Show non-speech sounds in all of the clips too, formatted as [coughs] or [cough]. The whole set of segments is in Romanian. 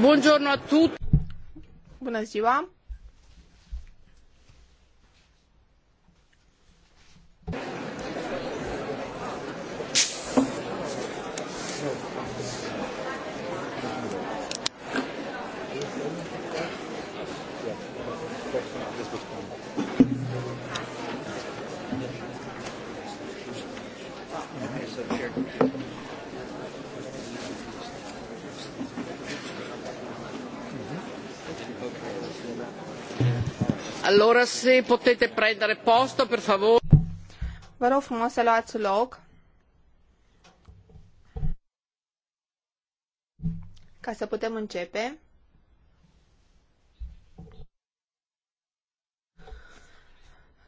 Bună ziua! se per Vă rog frumos să luați loc. Ca să putem începe.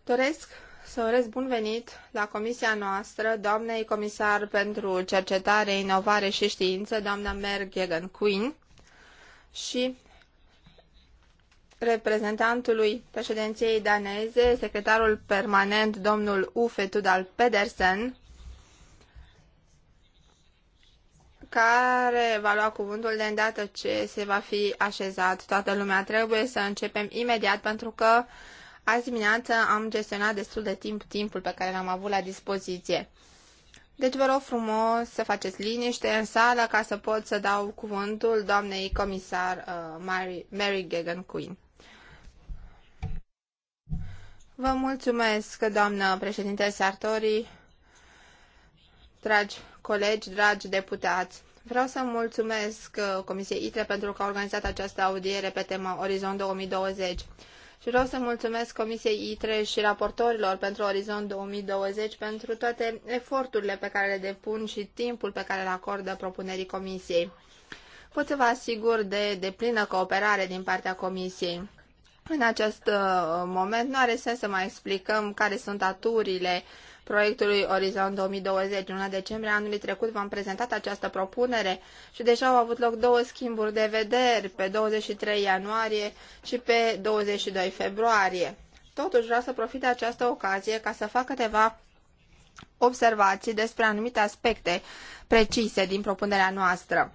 Doresc să urez bun venit la comisia noastră, doamnei comisar pentru cercetare, inovare și știință, doamna Merg Quinn, și reprezentantului președinției daneze, secretarul permanent, domnul Uffe Tudal Pedersen, care va lua cuvântul de îndată ce se va fi așezat toată lumea. Trebuie să începem imediat pentru că azi dimineață am gestionat destul de timp timpul pe care l-am avut la dispoziție. Deci vă rog frumos să faceți liniște în sală ca să pot să dau cuvântul doamnei comisar uh, Mary, Mary Gagan Queen. Vă mulțumesc, doamnă președinte Sartori, dragi colegi, dragi deputați. Vreau să mulțumesc uh, Comisiei ITRE pentru că a organizat această audiere pe tema Orizont 2020 și vreau să mulțumesc Comisiei ITRE și raportorilor pentru Orizont 2020 pentru toate eforturile pe care le depun și timpul pe care îl acordă propunerii Comisiei. Pot să vă asigur de deplină cooperare din partea Comisiei. În acest uh, moment nu are sens să mai explicăm care sunt aturile proiectului Orizont 2020. luna decembrie anului trecut v-am prezentat această propunere și deja au avut loc două schimburi de vederi pe 23 ianuarie și pe 22 februarie. Totuși vreau să profit de această ocazie ca să fac câteva observații despre anumite aspecte precise din propunerea noastră.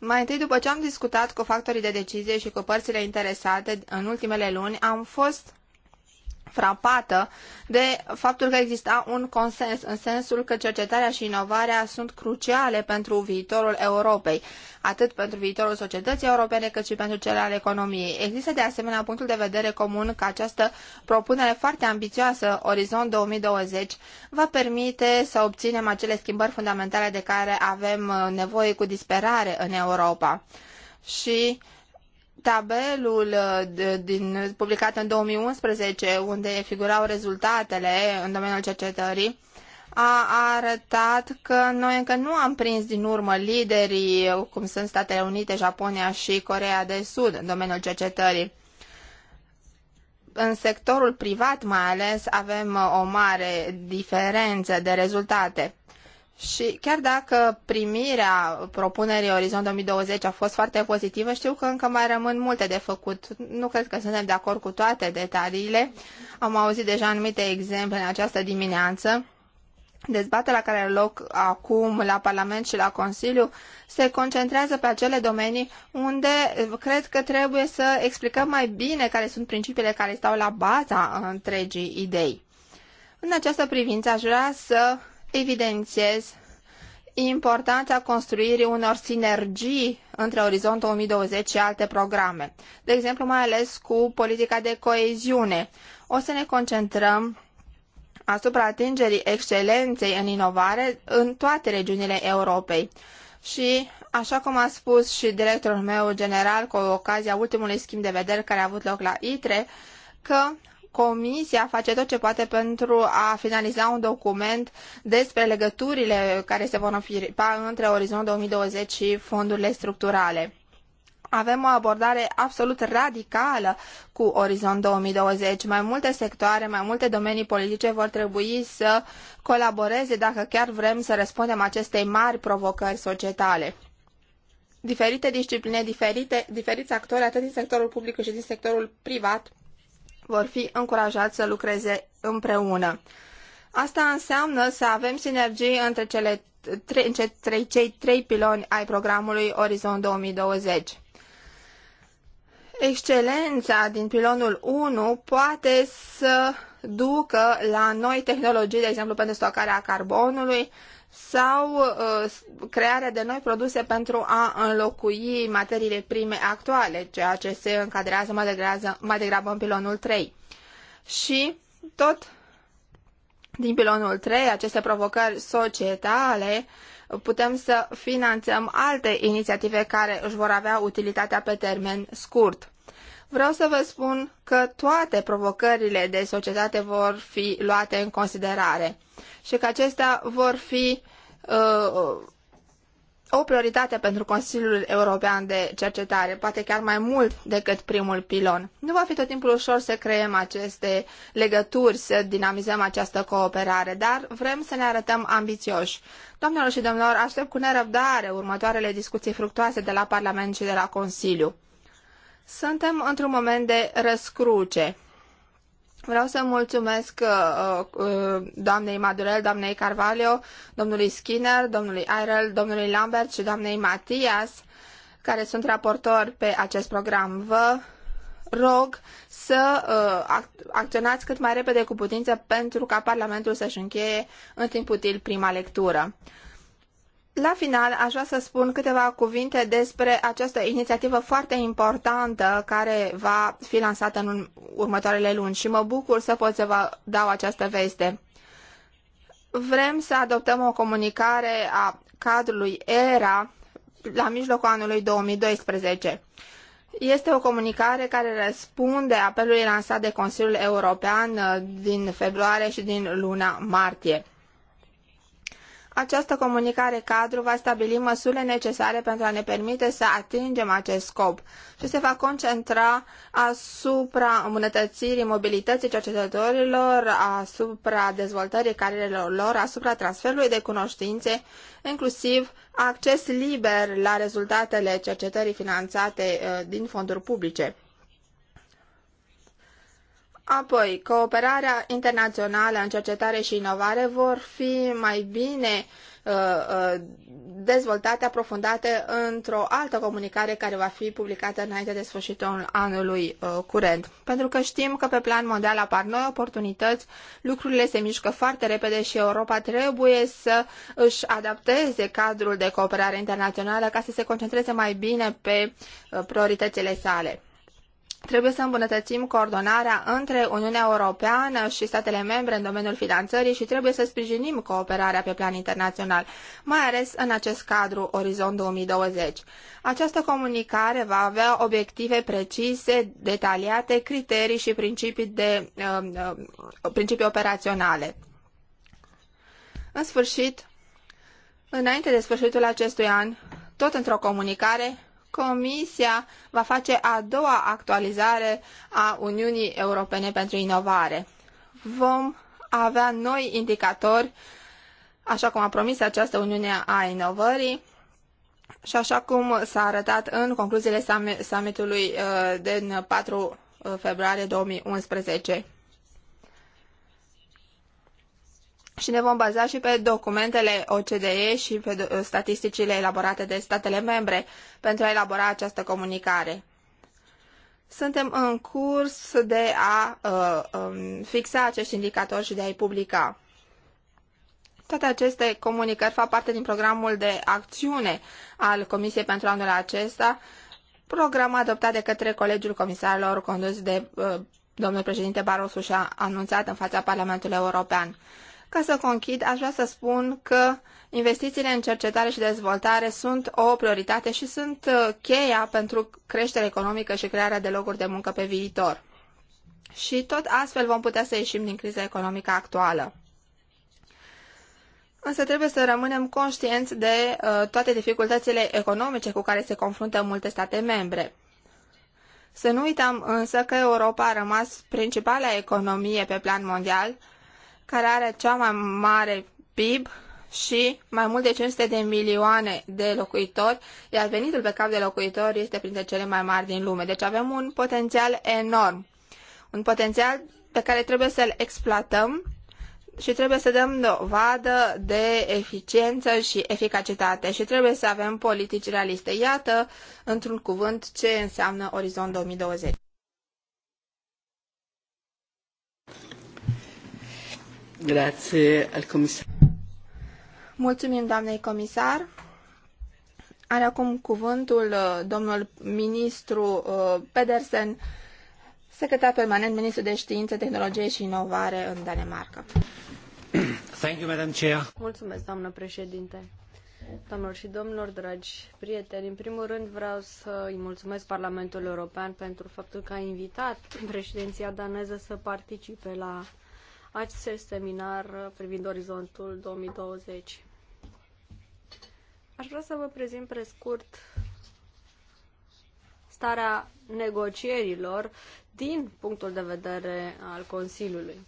Mai întâi, după ce am discutat cu factorii de decizie și cu părțile interesate în ultimele luni, am fost frapată de faptul că exista un consens în sensul că cercetarea și inovarea sunt cruciale pentru viitorul Europei, atât pentru viitorul societății europene cât și pentru cel al economiei. Există de asemenea punctul de vedere comun că această propunere foarte ambițioasă, Orizont 2020, va permite să obținem acele schimbări fundamentale de care avem uh, nevoie cu disperare în Europa. Și tabelul uh, din, publicat în 2011, unde figurau rezultatele în domeniul cercetării, a arătat că noi încă nu am prins din urmă liderii, cum sunt Statele Unite, Japonia și Corea de Sud, în domeniul cercetării. În sectorul privat, mai ales, avem uh, o mare diferență de rezultate. Și chiar dacă primirea propunerii Orizont 2020 a fost foarte pozitivă, știu că încă mai rămân multe de făcut. Nu cred că suntem de acord cu toate detaliile. Am auzit deja anumite exemple în această dimineață. Dezbaterea care are loc acum la Parlament și la Consiliu se concentrează pe acele domenii unde cred că trebuie să explicăm mai bine care sunt principiile care stau la baza întregii idei. În această privință aș vrea să evidențiez importanța construirii unor sinergii între Orizont 2020 și alte programe, de exemplu mai ales cu politica de coeziune. O să ne concentrăm asupra atingerii excelenței în inovare în toate regiunile Europei. Și, așa cum a spus și directorul meu general cu ocazia ultimului schimb de vederi care a avut loc la ITRE, că Comisia face tot ce poate pentru a finaliza un document despre legăturile care se vor înfiripa între Orizont 2020 și fondurile structurale. Avem o abordare absolut radicală cu Orizont 2020. Mai multe sectoare, mai multe domenii politice vor trebui să colaboreze dacă chiar vrem să răspundem acestei mari provocări societale diferite discipline, diferite, diferiți actori, atât din sectorul public cât și din sectorul privat, vor fi încurajați să lucreze împreună. Asta înseamnă să avem sinergii între cele trei, trei, cei trei piloni ai programului Orizont 2020. Excelența din pilonul 1 poate să ducă la noi tehnologii, de exemplu pentru stocarea carbonului, sau uh, crearea de noi produse pentru a înlocui materiile prime actuale, ceea ce se încadrează mai degrabă, mai degrabă în pilonul 3. Și tot din pilonul 3, aceste provocări societale, putem să finanțăm alte inițiative care își vor avea utilitatea pe termen scurt. Vreau să vă spun că toate provocările de societate vor fi luate în considerare și că acestea vor fi uh, o prioritate pentru Consiliul European de Cercetare, poate chiar mai mult decât primul pilon. Nu va fi tot timpul ușor să creăm aceste legături, să dinamizăm această cooperare, dar vrem să ne arătăm ambițioși. Doamnelor și domnilor, aștept cu nerăbdare următoarele discuții fructoase de la Parlament și de la Consiliu. Suntem într-un moment de răscruce. Vreau să mulțumesc uh, uh doamnei Madurel, doamnei Carvalho, domnului Skinner, domnului Irel, domnului Lambert și doamnei Matias, care sunt raportori pe acest program. Vă rog să uh, acționați cât mai repede cu putință pentru ca Parlamentul să-și încheie în timp util prima lectură. La final, aș vrea să spun câteva cuvinte despre această inițiativă foarte importantă care va fi lansată în următoarele luni și mă bucur să pot să vă dau această veste. Vrem să adoptăm o comunicare a cadrului ERA la mijlocul anului 2012. Este o comunicare care răspunde apelului lansat de Consiliul European uh, din februarie și din luna martie. Această comunicare cadru va stabili măsurile necesare pentru a ne permite să atingem acest scop și se va concentra asupra îmbunătățirii mobilității cercetătorilor, asupra dezvoltării carierelor lor, asupra transferului de cunoștințe, inclusiv acces liber la rezultatele cercetării finanțate uh, din fonduri publice. Apoi, cooperarea internațională în cercetare și inovare vor fi mai bine uh, uh, dezvoltate, aprofundate într-o altă comunicare care va fi publicată înainte de sfârșitul anului uh, curent. Pentru că știm că pe plan mondial apar noi oportunități, lucrurile se mișcă foarte repede și Europa trebuie să își adapteze cadrul de cooperare internațională ca să se concentreze mai bine pe uh, prioritățile sale. Trebuie să îmbunătățim coordonarea între Uniunea Europeană și statele membre în domeniul finanțării și trebuie să sprijinim cooperarea pe plan internațional, mai ales în acest cadru Orizont 2020. Această comunicare va avea obiective precise, detaliate, criterii și principii, de, um, um, principii operaționale. În sfârșit, înainte de sfârșitul acestui an, tot într-o comunicare, Comisia va face a doua actualizare a Uniunii Europene pentru Inovare. Vom avea noi indicatori, așa cum a promis această Uniune a Inovării și așa cum s-a arătat în concluziile summitului uh, din 4 uh, februarie 2011. și ne vom baza și pe documentele OCDE și pe statisticile elaborate de statele membre pentru a elabora această comunicare. Suntem în curs de a uh, um, fixa acești indicatori și de a-i publica. Toate aceste comunicări fac parte din programul de acțiune al Comisiei pentru anul acesta, program adoptat de către Colegiul Comisarilor condus de uh, domnul președinte Barroso și a anunțat în fața Parlamentului European. Ca să conchid, aș vrea să spun că investițiile în cercetare și dezvoltare sunt o prioritate și sunt uh, cheia pentru creștere economică și crearea de locuri de muncă pe viitor. Și tot astfel vom putea să ieșim din criza economică actuală. Însă trebuie să rămânem conștienți de uh, toate dificultățile economice cu care se confruntă multe state membre. Să nu uităm însă că Europa a rămas principala economie pe plan mondial care are cea mai mare PIB și mai mult de 500 de milioane de locuitori, iar venitul pe cap de locuitor este printre cele mai mari din lume. Deci avem un potențial enorm, un potențial pe care trebuie să-l exploatăm și trebuie să dăm dovadă de eficiență și eficacitate și trebuie să avem politici realiste. Iată, într-un cuvânt, ce înseamnă Orizont 2020. Grazie al comisar. Mulțumim, doamnei comisar. Are acum cuvântul uh, domnul ministru uh, Pedersen, secretar permanent, ministru de știință, tehnologie și inovare în Danemarca. [clears throat] Thank you, Madam Chair. Mulțumesc, doamnă președinte. Doamnelor și domnilor, dragi prieteni, în primul rând vreau să îi mulțumesc Parlamentul European pentru faptul că a invitat președinția daneză să participe la acest seminar privind orizontul 2020. Aș vrea să vă prezint pe scurt starea negocierilor din punctul de vedere al Consiliului.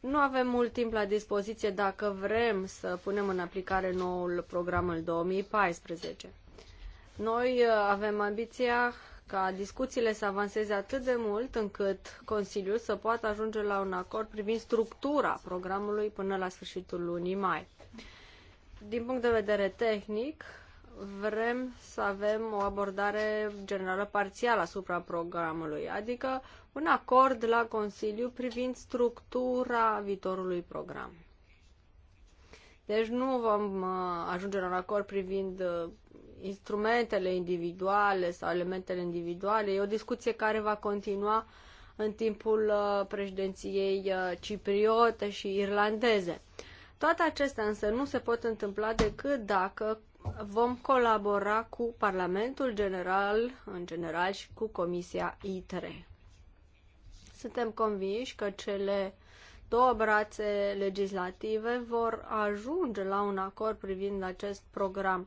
Nu avem mult timp la dispoziție dacă vrem să punem în aplicare noul program în 2014. Noi avem ambiția ca discuțiile să avanseze atât de mult încât Consiliul să poată ajunge la un acord privind structura programului până la sfârșitul lunii mai. Din punct de vedere tehnic, vrem să avem o abordare generală parțială asupra programului, adică un acord la Consiliu privind structura viitorului program. Deci nu vom uh, ajunge la un acord privind uh, instrumentele individuale sau elementele individuale. E o discuție care va continua în timpul uh, președinției uh, cipriote și irlandeze. Toate acestea însă nu se pot întâmpla decât dacă vom colabora cu Parlamentul General, în general, și cu Comisia ITRE. Suntem convinși că cele două brațe legislative vor ajunge la un acord privind acest program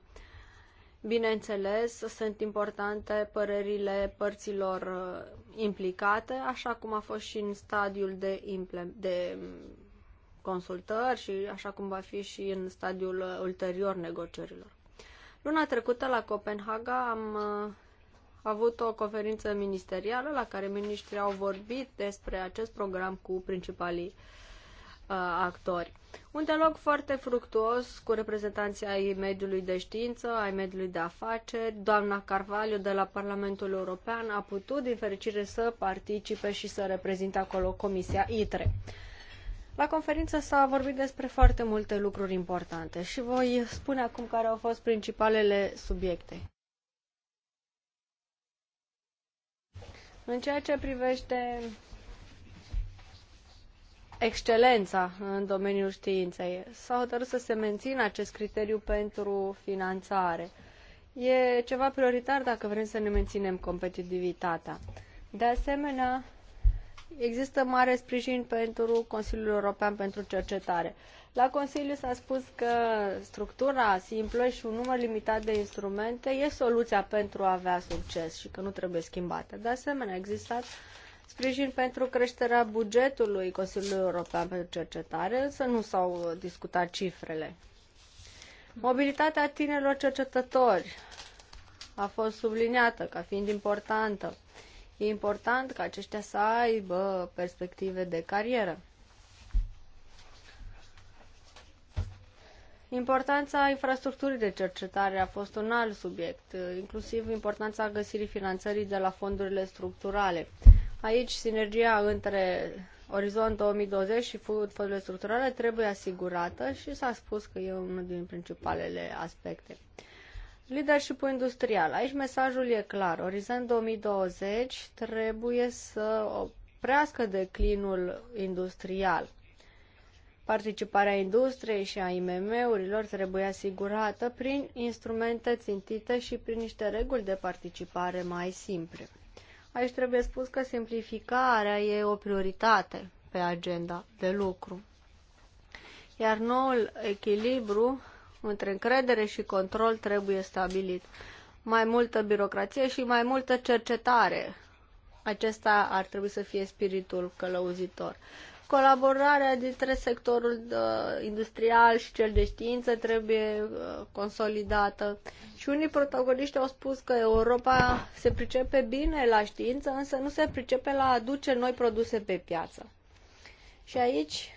Bineînțeles, sunt importante părerile părților uh, implicate, așa cum a fost și în stadiul de, de mm, consultări și așa cum va fi și în stadiul uh, ulterior negocierilor. Luna trecută la Copenhaga am uh, avut o conferință ministerială la care ministrii au vorbit despre acest program cu principalii uh, actori. Un dialog foarte fructuos cu reprezentanții ai mediului de știință, ai mediului de afaceri. Doamna Carvalho de la Parlamentul European a putut, din fericire, să participe și să reprezinte acolo Comisia ITRE. La conferință s-a vorbit despre foarte multe lucruri importante și voi spune acum care au fost principalele subiecte. În ceea ce privește excelența în domeniul științei. S-a hotărât să se mențină acest criteriu pentru finanțare. E ceva prioritar dacă vrem să ne menținem competitivitatea. De asemenea, există mare sprijin pentru Consiliul European pentru Cercetare. La Consiliu s-a spus că structura simplă și un număr limitat de instrumente e soluția pentru a avea succes și că nu trebuie schimbată. De asemenea, a existat sprijin pentru creșterea bugetului Consiliului European pentru cercetare, însă nu s-au discutat cifrele. Mobilitatea tinerilor cercetători a fost subliniată ca fiind importantă. E important ca aceștia să aibă perspective de carieră. Importanța infrastructurii de cercetare a fost un alt subiect, inclusiv importanța găsirii finanțării de la fondurile structurale. Aici sinergia între Orizont 2020 și fondurile structurale trebuie asigurată și s-a spus că e unul din principalele aspecte. Leadership-ul industrial. Aici mesajul e clar. Orizont 2020 trebuie să oprească declinul industrial. Participarea industriei și a IMM-urilor trebuie asigurată prin instrumente țintite și prin niște reguli de participare mai simple. Aici trebuie spus că simplificarea e o prioritate pe agenda de lucru. Iar noul echilibru între încredere și control trebuie stabilit. Mai multă birocrație și mai multă cercetare. Acesta ar trebui să fie spiritul călăuzitor. Colaborarea dintre sectorul uh, industrial și cel de știință trebuie uh, consolidată. Și unii protagoniști au spus că Europa se pricepe bine la știință, însă nu se pricepe la a aduce noi produse pe piață. Și aici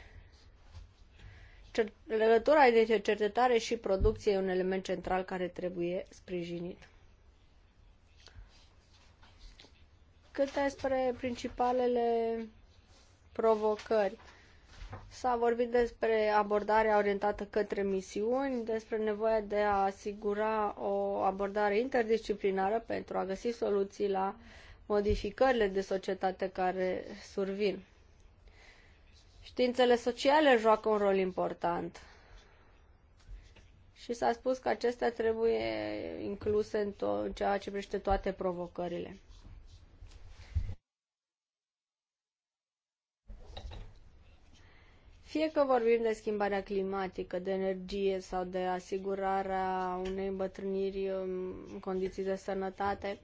legătura dintre cercetare și producție e un element central care trebuie sprijinit. Câte despre principalele provocări. S-a vorbit despre abordarea orientată către misiuni, despre nevoia de a asigura o abordare interdisciplinară pentru a găsi soluții la modificările de societate care survin. Științele sociale joacă un rol important și s-a spus că acestea trebuie incluse în, în ceea ce privește toate provocările. Fie că vorbim de schimbarea climatică, de energie sau de asigurarea unei îmbătrâniri în condiții de sănătate,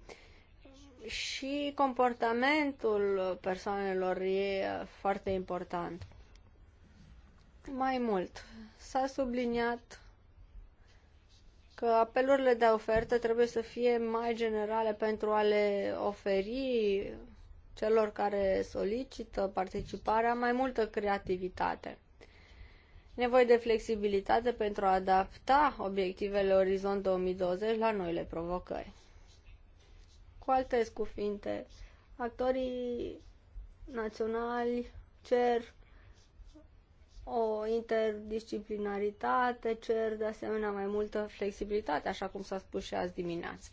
și comportamentul persoanelor e foarte important. Mai mult, s-a subliniat că apelurile de ofertă trebuie să fie mai generale pentru a le oferi celor care solicită participarea mai multă creativitate. Nevoie de flexibilitate pentru a adapta obiectivele Orizont 2020 la noile provocări. Cu alte scufinte, actorii naționali cer o interdisciplinaritate, cer de asemenea mai multă flexibilitate, așa cum s-a spus și azi dimineață.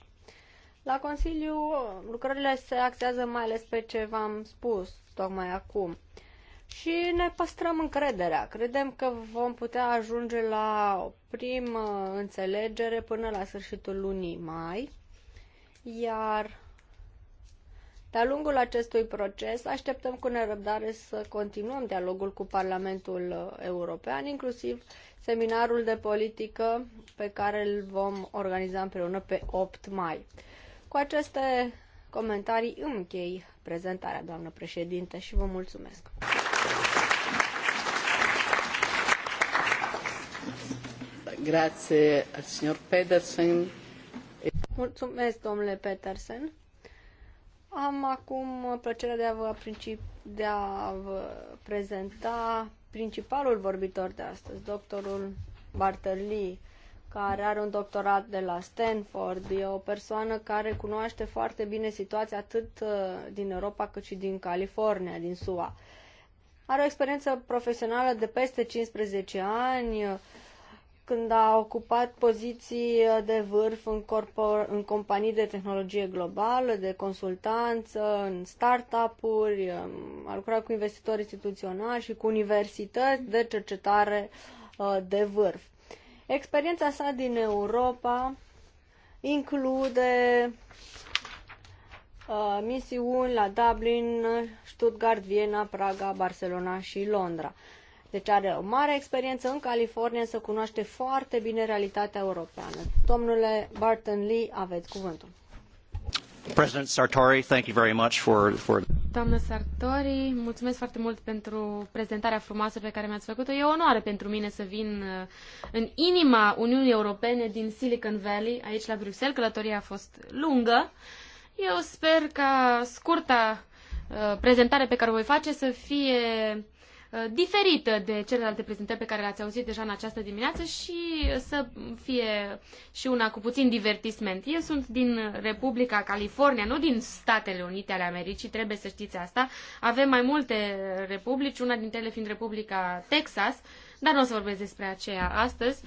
La Consiliu lucrările se axează mai ales pe ce v-am spus tocmai acum. Și ne păstrăm încrederea. Credem că vom putea ajunge la o primă înțelegere până la sfârșitul lunii mai. Iar de-a lungul acestui proces așteptăm cu nerăbdare să continuăm dialogul cu Parlamentul European, inclusiv seminarul de politică pe care îl vom organiza împreună pe 8 mai. Cu aceste comentarii îmi închei prezentarea, doamnă președinte, și vă mulțumesc. Grazie al signor Pedersen. Mulțumesc, domnule Petersen. Am acum plăcerea de a vă, de a vă prezenta principalul vorbitor de astăzi, doctorul Bartălii care are un doctorat de la Stanford, e o persoană care cunoaște foarte bine situația atât uh, din Europa cât și din California, din SUA. Are o experiență profesională de peste 15 ani, uh, când a ocupat poziții uh, de vârf în, corpor, în companii de tehnologie globală, de consultanță, în startup-uri, um, a lucrat cu investitori instituționali și cu universități de cercetare de vârf. Experiența sa din Europa include uh, misiuni la Dublin, Stuttgart, Viena, Praga, Barcelona și Londra. Deci are o mare experiență în California, să cunoaște foarte bine realitatea europeană. Domnule Barton Lee, aveți cuvântul. President Sartori, thank you very much for, for... Doamnă Sartori, mulțumesc foarte mult pentru prezentarea frumoasă pe care mi-ați făcut-o. E o onoare pentru mine să vin uh, în inima Uniunii Europene din Silicon Valley, aici la Bruxelles. Călătoria a fost lungă. Eu sper ca scurta uh, prezentare pe care o voi face să fie Uh, diferită de celelalte prezentări pe care le-ați auzit deja în această dimineață și să fie și una cu puțin divertisment. Eu sunt din Republica California, nu din Statele Unite ale Americii, trebuie să știți asta. Avem mai multe republici, una dintre ele fiind Republica Texas, dar nu o să vorbesc despre aceea astăzi.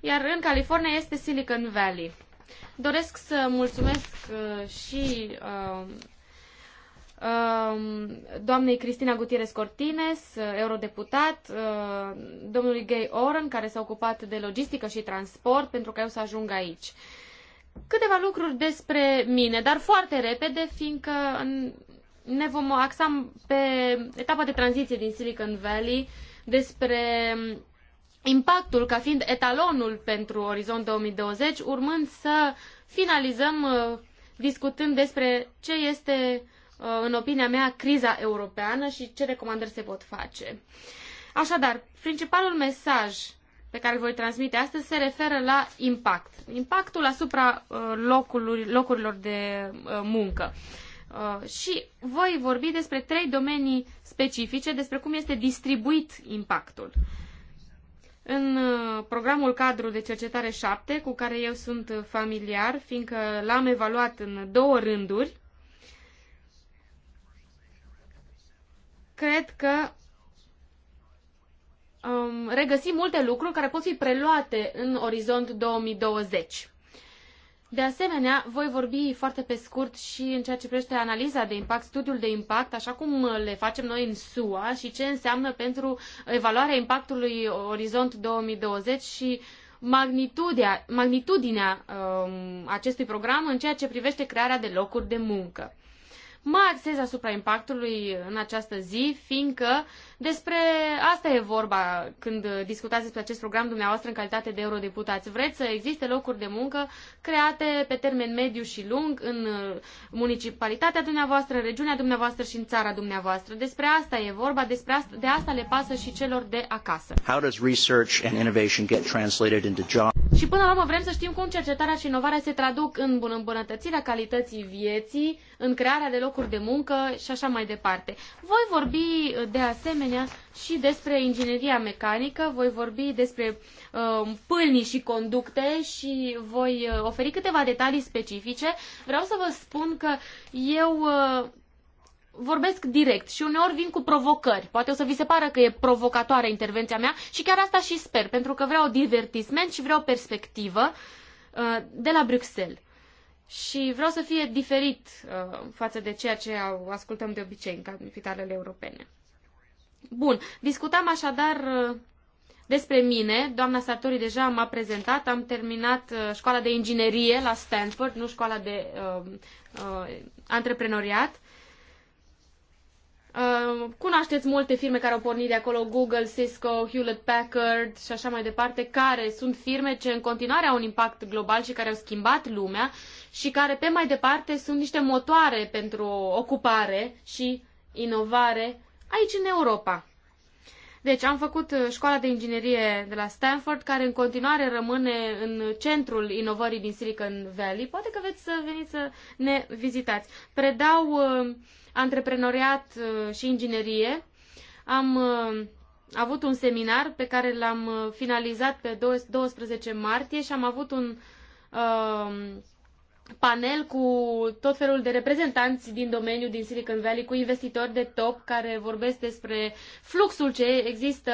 Iar în California este Silicon Valley. Doresc să mulțumesc uh, și uh, Um, doamnei Cristina Gutierrez Cortines, uh, eurodeputat, uh, domnului Gay Oren, care s-a ocupat de logistică și transport pentru că eu să ajung aici. Câteva lucruri despre mine, dar foarte repede, fiindcă ne vom axa pe etapa de tranziție din Silicon Valley despre impactul ca fiind etalonul pentru Orizont 2020, urmând să finalizăm uh, discutând despre ce este Uh, în opinia mea, criza europeană și ce recomandări se pot face. Așadar, principalul mesaj pe care îl voi transmite astăzi se referă la impact. Impactul asupra uh, locului, locurilor de uh, muncă. Și voi vorbi despre trei domenii specifice, despre cum este distribuit impactul. În programul cadru de cercetare 7, cu care eu sunt familiar, fiindcă l-am evaluat în două rânduri, cred că um, regăsim multe lucruri care pot fi preluate în orizont 2020. De asemenea, voi vorbi foarte pe scurt și în ceea ce privește analiza de impact, studiul de impact, așa cum le facem noi în SUA și ce înseamnă pentru evaluarea impactului Orizont 2020 și magnitudinea, um, acestui program în ceea ce privește crearea de locuri de muncă. Mă axez asupra impactului în această zi, fiindcă despre asta e vorba când discutați despre acest program dumneavoastră în calitate de eurodeputați. Vreți să existe locuri de muncă create pe termen mediu și lung în uh, municipalitatea dumneavoastră, în regiunea dumneavoastră și în țara dumneavoastră. Despre asta e vorba, despre asta, de asta le pasă și celor de acasă. How does research and innovation get translated into job? Și până la urmă vrem să știm cum cercetarea și inovarea se traduc în îmbunătățirea calității vieții, în crearea de locuri de muncă și așa mai departe. Voi vorbi uh, de asemenea asemenea și despre ingineria mecanică, voi vorbi despre uh, pâlnii și conducte și voi uh, oferi câteva detalii specifice. Vreau să vă spun că eu uh, vorbesc direct și uneori vin cu provocări. Poate o să vi se pară că e provocatoare intervenția mea și chiar asta și sper, pentru că vreau divertisment și vreau perspectivă uh, de la Bruxelles. Și vreau să fie diferit uh, față de ceea ce ascultăm de obicei în capitalele europene. Bun, discutam așadar uh, despre mine. Doamna Sartori deja m-a prezentat. Am terminat uh, școala de inginerie la Stanford, nu școala de uh, uh, antreprenoriat. Uh, cunoașteți multe firme care au pornit de acolo, Google, Cisco, Hewlett Packard și așa mai departe, care sunt firme ce în continuare au un impact global și care au schimbat lumea și care pe mai departe sunt niște motoare pentru ocupare și inovare aici în Europa. Deci am făcut uh, școala de inginerie de la Stanford, care în continuare rămâne în centrul inovării din Silicon Valley. Poate că veți să veniți să ne vizitați. Predau uh, antreprenoriat uh, și inginerie. Am uh, avut un seminar pe care l-am uh, finalizat pe 12 martie și am avut un uh, panel cu tot felul de reprezentanți din domeniu, din Silicon Valley, cu investitori de top care vorbesc despre fluxul ce există,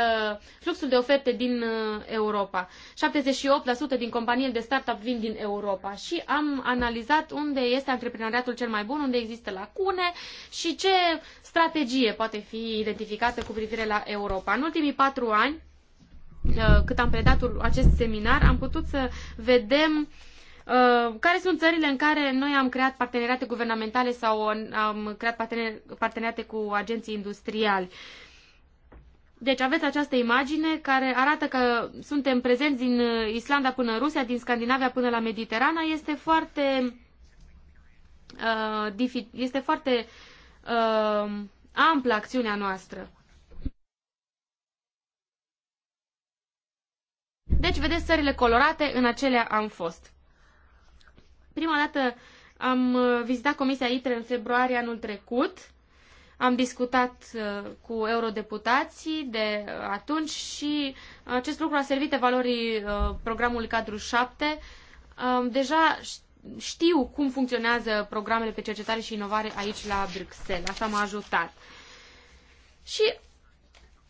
fluxul de oferte din uh, Europa. 78% din companiile de startup vin din Europa și am analizat unde este antreprenoriatul cel mai bun, unde există lacune și ce strategie poate fi identificată cu privire la Europa. În ultimii patru ani, uh, cât am predat acest seminar, am putut să vedem uh, Uh, care sunt țările în care noi am creat parteneriate guvernamentale sau am creat parteneriate cu agenții industriali. Deci aveți această imagine care arată că suntem prezenți din uh, Islanda până în Rusia, din Scandinavia până la Mediterana. Este foarte, uh, este foarte uh, amplă acțiunea noastră. Deci, vedeți țările colorate, în acelea am fost. Prima dată am uh, vizitat Comisia ITRE în februarie anul trecut. Am discutat uh, cu eurodeputații de uh, atunci și acest lucru a servit evaluării programului cadru 7. Deja știu cum funcționează programele pe cercetare și inovare aici la Bruxelles. Asta m-a ajutat. Și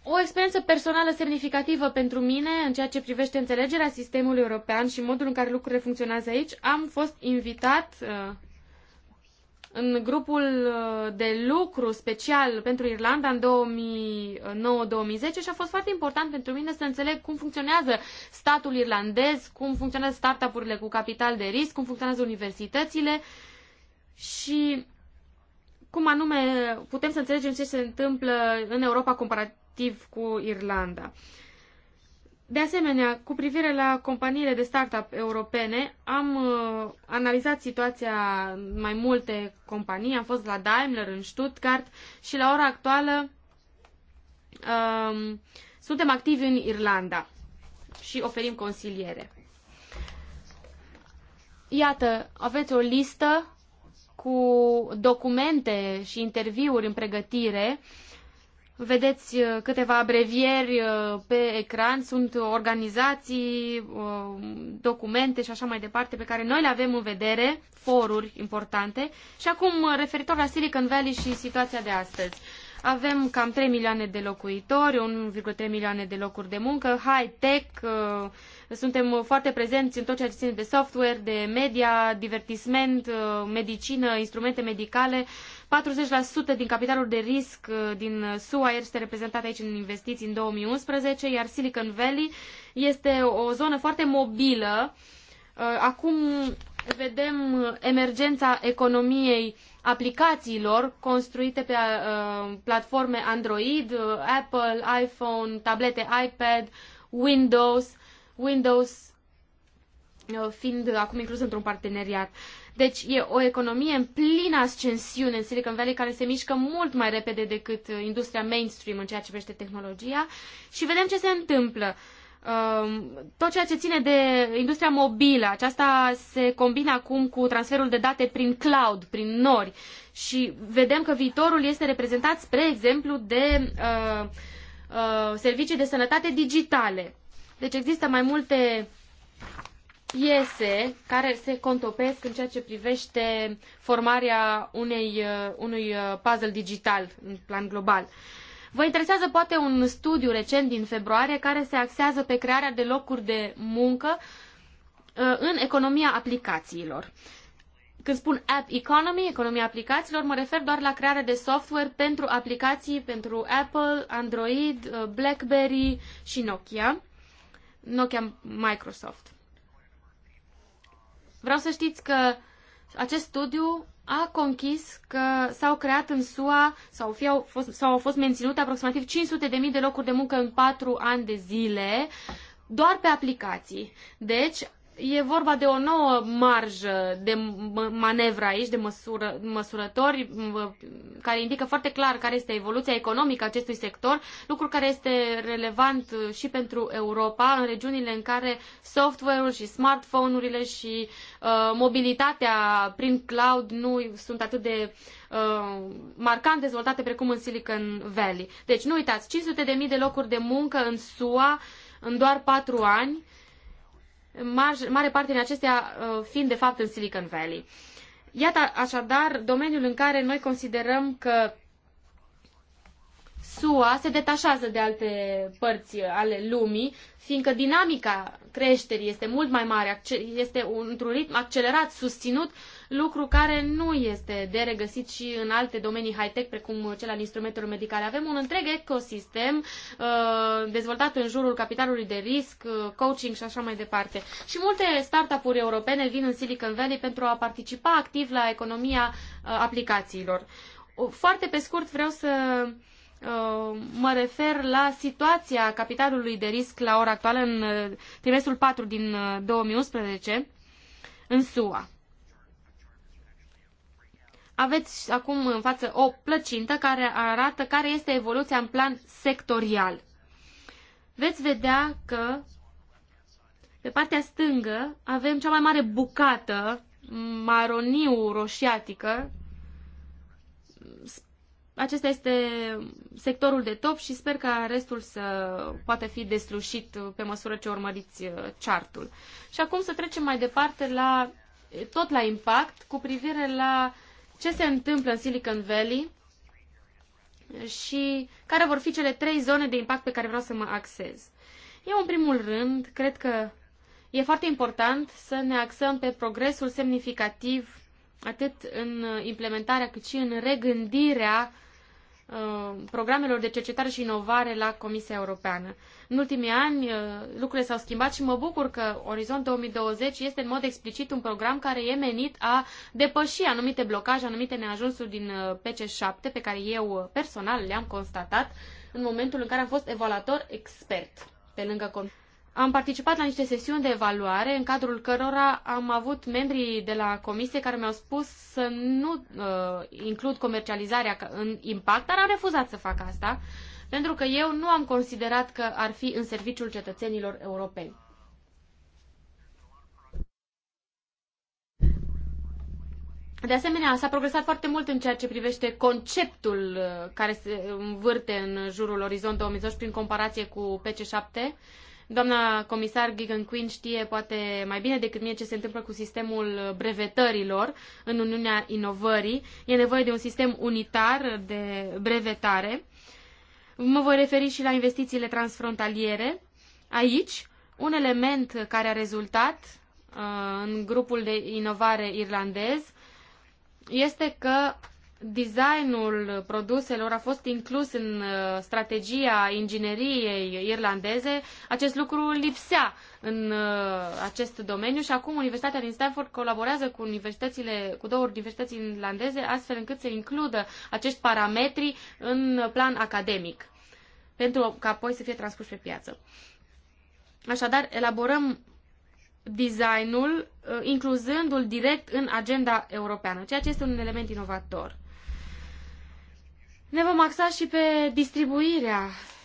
o experiență personală semnificativă pentru mine în ceea ce privește înțelegerea sistemului european și modul în care lucrurile funcționează aici. Am fost invitat uh, în grupul uh, de lucru special pentru Irlanda în 2009-2010 și a fost foarte important pentru mine să înțeleg cum funcționează statul irlandez, cum funcționează startup-urile cu capital de risc, cum funcționează universitățile și cum anume putem să înțelegem ce se întâmplă în Europa comparativ activ cu Irlanda. De asemenea, cu privire la companiile de startup europene, am uh, analizat situația mai multe companii. Am fost la Daimler în Stuttgart și la ora actuală uh, suntem activi în Irlanda și oferim consiliere. Iată, aveți o listă cu documente și interviuri în pregătire uh, Vedeți uh, câteva abrevieri uh, pe ecran, sunt organizații, uh, documente și așa mai departe pe care noi le avem în vedere, foruri importante. Și acum, referitor la Silicon Valley și situația de astăzi. Avem cam 3 milioane de locuitori, 1,3 milioane de locuri de muncă, high-tech, suntem foarte prezenți în tot ceea ce ține de software, de media, divertisment, medicină, instrumente medicale 40% din capitalul de risc uh, din SUA este reprezentat aici în investiții în 2011, iar Silicon Valley este o zonă foarte mobilă. Uh, acum vedem emergența economiei aplicațiilor construite pe uh, platforme Android, Apple, iPhone, tablete iPad, Windows, Windows Uh, fiind acum inclus într-un parteneriat. Deci e o economie în plină ascensiune în Silicon Valley care se mișcă mult mai repede decât uh, industria mainstream în ceea ce privește tehnologia și vedem ce se întâmplă. Um, tot ceea ce ține de industria mobilă, aceasta se combină acum cu transferul de date prin cloud, prin nori și vedem că viitorul este reprezentat, spre exemplu, de uh, uh, servicii de sănătate digitale. Deci există mai multe piese care se contopesc în ceea ce privește formarea unei, uh, unui uh, puzzle digital în plan global. Vă interesează poate un studiu recent din februarie care se axează pe crearea de locuri de muncă uh, în economia aplicațiilor. Când spun app economy, economia aplicațiilor, mă refer doar la crearea de software pentru aplicații pentru Apple, Android, BlackBerry și Nokia, Nokia Microsoft. Vreau să știți că acest studiu a conchis că s-au creat în SUA sau, fie au fost, sau au fost menținute aproximativ 500.000 de locuri de muncă în 4 ani de zile doar pe aplicații. Deci, E vorba de o nouă marjă de manevră aici, de măsură, măsurători, care indică foarte clar care este evoluția economică a acestui sector, lucru care este relevant și pentru Europa, în regiunile în care software-ul și smartphone-urile și uh, mobilitatea prin cloud nu sunt atât de uh, marcant dezvoltate precum în Silicon Valley. Deci nu uitați, 500.000 de mii de locuri de muncă în SUA în doar patru ani, mare parte din acestea uh, fiind de fapt în Silicon Valley. Iată așadar domeniul în care noi considerăm că SUA se detașează de alte părți ale lumii, fiindcă dinamica creșterii este mult mai mare, este într-un ritm accelerat, susținut lucru care nu este de regăsit și în alte domenii high-tech, precum cel al instrumentelor medicale. Avem un întreg ecosistem uh, dezvoltat în jurul capitalului de risc, uh, coaching și așa mai departe. Și multe startup-uri europene vin în Silicon Valley pentru a participa activ la economia uh, aplicațiilor. Foarte pe scurt vreau să uh, mă refer la situația capitalului de risc la ora actuală în uh, trimestrul 4 din 2011 uh, în SUA. Aveți acum în față o plăcintă care arată care este evoluția în plan sectorial. Veți vedea că pe partea stângă avem cea mai mare bucată maroniu roșiatică. Acesta este sectorul de top și sper ca restul să poată fi deslușit pe măsură ce urmăriți uh, chartul. Și acum să trecem mai departe la tot la impact cu privire la uh, ce se întâmplă în Silicon Valley și care vor fi cele trei zone de impact pe care vreau să mă axez. Eu, în primul rând, cred că e foarte important să ne axăm pe progresul semnificativ atât în implementarea cât și în regândirea uh, programelor de cercetare și inovare la Comisia Europeană. În ultimii ani uh, lucrurile s-au schimbat și mă bucur că Orizont 2020 este în mod explicit un program care e menit a depăși anumite blocaje, anumite neajunsuri din uh, PC7 pe care eu uh, personal le-am constatat în momentul în care am fost evaluator expert pe lângă cont. Am participat la niște sesiuni de evaluare în cadrul cărora am avut membrii de la comisie care mi-au spus să nu uh, includ comercializarea în impact, dar am refuzat să fac asta pentru că eu nu am considerat că ar fi în serviciul cetățenilor europeni. De asemenea, s-a progresat foarte mult în ceea ce privește conceptul uh, care se învârte în jurul Orizont 2020 prin comparație cu PC7. Doamna comisar Gigan Queen știe poate mai bine decât mine ce se întâmplă cu sistemul brevetărilor în Uniunea Inovării. E nevoie de un sistem unitar de brevetare Mă voi referi și la investițiile transfrontaliere. Aici, un element care a rezultat uh, în grupul de inovare irlandez este că designul produselor a fost inclus în uh, strategia ingineriei irlandeze. Acest lucru lipsea în uh, acest domeniu și acum Universitatea din Stanford colaborează cu, universitățile, cu două universități irlandeze astfel încât să includă acești parametri în plan academic pentru ca apoi să fie transpus pe piață. Așadar, elaborăm designul uh, incluzându-l direct în agenda europeană, ceea ce este un element inovator. Ne vom axa și pe distribuirea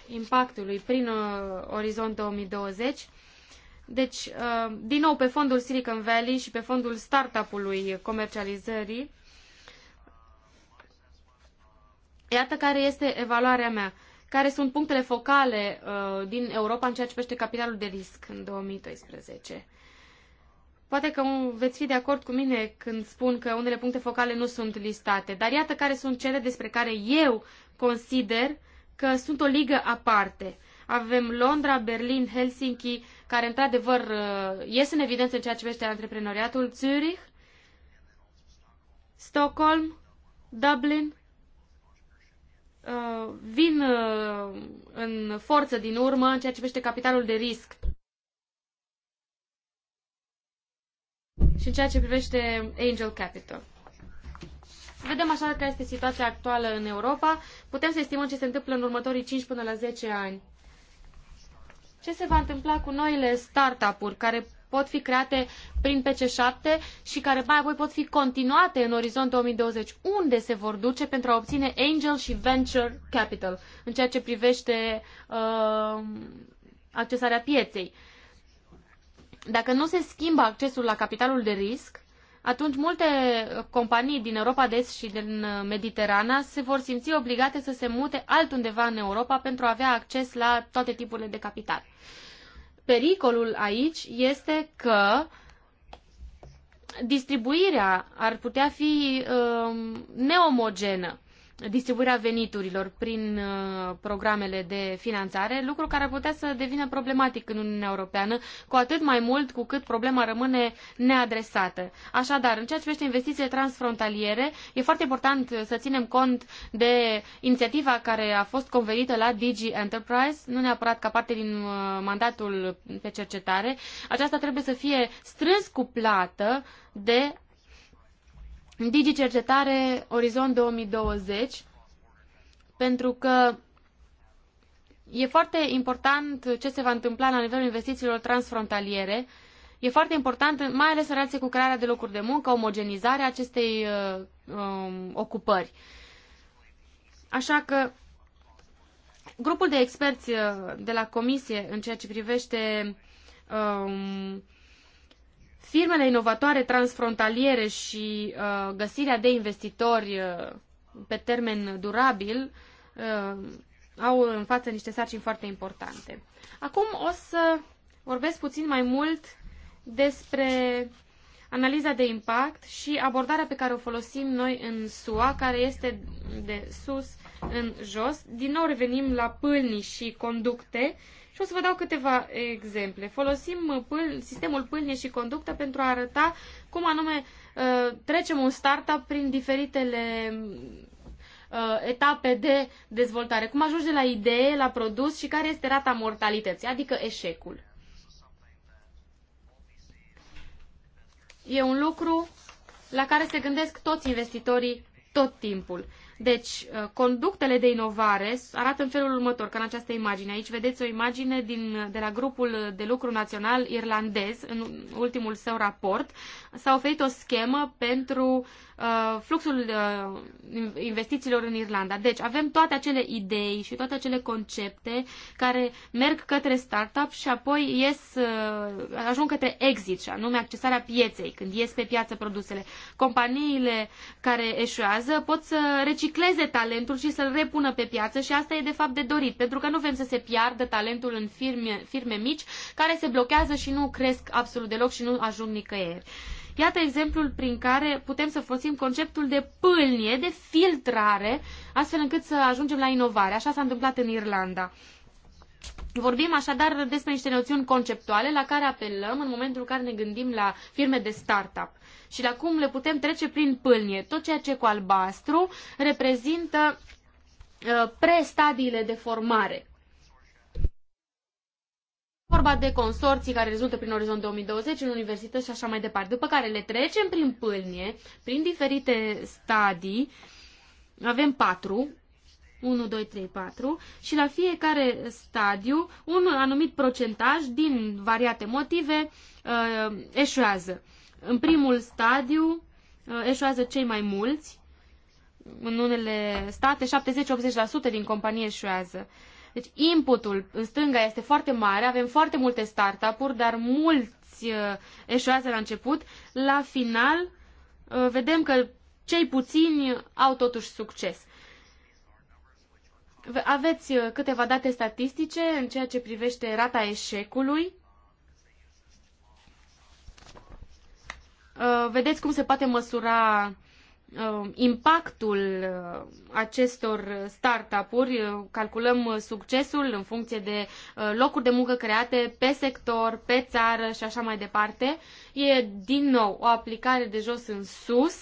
impactului prin uh, Orizont 2020. Deci, uh, din nou, pe fondul Silicon Valley și pe fondul startup-ului comercializării, iată care este evaluarea mea. Uh, care sunt punctele focale uh, din Europa în ceea ce privește capitalul de risc în 2012. Poate că veți fi de acord cu mine când spun că unele puncte focale nu sunt listate, dar iată care sunt cele despre care eu consider că sunt o ligă aparte. Avem Londra, Berlin, Helsinki, care într-adevăr uh, ies în evidență în ceea ce privește antreprenoriatul, Zurich, Stockholm, Dublin, Uh, vin uh, în forță din urmă în ceea ce privește capitalul de risc și în ceea ce privește Angel Capital. Vedem așa care este situația actuală în Europa. Putem să estimăm ce se întâmplă în următorii 5 până la 10 ani. Ce se va întâmpla cu noile startup-uri care pot fi create prin PC7 și care mai apoi pot fi continuate în orizont 2020. Unde se vor duce pentru a obține angel și venture capital în ceea ce privește uh, accesarea pieței? Dacă nu se schimbă accesul la capitalul de risc, atunci multe companii din Europa de Est și din Mediterana se vor simți obligate să se mute altundeva în Europa pentru a avea acces la toate tipurile de capital. Pericolul aici este că distribuirea ar putea fi um, neomogenă distribuirea veniturilor prin uh, programele de finanțare, lucru care ar putea să devină problematic în Uniunea Europeană, cu atât mai mult cu cât problema rămâne neadresată. Așadar, în ceea ce privește investițiile transfrontaliere, e foarte important să ținem cont de inițiativa care a fost convenită la DG Enterprise, nu neapărat ca parte din uh, mandatul pe cercetare. Aceasta trebuie să fie strâns cuplată de Digi Cercetare Orizont 2020, pentru că e foarte important ce se va întâmpla la nivelul investițiilor transfrontaliere. E foarte important, mai ales în relație cu crearea de locuri de muncă, omogenizarea acestei uh, um, ocupări. Așa că grupul de experți uh, de la Comisie în ceea ce privește um, Firmele inovatoare transfrontaliere și uh, găsirea de investitori uh, pe termen durabil uh, au în față niște sarcini foarte importante. Acum o să vorbesc puțin mai mult despre analiza de impact și abordarea pe care o folosim noi în SUA, care este de sus în jos. Din nou revenim la pâlni și conducte și o să vă dau câteva exemple. Folosim pâl, sistemul pâlnie și conductă pentru a arăta cum anume uh, trecem un startup prin diferitele uh, etape de dezvoltare. Cum ajungi de la idee la produs și care este rata mortalității, adică eșecul. E un lucru la care se gândesc toți investitorii tot timpul. Deci, uh, conductele de inovare arată în felul următor, ca în această imagine. Aici vedeți o imagine din, de la grupul de lucru național irlandez, în ultimul său raport. S-a oferit o schemă pentru Uh, fluxul uh, investițiilor în Irlanda. Deci avem toate acele idei și toate acele concepte care merg către startup și apoi ies, uh, ajung către exit, și anume accesarea pieței, când ies pe piață produsele. Companiile care eșuează pot să recicleze talentul și să-l repună pe piață și asta e de fapt de dorit, pentru că nu vrem să se piardă talentul în firme, firme mici care se blochează și nu cresc absolut deloc și nu ajung nicăieri. Iată exemplul prin care putem să folosim conceptul de pâlnie, de filtrare, astfel încât să ajungem la inovare. Așa s-a întâmplat în Irlanda. Vorbim așadar despre niște noțiuni conceptuale la care apelăm în momentul în care ne gândim la firme de startup și la cum le putem trece prin pâlnie. Tot ceea ce cu albastru reprezintă uh, prestadiile de formare vorba de consorții care rezultă prin Orizont 2020 în universități și așa mai departe, după care le trecem prin pâlnie, prin diferite stadii, avem patru, 1, 2, 3, 4 și la fiecare stadiu un anumit procentaj din variate motive uh, eșuează. În primul stadiu uh, eșuează cei mai mulți, în unele state 70-80% din companie eșuează. Deci inputul în stânga este foarte mare, avem foarte multe startup-uri, dar mulți uh, eșuează la început. La final uh, vedem că cei puțini au totuși succes. Aveți uh, câteva date statistice în ceea ce privește rata eșecului. Vedeți cum se poate măsura Um, impactul uh, acestor startup-uri, uh, calculăm succesul în funcție de uh, locuri de muncă create pe sector, pe țară și așa mai departe. E din nou o aplicare de jos în sus,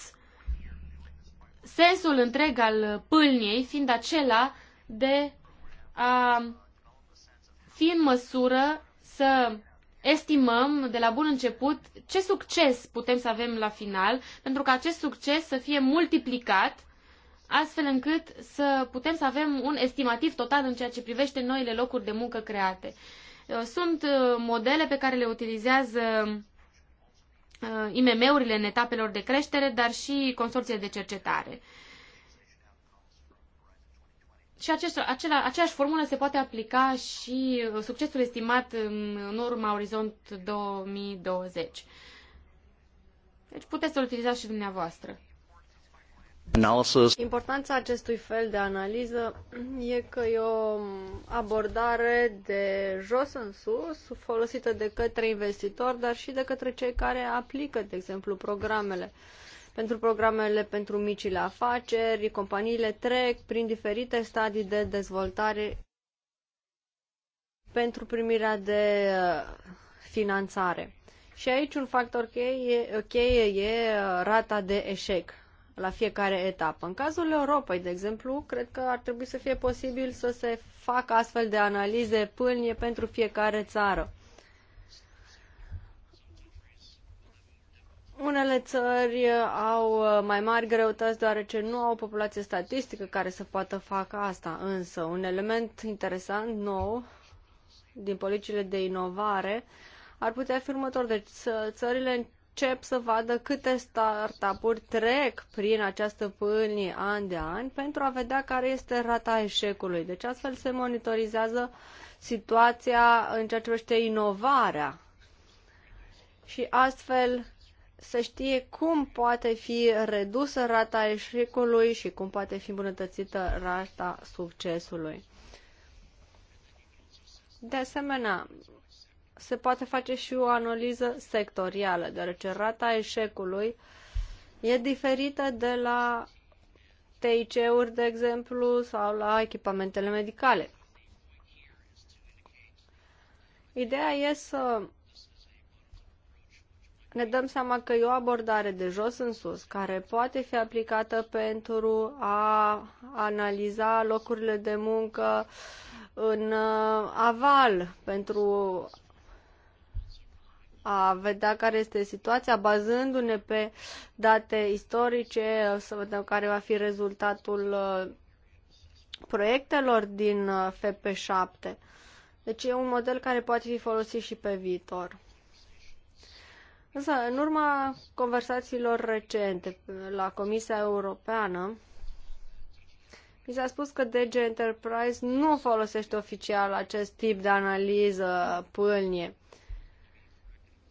sensul întreg al pâlniei fiind acela de a fi în măsură să estimăm de la bun început ce succes putem să avem la final, pentru ca acest succes să fie multiplicat, astfel încât să putem să avem un estimativ total în ceea ce privește noile locuri de muncă create. Uh, sunt uh, modele pe care le utilizează uh, IMM-urile în etapelor de creștere, dar și consorții de cercetare. Și acest, acela, aceeași formulă se poate aplica și uh, succesul estimat în urma Orizont 2020. Deci puteți să-l utilizați și dumneavoastră. Analysis. Importanța acestui fel de analiză [clears throat] e că e o abordare de jos în sus, folosită de către investitori, dar și de către cei care aplică, de exemplu, programele. Uh, pentru programele pentru micile afaceri, companiile trec prin diferite stadii de dezvoltare pentru primirea de uh, finanțare. Și aici un factor cheie, cheie e uh, rata de eșec la fiecare etapă. În cazul Europei, de exemplu, cred că ar trebui să fie posibil să se facă astfel de analize pâlnie pentru fiecare țară. Unele țări uh, au uh, mai mari greutăți deoarece nu au o populație statistică care să poată facă asta, însă un element interesant nou din politicile de inovare ar putea fi următor. Deci țările încep să vadă câte startup-uri trec prin această pâlnie an de an pentru a vedea care este rata eșecului. Deci astfel se monitorizează situația în ceea ce privește inovarea. Și astfel să știe cum poate fi redusă rata eșecului și cum poate fi îmbunătățită rata succesului. De asemenea, se poate face și o analiză sectorială, deoarece rata eșecului e diferită de la TIC-uri, de exemplu, sau la echipamentele medicale. Ideea e să ne dăm seama că e o abordare de jos în sus, care poate fi aplicată pentru a analiza locurile de muncă în uh, aval, pentru a vedea care este situația, bazându-ne pe date istorice, să vedem care va fi rezultatul uh, proiectelor din uh, FP7. Deci e un model care poate fi folosit și pe viitor. Însă, în urma conversațiilor recente la Comisia Europeană, mi s-a spus că DG Enterprise nu folosește oficial acest tip de analiză pâlnie.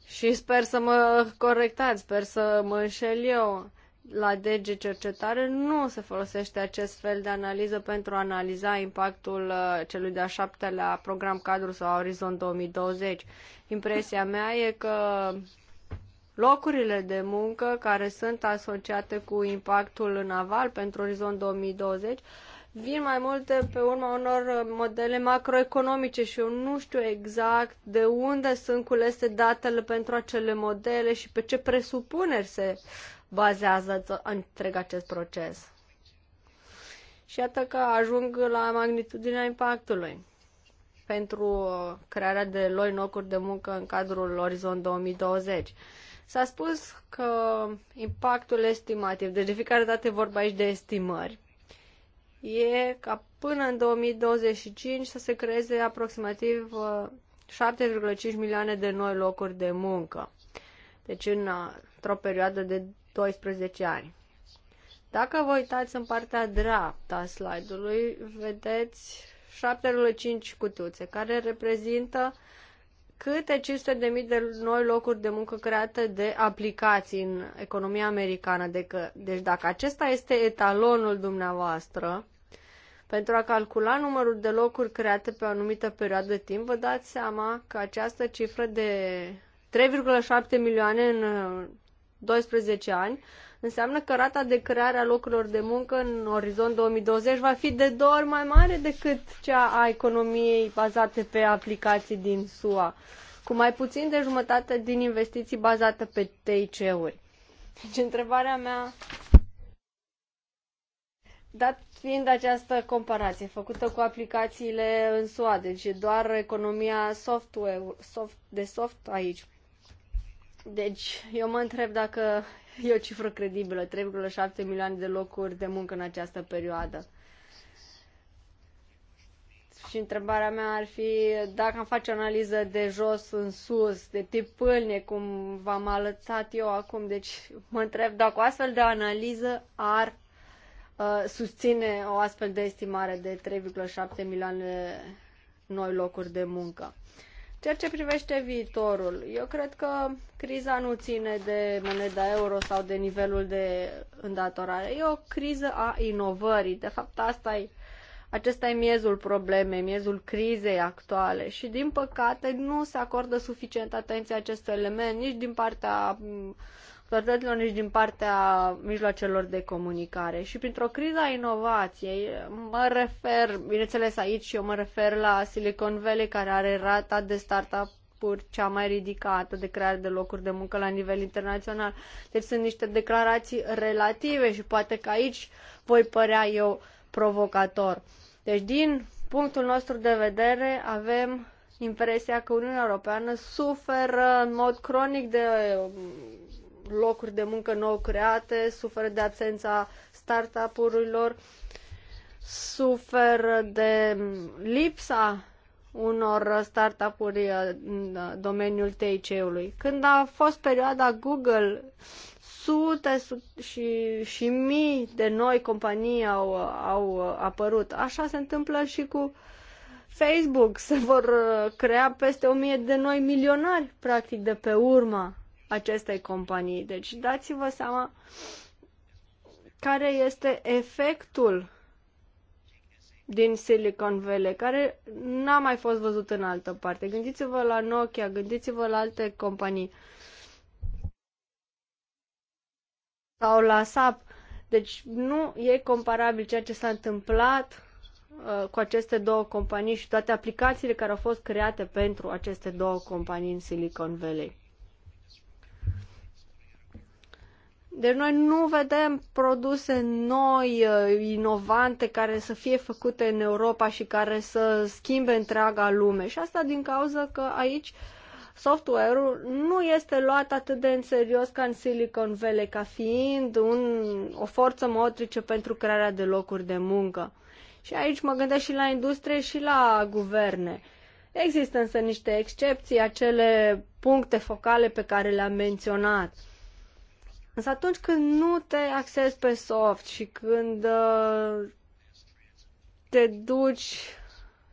Și sper să mă corectați, sper să mă înșel eu. La DG Cercetare nu se folosește acest fel de analiză pentru a analiza impactul uh, celui de-a șaptelea program cadru sau Orizont 2020. Impresia mea e că locurile de muncă care sunt asociate cu impactul naval pentru orizont 2020 vin mai multe pe urma unor modele macroeconomice și eu nu știu exact de unde sunt culese datele pentru acele modele și pe ce presupuneri se bazează întreg acest proces. Și iată că ajung la magnitudinea impactului pentru crearea de noi locuri de muncă în cadrul Orizont 2020. S-a spus că impactul estimativ, deci de fiecare dată vorba aici de estimări, e ca până în 2025 să se creeze aproximativ 7,5 uh, milioane de noi locuri de muncă. Deci uh, într-o perioadă de 12 ani. Dacă vă uitați în partea dreaptă a slide-ului, vedeți 7,5 cutiuțe, care reprezintă câte 500.000 de noi locuri de muncă create de aplicații în economia americană. Decă, deci dacă acesta este etalonul dumneavoastră, pentru a calcula numărul de locuri create pe o anumită perioadă de timp, vă dați seama că această cifră de 3,7 milioane în 12 uh, ani înseamnă că rata de creare a locurilor de muncă în orizont 2020 va fi de două ori mai mare decât cea a economiei bazate pe aplicații din SUA, cu mai puțin de jumătate din investiții bazate pe TIC-uri. Deci întrebarea mea, dat fiind această comparație făcută cu aplicațiile în SUA, deci doar economia software, soft, de soft aici, deci, eu mă întreb dacă E o cifră credibilă, 3,7 milioane de locuri de muncă în această perioadă. Și întrebarea mea ar fi dacă am face o analiză de jos în sus, de tip pâlne, cum v-am alățat eu acum. Deci mă întreb dacă o astfel de analiză ar uh, susține o astfel de estimare de 3,7 milioane noi locuri de muncă. Uh, Ceea ce privește viitorul, eu cred că criza nu ține de moneda euro sau de nivelul de îndatorare. E o criză a inovării. De fapt, asta e, acesta e miezul problemei, miezul crizei actuale și, din păcate, nu se acordă suficient atenție acest element nici din partea expertărilor, nici din partea mijloacelor de comunicare. Și printr-o criză a inovației, mă refer, bineînțeles aici eu mă refer la Silicon Valley, care are rata de startup cea mai ridicată de creare de locuri de muncă la nivel internațional. Deci sunt niște declarații relative și poate că aici voi părea eu provocator. Deci din punctul nostru de vedere avem impresia că Uniunea Europeană suferă în mod cronic de locuri de muncă nou create, suferă de absența startup-urilor, suferă de lipsa unor startup-uri în domeniul TIC-ului. Când a fost perioada Google, sute, sute și, și mii de noi companii au, au apărut. Așa se întâmplă și cu Facebook. Se vor crea peste o mie de noi milionari, practic, de pe urma acestei companii. Deci dați-vă seama care este efectul din Silicon Valley, care n-a mai fost văzut în altă parte. Gândiți-vă la Nokia, gândiți-vă la alte companii. Sau la SAP. Deci nu e comparabil ceea ce s-a întâmplat uh, cu aceste două companii și toate aplicațiile care au fost create pentru aceste două companii în Silicon Valley. Deci noi nu vedem produse noi, uh, inovante, care să fie făcute în Europa și care să schimbe întreaga lume. Și asta din cauza că aici software-ul nu este luat atât de în serios ca în Silicon Valley, ca fiind un, o forță motrice pentru crearea de locuri de muncă. Și aici mă gândesc și la industrie și la guverne. Există însă niște excepții, acele puncte focale pe care le-am menționat. Însă atunci când nu te accesezi pe soft și când uh, te duci,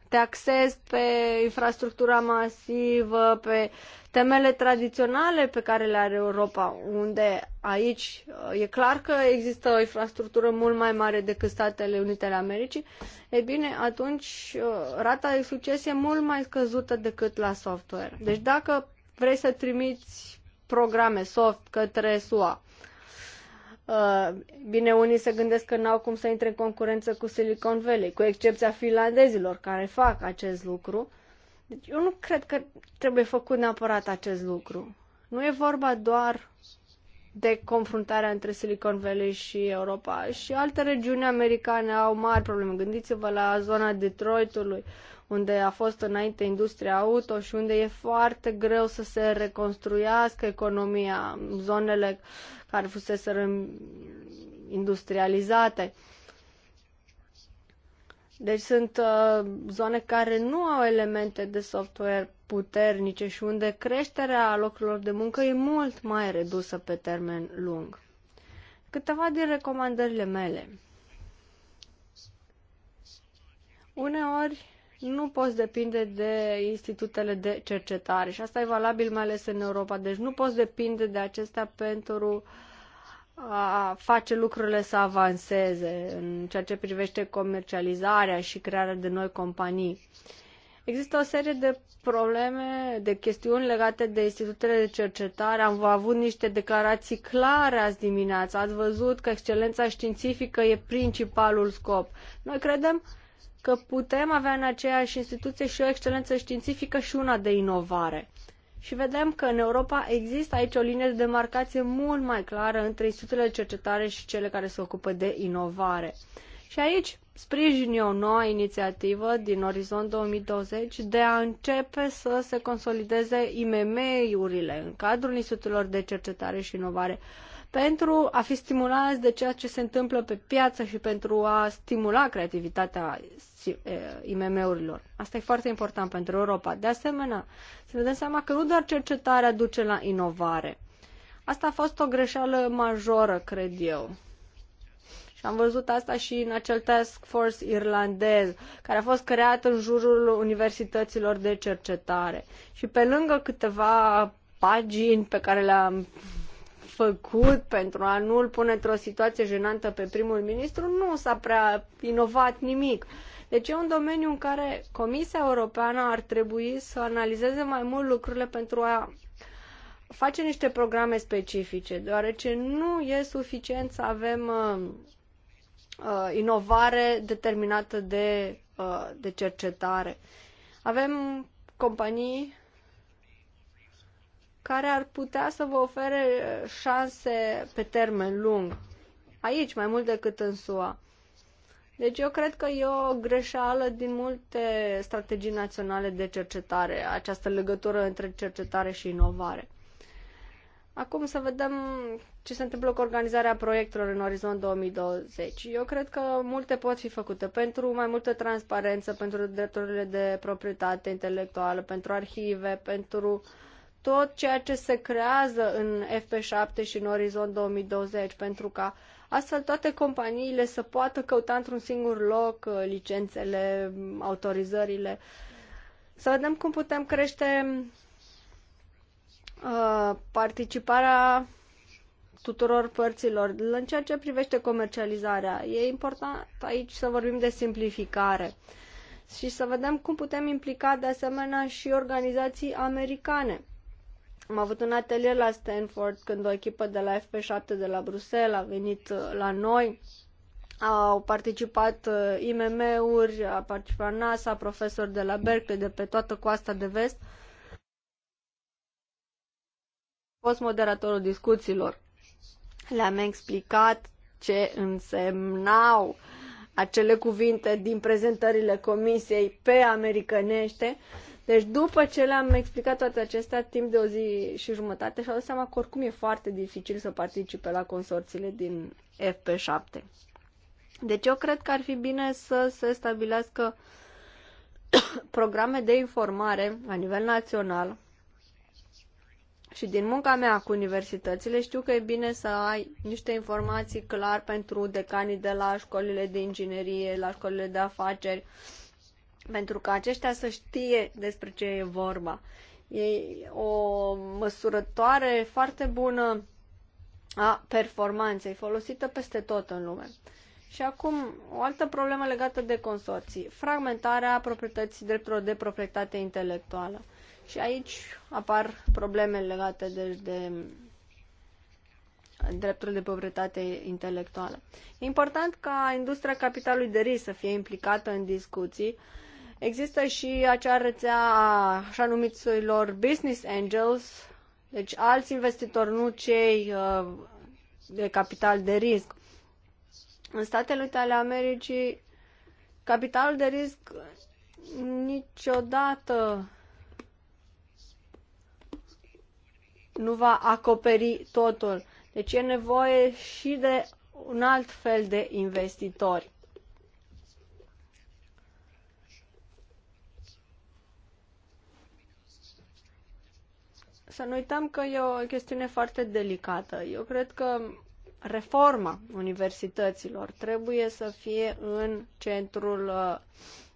te accesezi pe infrastructura masivă, pe temele tradiționale pe care le are Europa, unde aici uh, e clar că există o infrastructură mult mai mare decât Statele Unite ale Americii, e bine, atunci uh, rata de succes e mult mai scăzută decât la software. Deci dacă vrei să trimiți programe soft către SUA. Uh, bine, unii se gândesc că n-au cum să intre în concurență cu Silicon Valley, cu excepția finlandezilor care fac acest lucru. Deci eu nu cred că trebuie făcut neapărat acest lucru. Nu e vorba doar de confruntarea între Silicon Valley și Europa. Și alte regiuni americane au mari probleme. Gândiți-vă la zona Detroitului, uh, unde a fost înainte industria auto și unde e foarte greu să se reconstruiască economia, zonele care fusese industrializate. Deci sunt uh, zone care nu au elemente de software puternice și unde creșterea locurilor de muncă e mult mai redusă pe termen lung. Câteva din recomandările mele. Uneori nu poți depinde de institutele de cercetare și asta e valabil mai ales în Europa. Deci nu poți depinde de acestea pentru a face lucrurile să avanseze în ceea ce privește comercializarea și crearea de noi companii. Există o serie de probleme, de chestiuni legate de institutele de cercetare. Am avut niște declarații clare azi dimineața. Ați văzut că excelența științifică e principalul scop. Noi credem că putem avea în aceeași instituție și o excelență științifică și una de inovare. Și vedem că în Europa există aici o linie de demarcație mult mai clară între instituțiile de cercetare și cele care se ocupă de inovare. Și aici sprijin eu nouă inițiativă din Orizont 2020 de a începe să se consolideze IMM-urile în cadrul instituțiilor de cercetare și inovare pentru a fi stimulați de ceea ce se întâmplă pe piață și pentru a stimula creativitatea IMM-urilor. Asta e foarte important pentru Europa. De asemenea, să ne dăm seama că nu doar cercetarea duce la inovare. Asta a fost o greșeală majoră, cred eu. Și am văzut asta și în acel task force irlandez, care a fost creat în jurul universităților de cercetare. Și pe lângă câteva pagini pe care le-am făcut pentru a nu-l pune într-o situație jenantă pe primul ministru, nu s-a prea inovat nimic. Deci e un domeniu în care Comisia Europeană ar trebui să analizeze mai mult lucrurile pentru a face niște programe specifice, deoarece nu e suficient să avem uh, uh inovare determinată de, uh, de cercetare. Avem companii care ar putea să vă ofere șanse pe termen lung, aici mai mult decât în SUA. Deci eu cred că e o greșeală din multe strategii naționale de cercetare, această legătură între cercetare și inovare. Acum să vedem ce se întâmplă cu organizarea proiectelor în orizont 2020. Eu cred că multe pot fi făcute pentru mai multă transparență, pentru drepturile de proprietate intelectuală, pentru arhive, pentru tot ceea ce se creează în FP7 și în orizont 2020, pentru ca astfel toate companiile să poată căuta într-un singur loc uh, licențele, autorizările. Să vedem cum putem crește uh, participarea tuturor părților. În ceea ce privește comercializarea, e important aici să vorbim de simplificare și să vedem cum putem implica de asemenea și organizații americane am avut un atelier la Stanford când o echipă de la FP7 de la Bruxelles a venit uh, la noi. Au participat uh, IMM-uri, a participat NASA, profesori de la Berkeley, de pe toată coasta de vest. A fost moderatorul discuțiilor. Le-am explicat ce însemnau acele cuvinte din prezentările comisiei pe americanește deci după ce le-am explicat toate acestea timp de o zi și jumătate și-au dat seama că oricum e foarte dificil să participe la consorțiile din FP7. Deci eu cred că ar fi bine să se stabilească [coughs] programe de informare la nivel național și din munca mea cu universitățile știu că e bine să ai niște informații clar pentru decanii de la școlile de inginerie, la școlile de afaceri, pentru ca aceștia să știe despre ce e vorba. E o măsurătoare foarte bună a performanței, folosită peste tot în lume. Și acum, o altă problemă legată de consorții. Fragmentarea proprietății drepturilor de proprietate intelectuală. Și aici apar probleme legate de, de drepturile de proprietate intelectuală. E important ca industria capitalului de risc să fie implicată în discuții uh, Există și acea rețea așa numiților business angels, deci alți investitori, nu cei uh, de capital de risc. În Statele Unite ale Americii, capitalul de risc niciodată nu va acoperi totul. Deci e nevoie și de un alt fel de investitori. Să nu uităm că e o chestiune foarte delicată. Eu cred că reforma universităților trebuie să fie în centrul uh,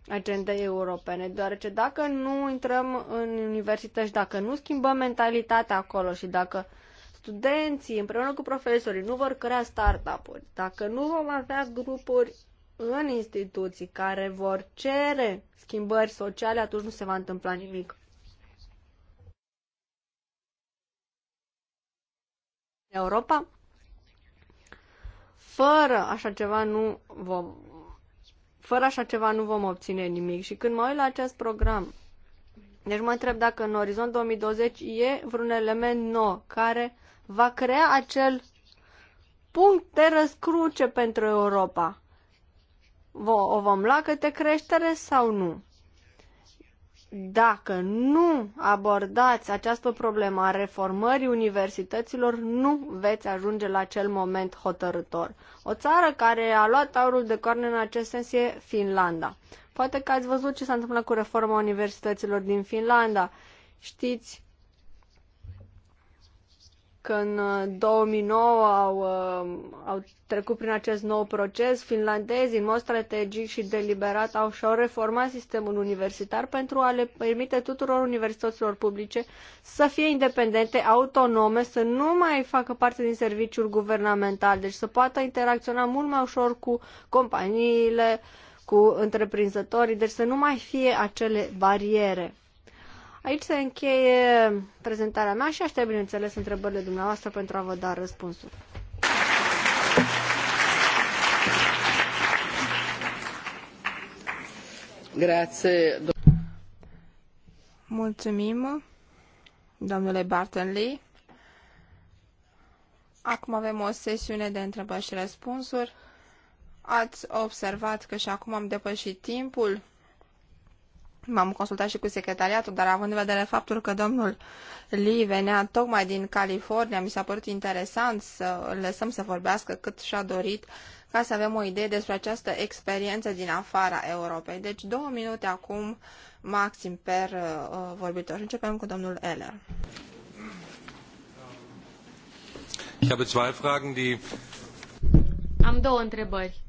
agendei europene, deoarece dacă nu intrăm în universități, dacă nu schimbăm mentalitatea acolo și dacă studenții împreună cu profesorii nu vor crea startup-uri, dacă nu vom avea grupuri în instituții care vor cere schimbări sociale, atunci nu se va întâmpla nimic. Europa. Fără așa ceva nu vom fără așa ceva nu vom obține nimic. Și când mă uit la acest program, deci mă întreb dacă în orizont 2020 e vreun element nou care va crea acel punct de răscruce pentru Europa. O vom lua către creștere sau nu? Dacă nu abordați această problemă a reformării universităților, nu veți ajunge la acel moment hotărător. O țară care a luat aurul de corne în acest sens e Finlanda. Poate că ați văzut ce s-a întâmplat cu reforma universităților din Finlanda. Știți că în 2009 uh, au, uh, au trecut prin acest nou proces, finlandezii în mod strategic și deliberat au și-au reformat sistemul universitar pentru a le permite tuturor universităților publice să fie independente, autonome, să nu mai facă parte din serviciul guvernamental, deci să poată interacționa mult mai ușor cu companiile, cu întreprinzătorii, deci să nu mai fie acele bariere Aici se încheie prezentarea mea și aștept, bineînțeles, întrebările dumneavoastră pentru a vă da răspunsuri. Grazie. Mulțumim, domnule Bartonley. Acum avem o sesiune de întrebări și răspunsuri. Ați observat că și acum am depășit timpul. M-am consultat și cu secretariatul, dar având în vedere faptul că domnul Lee venea tocmai din California, mi s-a părut interesant să îl lăsăm să vorbească cât și-a dorit ca să avem o idee despre această experiență din afara Europei. Deci două minute acum maxim per uh, uh vorbitor. Începem cu domnul Eller. Am două întrebări.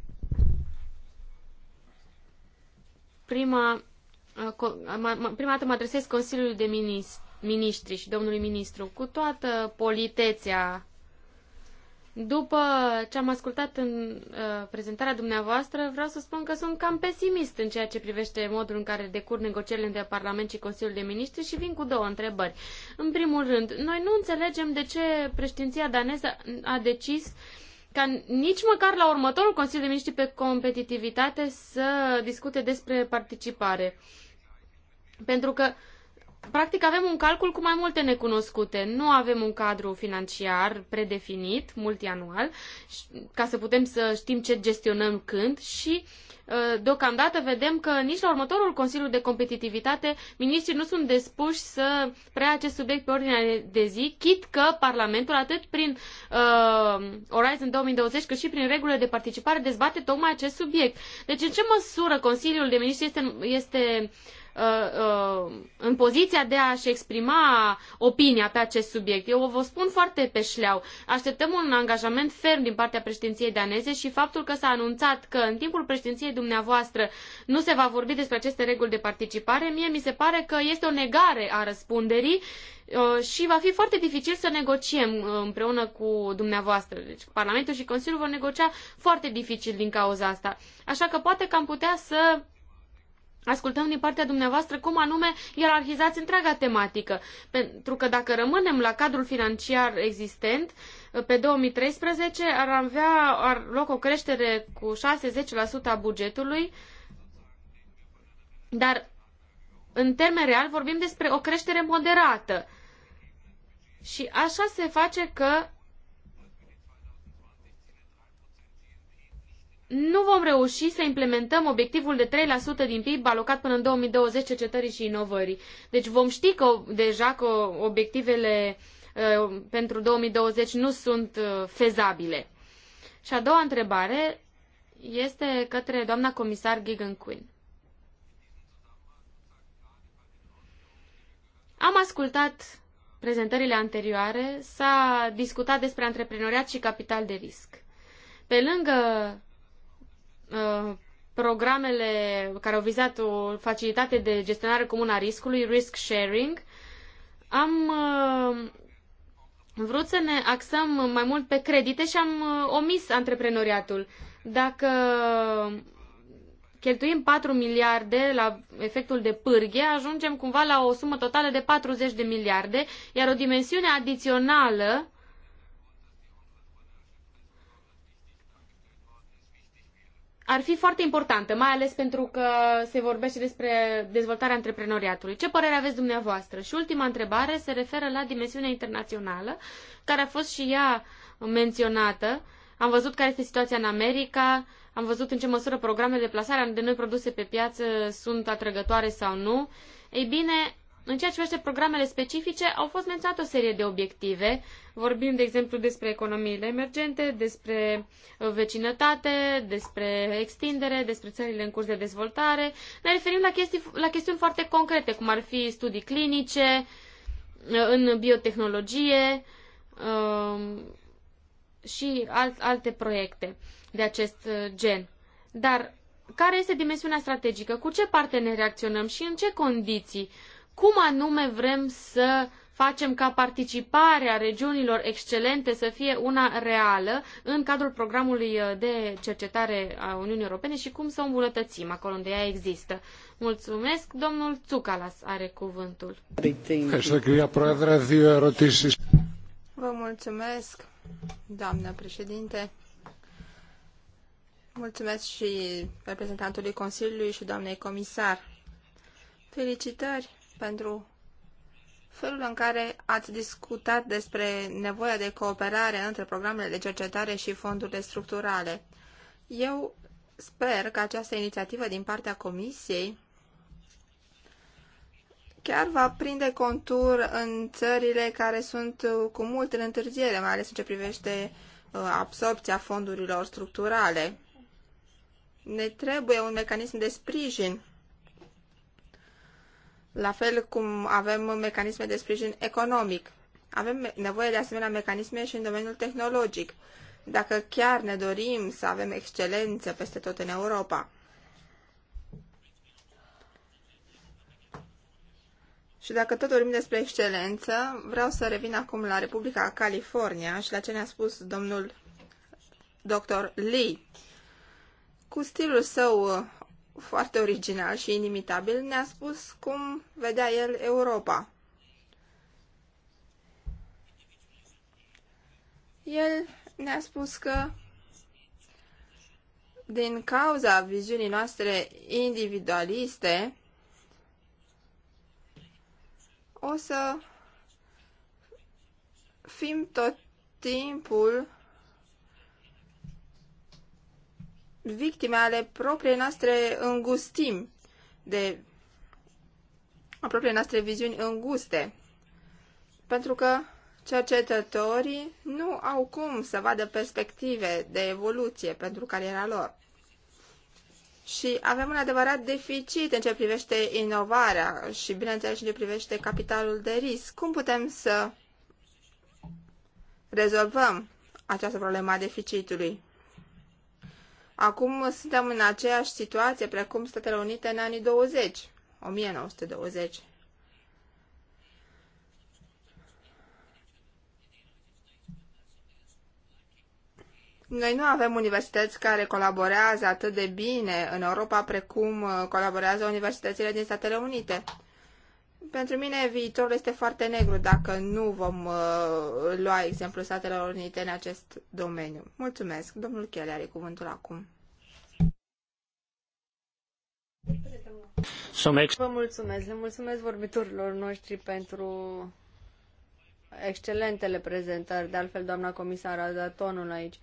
Prima prima dată mă adresez Consiliului de Ministri și domnului ministru cu toată politețea. După ce am ascultat în uh, prezentarea dumneavoastră, vreau să spun că sunt cam pesimist în ceea ce privește modul în care decur negocierile între Parlament și Consiliul de Ministri și vin cu două întrebări. În primul rând, noi nu înțelegem de ce președinția daneză a decis ca nici măcar la următorul Consiliu de Ministri pe competitivitate să discute despre participare. Uh, pentru că, practic, avem un calcul cu mai multe necunoscute. Nu avem un cadru financiar predefinit, multianual, ca să putem să știm ce gestionăm când și ă, deocamdată vedem că nici la următorul Consiliu de Competitivitate ministrii nu sunt dispuși să preia acest subiect pe ordinea de zi, chit că Parlamentul, atât prin uh, Horizon 2020, cât și prin regulile de participare, dezbate tocmai acest subiect. Deci, în ce măsură Consiliul de Ministri este, este Uh, uh, în poziția de a-și exprima opinia pe acest subiect. Eu vă spun foarte pe șleau. Așteptăm un angajament ferm din partea președinției daneze și faptul că s-a anunțat că în timpul președinției dumneavoastră nu se va vorbi despre aceste reguli de participare, mie mi se pare că este o negare a răspunderii uh, și va fi foarte dificil să negociem împreună cu dumneavoastră. Deci Parlamentul și Consiliul vor negocia foarte dificil din cauza asta. Așa că poate că am putea să ascultăm din partea dumneavoastră cum anume ierarhizați întreaga tematică. Pentru că dacă rămânem la cadrul financiar existent, pe 2013 ar avea ar loc o creștere cu 6-10% a bugetului, dar în termen real vorbim despre o creștere moderată. Și așa se face că nu vom reuși să implementăm obiectivul de 3% din PIB alocat până în 2020 cercetării și inovării. Deci vom ști că, deja că obiectivele uh, pentru 2020 nu sunt uh, fezabile. Și a doua întrebare este către doamna comisar Gigan Quinn. Am ascultat prezentările anterioare, s-a discutat despre antreprenoriat și capital de risc. Pe lângă Uh, programele care au vizat o facilitate de gestionare comună a riscului, risk sharing, am uh, vrut să ne axăm mai mult pe credite și am uh, omis antreprenoriatul. Dacă cheltuim 4 miliarde la efectul de pârghie, ajungem cumva la o sumă totală de 40 de miliarde, iar o dimensiune adițională ar fi foarte importantă, mai ales pentru că se vorbește despre dezvoltarea antreprenoriatului. Ce părere aveți dumneavoastră? Și ultima întrebare se referă la dimensiunea internațională, care a fost și ea menționată. Am văzut care este situația în America, am văzut în ce măsură programele de plasare de noi produse pe piață sunt atrăgătoare sau nu. Ei bine, în ceea ce privește programele specifice, au fost menționate o serie de obiective. Vorbim, de exemplu, despre economiile emergente, despre uh, vecinătate, despre extindere, despre țările în curs de dezvoltare. Ne referim la, chestii, la chestiuni foarte concrete, cum ar fi studii clinice, uh, în biotehnologie um, și alte proiecte de acest uh, gen. Dar care este dimensiunea strategică? Cu ce parte ne reacționăm și în ce condiții? cum anume vrem să facem ca participarea regiunilor excelente să fie una reală în cadrul programului uh, de cercetare a Uniunii Europene și cum să o îmbunătățim acolo unde ea există. Mulțumesc. Domnul Tsukalas are cuvântul. Vă mulțumesc, doamnă președinte. Mulțumesc și reprezentantului Consiliului și doamnei comisar. Felicitări pentru felul în care ați discutat despre nevoia de cooperare între programele de cercetare și fondurile structurale. Eu sper că această inițiativă din partea Comisiei chiar va prinde contur în țările care sunt cu mult în întârziere, mai ales în ce privește uh, absorpția fondurilor structurale. Ne trebuie un mecanism de sprijin la fel cum avem mecanisme de sprijin economic. Avem nevoie de asemenea mecanisme și în domeniul tehnologic, dacă chiar ne dorim să avem excelență peste tot în Europa. Și dacă tot dorim despre excelență, vreau să revin acum la Republica California și la ce ne-a spus domnul dr. Lee. Cu stilul său foarte original și inimitabil, ne-a spus cum vedea el Europa. El ne-a spus că din cauza viziunii noastre individualiste, o să fim tot timpul victime ale propriei noastre îngustimi, de a propriei noastre viziuni înguste. Pentru că cercetătorii nu au cum să vadă perspective de evoluție pentru cariera lor. Și avem un adevărat deficit în ce privește inovarea și, bineînțeles, în ce privește capitalul de risc. Cum putem să rezolvăm această problemă a deficitului? Acum suntem în aceeași situație precum Statele Unite în anii 20, 1920. Noi nu avem universități care colaborează atât de bine în Europa precum uh, colaborează universitățile din Statele Unite. Pentru mine viitorul este foarte negru dacă nu vom uh, lua exemplu Statelor Unite în acest domeniu. Mulțumesc. Domnul Chele are cuvântul acum. Vă mulțumesc. Le mulțumesc vorbitorilor noștri pentru excelentele prezentări. De altfel, doamna comisar a dat tonul aici.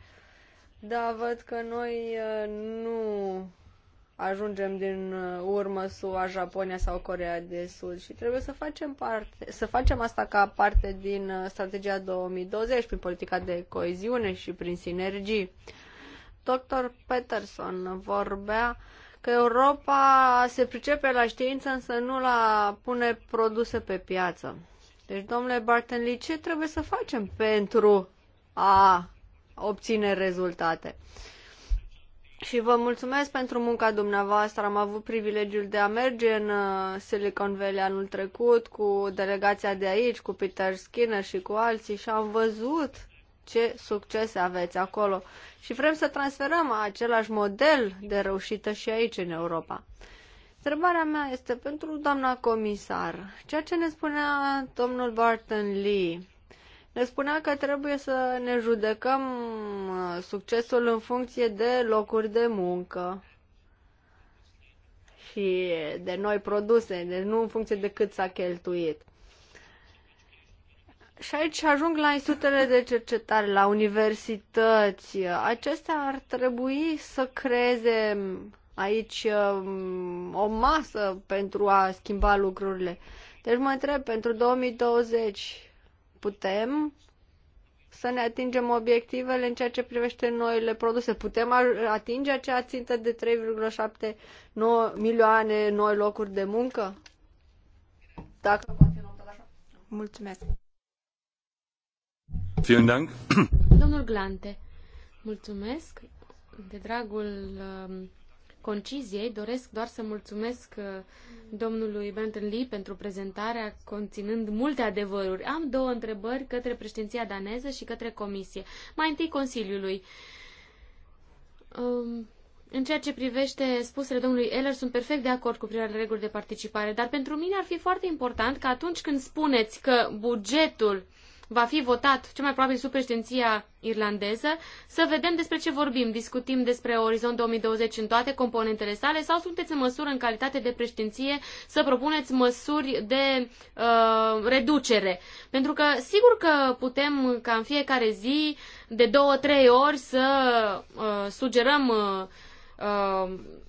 Da, văd că noi uh, nu ajungem din uh, urmă SUA, Japonia sau Corea de Sud și trebuie să facem, parte, să facem asta ca parte din uh, strategia 2020 prin politica de coeziune și prin sinergii. Dr. Peterson vorbea că Europa se pricepe la știință, însă nu la pune produse pe piață. Deci, domnule Bartenley, ce trebuie să facem pentru a obține rezultate? Uh, și vă mulțumesc pentru munca dumneavoastră. Am avut privilegiul de a merge în uh, Silicon Valley anul trecut cu delegația de aici, cu Peter Skinner și cu alții și am văzut ce succese aveți acolo. Și vrem să transferăm același model de reușită și aici, în Europa. Întrebarea mea este pentru doamna comisar. Ceea ce ne spunea domnul Barton Lee ne spunea că trebuie să ne judecăm uh, succesul în funcție de locuri de muncă și de noi produse, deci nu în funcție de cât s-a cheltuit. Și aici ajung la institutele de cercetare, la universități. Acestea ar trebui să creeze aici um, o masă pentru a schimba lucrurile. Deci mă întreb, pentru 2020 putem să ne atingem obiectivele în ceea ce privește noile produse. Putem atinge acea țintă de 3,7 milioane noi locuri de muncă? Dacă continuăm tot așa. Mulțumesc. Vielen Dank. Domnul Glante, mulțumesc. De dragul um, conciziei, doresc doar să mulțumesc uh, domnului Benton Lee pentru prezentarea conținând multe adevăruri. Am două întrebări către președinția daneză și către comisie. Mai întâi Consiliului. Um... În ceea ce privește spusele domnului Eller, sunt perfect de acord cu privire la reguli de participare, dar pentru mine ar fi foarte important că atunci când spuneți că bugetul va fi votat, cel mai probabil, sub președinția irlandeză, să vedem despre ce vorbim. Discutim despre Orizont 2020 în toate componentele sale sau sunteți în măsură, în calitate de președinție, să propuneți măsuri de uh, reducere? Pentru că sigur că putem ca în fiecare zi, de două, trei ori, să uh, sugerăm uh, uh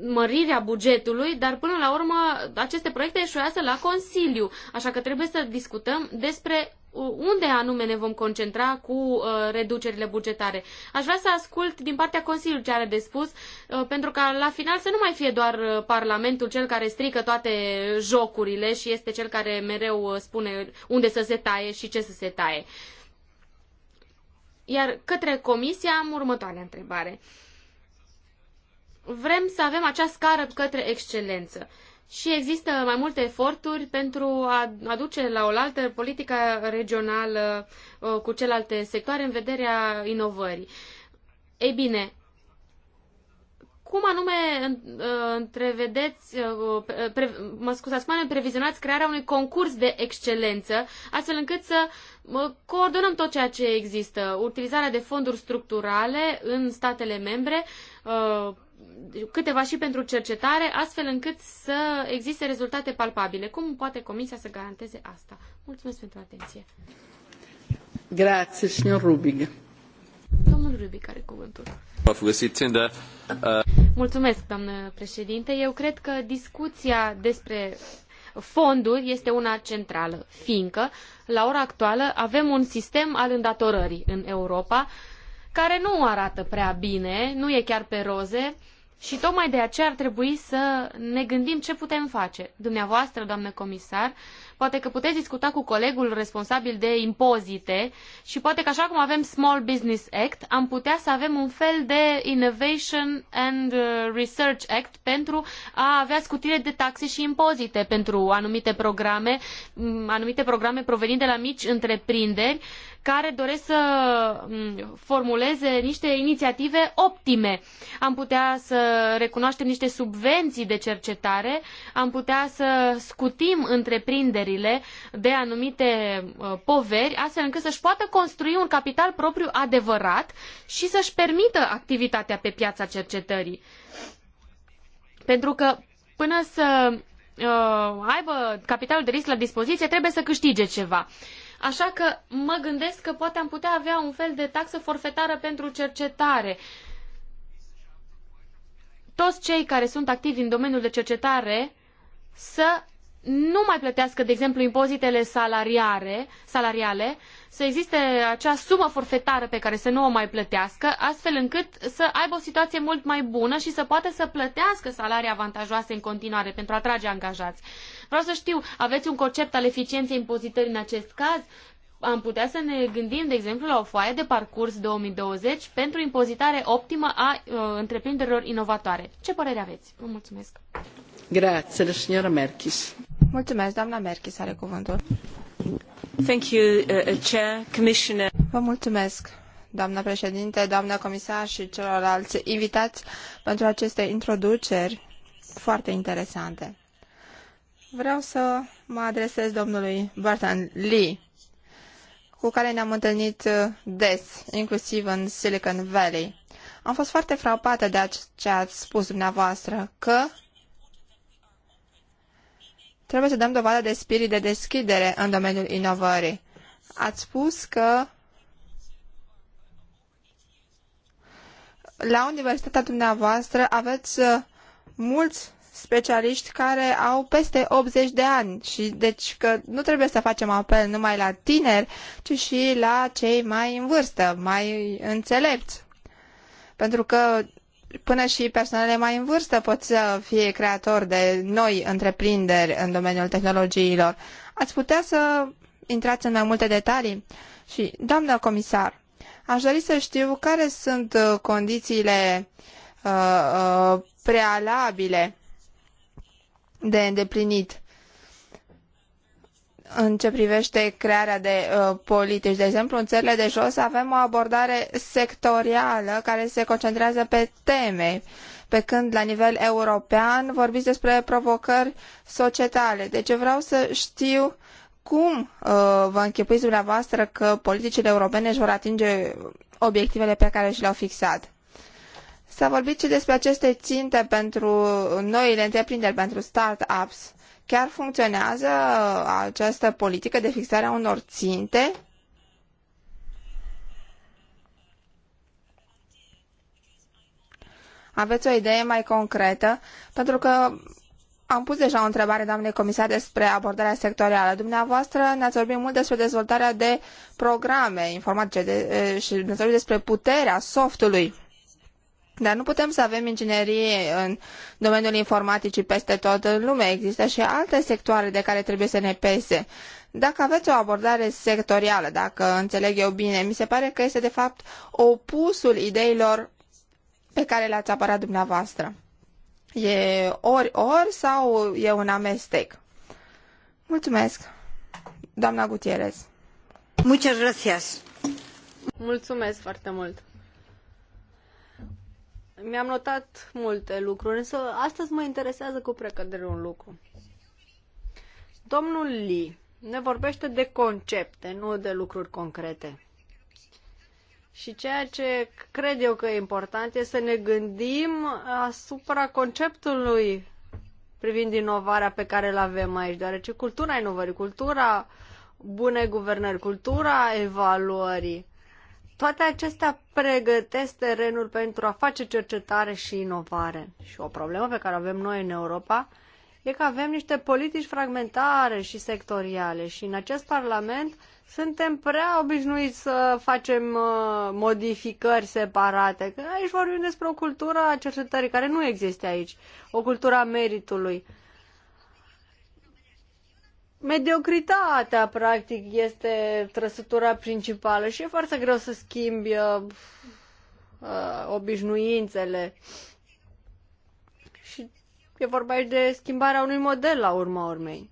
mărirea bugetului, dar până la urmă aceste proiecte eșuează la Consiliu. Așa că trebuie să discutăm despre uh, unde anume ne vom concentra cu uh, reducerile bugetare. Aș vrea să ascult din partea Consiliului ce are de spus, uh, pentru ca la final să nu mai fie doar uh, Parlamentul cel care strică toate jocurile și este cel care mereu uh, spune unde să se taie și ce să se taie. Iar către comisia am următoarea întrebare. Uh, vrem să avem acea scară către excelență. Și există mai multe eforturi pentru a aduce la oaltă politica regională uh, cu celelalte sectoare în vederea inovării. Ei bine, cum anume uh, întrevedeți, uh, pre, mă scuzați, anume previzionați crearea unui concurs de excelență, astfel încât să coordonăm tot ceea ce există, utilizarea de fonduri structurale în statele membre, câteva și pentru cercetare, astfel încât să existe rezultate palpabile. Cum poate Comisia să garanteze asta? Mulțumesc pentru atenție. Grazie, signor Rubig. Domnul Rubic are cuvântul. Mulțumesc, doamnă președinte. Eu cred că discuția despre fonduri este una centrală, fiindcă la ora actuală avem un sistem al îndatorării în Europa care nu arată prea bine, nu e chiar pe roze și tocmai de aceea ar trebui să ne gândim ce putem face. Dumneavoastră, doamnă comisar, poate că puteți discuta cu colegul responsabil de impozite și poate că așa cum avem Small Business Act, am putea să avem un fel de Innovation and uh, Research Act pentru a avea scutire de taxe și impozite pentru anumite programe, anumite programe provenind de la mici întreprinderi care doresc să mm, formuleze niște inițiative optime. Am putea să recunoaștem niște subvenții de cercetare, am putea să scutim întreprinderile de anumite uh, poveri, astfel încât să-și poată construi un capital propriu adevărat și să-și permită activitatea pe piața cercetării. Pentru că până să uh, aibă capitalul de risc la dispoziție, trebuie să câștige ceva. Uh, Așa că mă gândesc că poate am putea avea un fel de taxă forfetară pentru cercetare. Toți cei care sunt activi în domeniul de cercetare să nu mai plătească, de exemplu, impozitele salariare, salariale, să existe acea sumă forfetară pe care să nu o mai plătească, astfel încât să aibă o situație mult mai bună și să poată să plătească salarii avantajoase în continuare pentru a atrage angajați. Vreau să știu, aveți un concept al eficienței impozitării în acest caz? Am putea să ne gândim, de exemplu, la o foaie de parcurs 2020 pentru impozitare optimă a uh, întreprinderilor inovatoare. Ce părere aveți? Vă mulțumesc. Grazie, signora Merkis. Mulțumesc, doamna Merkis are cuvântul. Thank you, uh, uh Chair, Commissioner. Vă mulțumesc, doamnă președinte, doamnă comisar și celorlalți invitați pentru aceste introduceri foarte interesante. Vreau să mă adresez domnului Barton Lee, cu care ne-am întâlnit uh, des, inclusiv în Silicon Valley. Am fost foarte frapată de ce ați spus dumneavoastră, că trebuie să dăm dovadă de spirit de deschidere în domeniul inovării. Ați spus că la universitatea dumneavoastră aveți uh, mulți specialiști care au peste 80 de ani și deci că nu trebuie să facem apel numai la tineri, ci și la cei mai în vârstă, mai înțelepți. Pentru că până și persoanele mai în vârstă pot să fie creatori de noi întreprinderi în domeniul tehnologiilor. Ați putea să intrați în mai multe detalii? Și, doamnă comisar, aș dori să știu care sunt condițiile uh, uh, prealabile de îndeplinit în ce privește crearea de uh, politici. De exemplu, în țările de jos avem o abordare sectorială care se concentrează pe teme, pe când la nivel european vorbiți despre provocări societale. Deci eu vreau să știu cum uh, vă închipuiți dumneavoastră că politicile europene își vor atinge obiectivele pe care și le-au fixat. S-a vorbit și despre aceste ținte pentru noile întreprinderi, pentru start-ups. Chiar funcționează uh, această politică de fixare a unor ținte? Aveți o idee mai concretă? Pentru că am pus deja o întrebare, doamne comisar, despre abordarea sectorială. Dumneavoastră ne-ați vorbit mult despre dezvoltarea de programe informatice de, uh, și ne-ați vorbit despre puterea softului dar nu putem să avem inginerie în domeniul informaticii peste tot în lume. Există și alte sectoare de care trebuie să ne pese. Dacă aveți o abordare sectorială, dacă înțeleg eu bine, mi se pare că este de fapt opusul ideilor pe care le-ați apărat dumneavoastră. E ori-ori sau e un amestec? Mulțumesc, doamna Gutierrez. Muchas gracias. Mulțumesc foarte mult. Mi-am notat multe lucruri, însă astăzi mă interesează cu precădere un lucru. Domnul Lee ne vorbește de concepte, nu de lucruri concrete. Și ceea ce cred eu că e important este să ne gândim asupra conceptului privind inovarea pe care îl avem aici, deoarece cultura inovării, cultura bunei guvernări, cultura evaluării, toate acestea pregătesc terenul pentru a face cercetare și inovare. Și o problemă pe care o avem noi în Europa e că avem niște politici fragmentare și sectoriale și în acest Parlament suntem prea obișnuiți să facem uh, modificări separate. Că aici vorbim despre o cultură a cercetării care nu există aici, o cultură a meritului Mediocritatea, practic, este trăsătura principală și e foarte greu să schimbi uh, uh, obișnuințele. Și e vorba aici de schimbarea unui model, la urma urmei.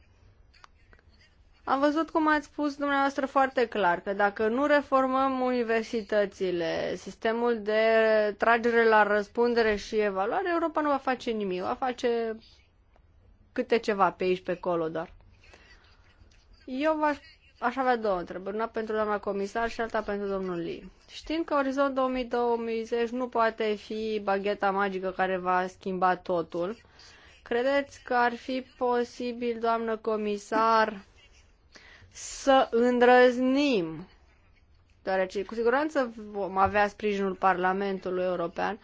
Am văzut cum ați spus dumneavoastră foarte clar că dacă nu reformăm universitățile, sistemul de tragere la răspundere și evaluare, Europa nu va face nimic, va face câte ceva pe aici, pe acolo doar. Eu v-aș Aș avea două întrebări, una pentru doamna comisar și alta pentru domnul Lee. Știm că Orizont 2020 nu poate fi bagheta magică care va schimba totul. Credeți că ar fi posibil, doamnă comisar, să îndrăznim, deoarece cu siguranță vom avea sprijinul Parlamentului European,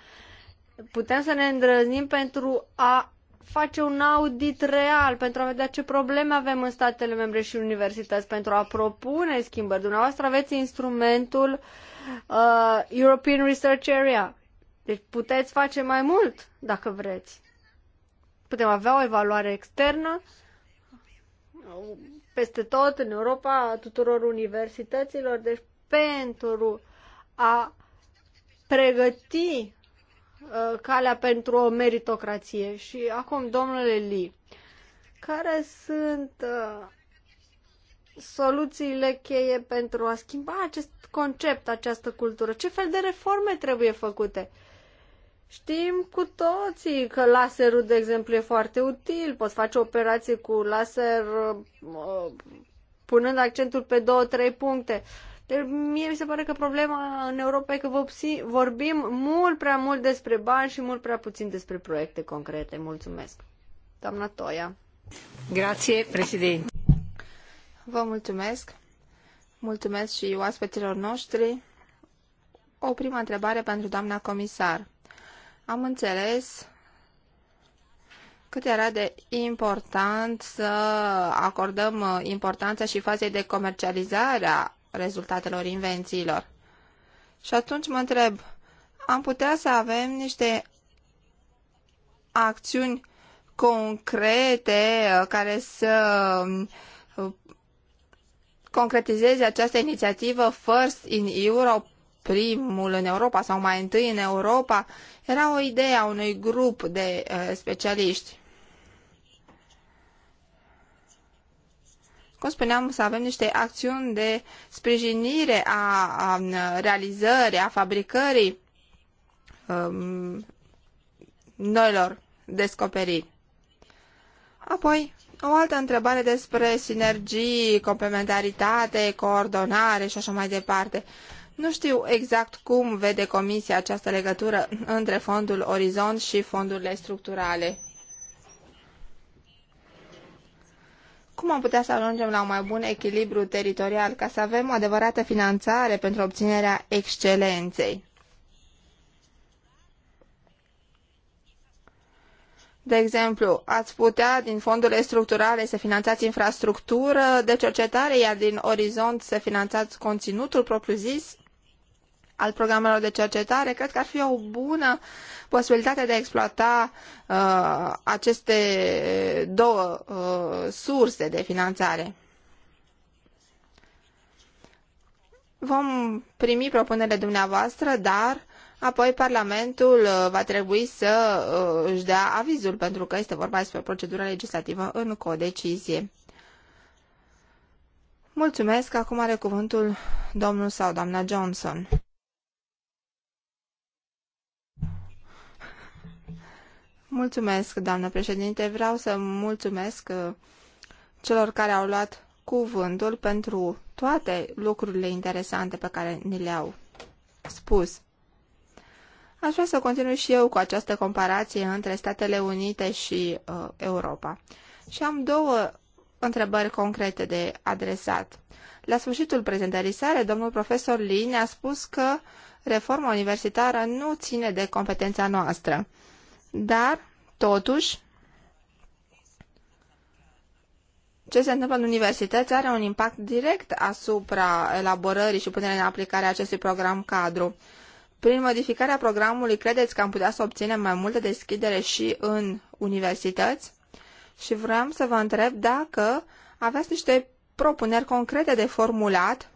putem să ne îndrăznim pentru a face un audit real pentru a vedea ce probleme avem în statele membre și universități, pentru a propune schimbări. Dumneavoastră aveți instrumentul uh, European Research Area. Deci puteți face mai mult dacă vreți. Putem avea o evaluare externă peste tot în Europa a tuturor universităților, deci pentru a pregăti Uh, calea pentru o meritocrație. Și acum, domnule Lee, care sunt uh, soluțiile cheie pentru a schimba acest concept, această cultură? Ce fel de reforme trebuie făcute? Știm cu toții că laserul, de exemplu, e foarte util. Poți face operații cu laser uh, punând accentul pe două, trei puncte. Uh, Mie mi se pare că problema în Europa e că vorbim mult prea mult despre bani și mult prea puțin despre proiecte concrete. Mulțumesc. Doamna Toia. Grație, președinte. Vă mulțumesc. Mulțumesc și oaspeților noștri. O primă întrebare pentru doamna comisar. Am înțeles cât era de important să acordăm uh, importanța și fazei de comercializare a rezultatelor invențiilor. Și atunci mă întreb, am putea să avem niște acțiuni concrete uh, care să um, uh, concretizeze această inițiativă First in Europe, primul în Europa sau mai întâi în Europa, era o idee a unui grup de uh, specialiști. cum spuneam, să avem niște acțiuni de sprijinire a, a realizării, a fabricării um, noilor descoperiri. Apoi, o altă întrebare despre sinergii, complementaritate, coordonare și așa mai departe. Nu știu exact cum vede Comisia această legătură între fondul Orizont și fondurile structurale. cum am putea să ajungem la un mai bun echilibru teritorial ca să avem o adevărată finanțare pentru obținerea excelenței? De exemplu, ați putea din fondurile structurale să finanțați infrastructură de cercetare, iar din orizont să finanțați conținutul propriu-zis? al programelor de cercetare, cred că ar fi o bună posibilitate de a exploata uh, aceste două uh, surse de finanțare. Vom primi propunerile dumneavoastră, dar apoi Parlamentul uh, va trebui să uh, își dea avizul, pentru că este vorba despre o procedură legislativă în codecizie. Mulțumesc, acum are cuvântul domnul sau doamna Johnson. Mulțumesc, doamnă președinte. Vreau să mulțumesc uh, celor care au luat cuvântul pentru toate lucrurile interesante pe care ni le-au spus. Aș vrea să continui și eu cu această comparație între Statele Unite și uh, Europa. Și am două întrebări concrete de adresat. La sfârșitul prezentării sale, domnul profesor ne a spus că reforma universitară nu ține de competența noastră dar, totuși, ce se întâmplă în universități are un impact direct asupra elaborării și punerea în aplicare a acestui program cadru. Prin modificarea programului, credeți că am putea să obținem mai multă deschidere și în universități? Și vreau să vă întreb dacă aveți niște propuneri concrete de formulat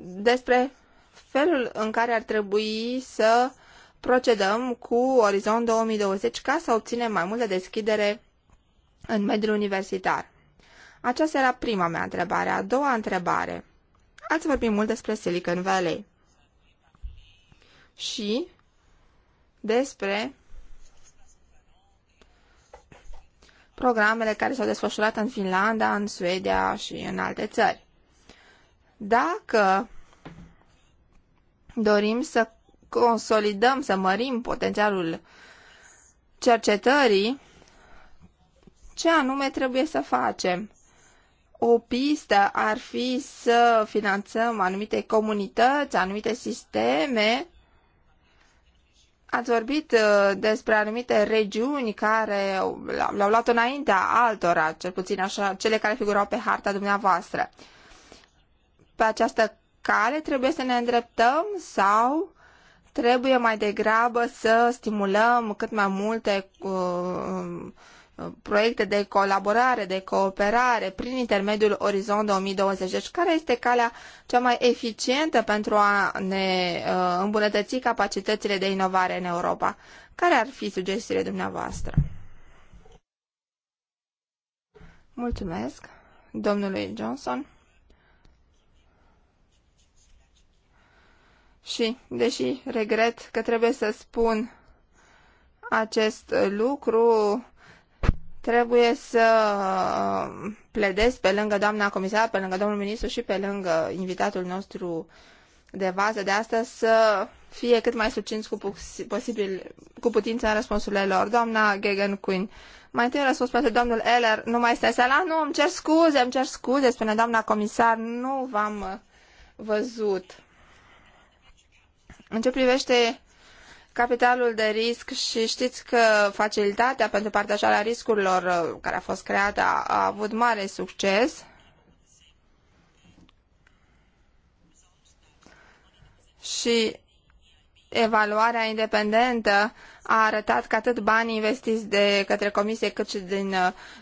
despre felul în care ar trebui să uh, procedăm cu Orizont 2020 ca să obținem mai multă deschidere în mediul universitar. Aceasta era prima mea întrebare. A doua întrebare. Ați vorbit mult despre Silicon Valley și despre programele care s-au desfășurat în Finlanda, în Suedia și în alte țări. Dacă dorim să consolidăm, să mărim potențialul cercetării, ce anume trebuie să facem? O pistă ar fi să finanțăm anumite comunități, anumite sisteme. Ați vorbit uh, despre anumite regiuni care le-au luat înaintea altora, cel puțin așa, cele care figurau pe harta dumneavoastră. Pe această cale trebuie să ne îndreptăm sau Trebuie mai degrabă să stimulăm cât mai multe uh, uh proiecte de colaborare, de cooperare prin intermediul Orizont 2020. Deci, care este calea cea mai eficientă pentru a ne uh, îmbunătăți capacitățile de inovare în Europa? Care ar fi sugestiile dumneavoastră? Mulțumesc, domnului Johnson. Și, deși regret că trebuie să spun acest lucru, trebuie să uh, pledez pe lângă doamna comisar, pe lângă domnul ministru și pe lângă invitatul nostru de vază de astăzi să fie cât mai succinți cu, posibil, cu putință în răspunsurile lor. Doamna Gegen Queen, mai întâi răspuns pentru domnul Eller, nu mai este sala? Nu, îmi cer scuze, îmi cer scuze, spune doamna comisar, nu v-am uh, văzut. În ce privește capitalul de risc și știți că facilitatea pentru partajarea riscurilor uh, care a fost creată a, a avut mare succes. Și evaluarea independentă a arătat că atât banii investiți de către Comisie cât și din,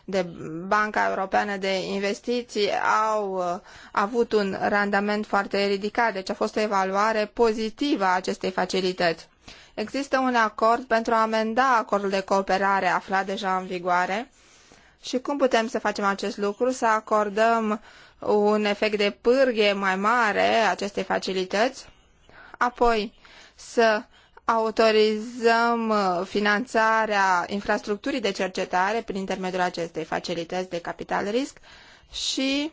de Banca Europeană de Investiții au uh, avut un randament foarte ridicat, deci a fost o evaluare pozitivă a acestei facilități. Există un acord pentru a amenda acordul de cooperare aflat deja în vigoare și cum putem să facem acest lucru? Să acordăm un efect de pârghie mai mare acestei facilități? Apoi, să autorizăm uh, finanțarea infrastructurii de cercetare prin intermediul acestei facilități de capital risc și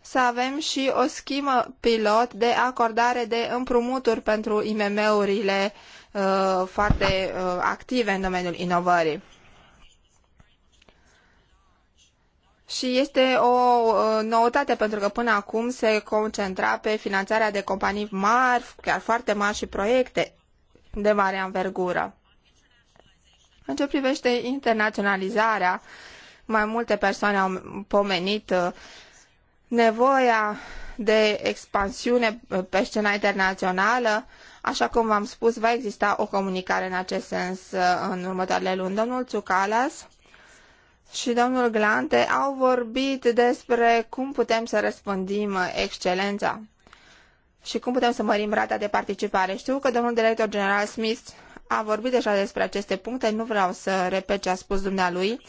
să avem și o schimă pilot de acordare de împrumuturi pentru IMM-urile uh, foarte uh, active în domeniul inovării. și este o noutate pentru că până acum se concentra pe finanțarea de companii mari, chiar foarte mari și proiecte de mare anvergură. În ce privește internaționalizarea, mai multe persoane au pomenit uh, nevoia de expansiune uh, pe scena internațională. Așa cum v-am spus, va exista o comunicare în acest sens uh, în următoarele luni. Domnul Tsukalas și domnul Glante au vorbit despre cum putem să răspândim excelența și cum putem să mărim rata de participare. Știu că domnul director general Smith a vorbit deja despre aceste puncte, nu vreau să repet ce a spus dumnealui,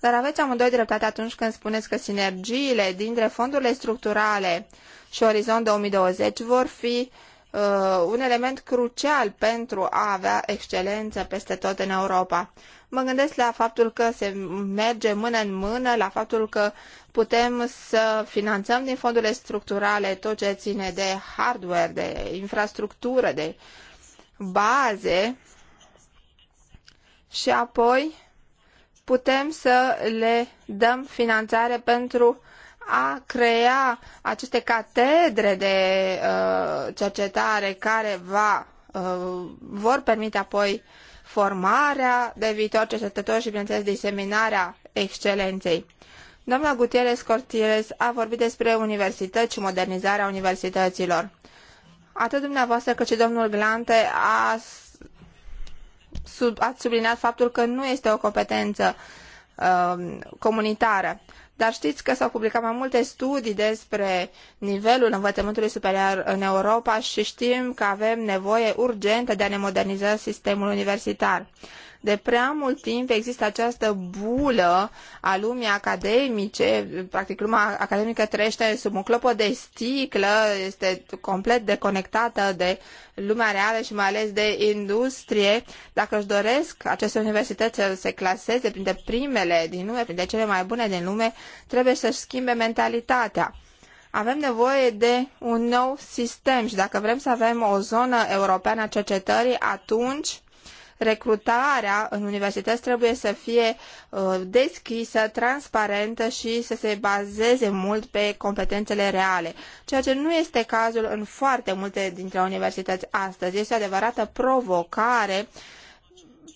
dar aveți amândoi dreptate atunci când spuneți că sinergiile dintre fondurile structurale și Orizont 2020 vor fi uh, Uh, un element crucial pentru a avea excelență peste tot în Europa. Mă gândesc la faptul că se merge mână în mână, la faptul că putem să finanțăm din fondurile structurale tot ce ține de hardware, de infrastructură, de baze și apoi putem să le dăm finanțare pentru a crea aceste catedre de uh, cercetare care va, uh, vor permite apoi formarea de viitor cercetători și, bineînțeles, diseminarea excelenței. Domnul Gutierrez Cortires a vorbit despre universități și modernizarea universităților. Atât dumneavoastră cât și domnul Glante a sub, ați subliniat faptul că nu este o competență uh, comunitară dar știți că s-au publicat mai multe studii despre nivelul învățământului superior în Europa și știm că avem nevoie urgentă de a ne moderniza sistemul universitar. De prea mult timp există această bulă a lumii academice, practic lumea academică trăiește sub un clopot de sticlă, este complet deconectată de lumea reală și mai ales de industrie. Dacă își doresc aceste universități să se claseze printre primele din lume, printre cele mai bune din lume, trebuie să-și schimbe mentalitatea avem nevoie de un nou sistem și dacă vrem să avem o zonă europeană a cercetării, atunci recrutarea în universități trebuie să fie uh, deschisă, transparentă și să se bazeze mult pe competențele reale, ceea ce nu este cazul în foarte multe dintre universități astăzi. Este o adevărată provocare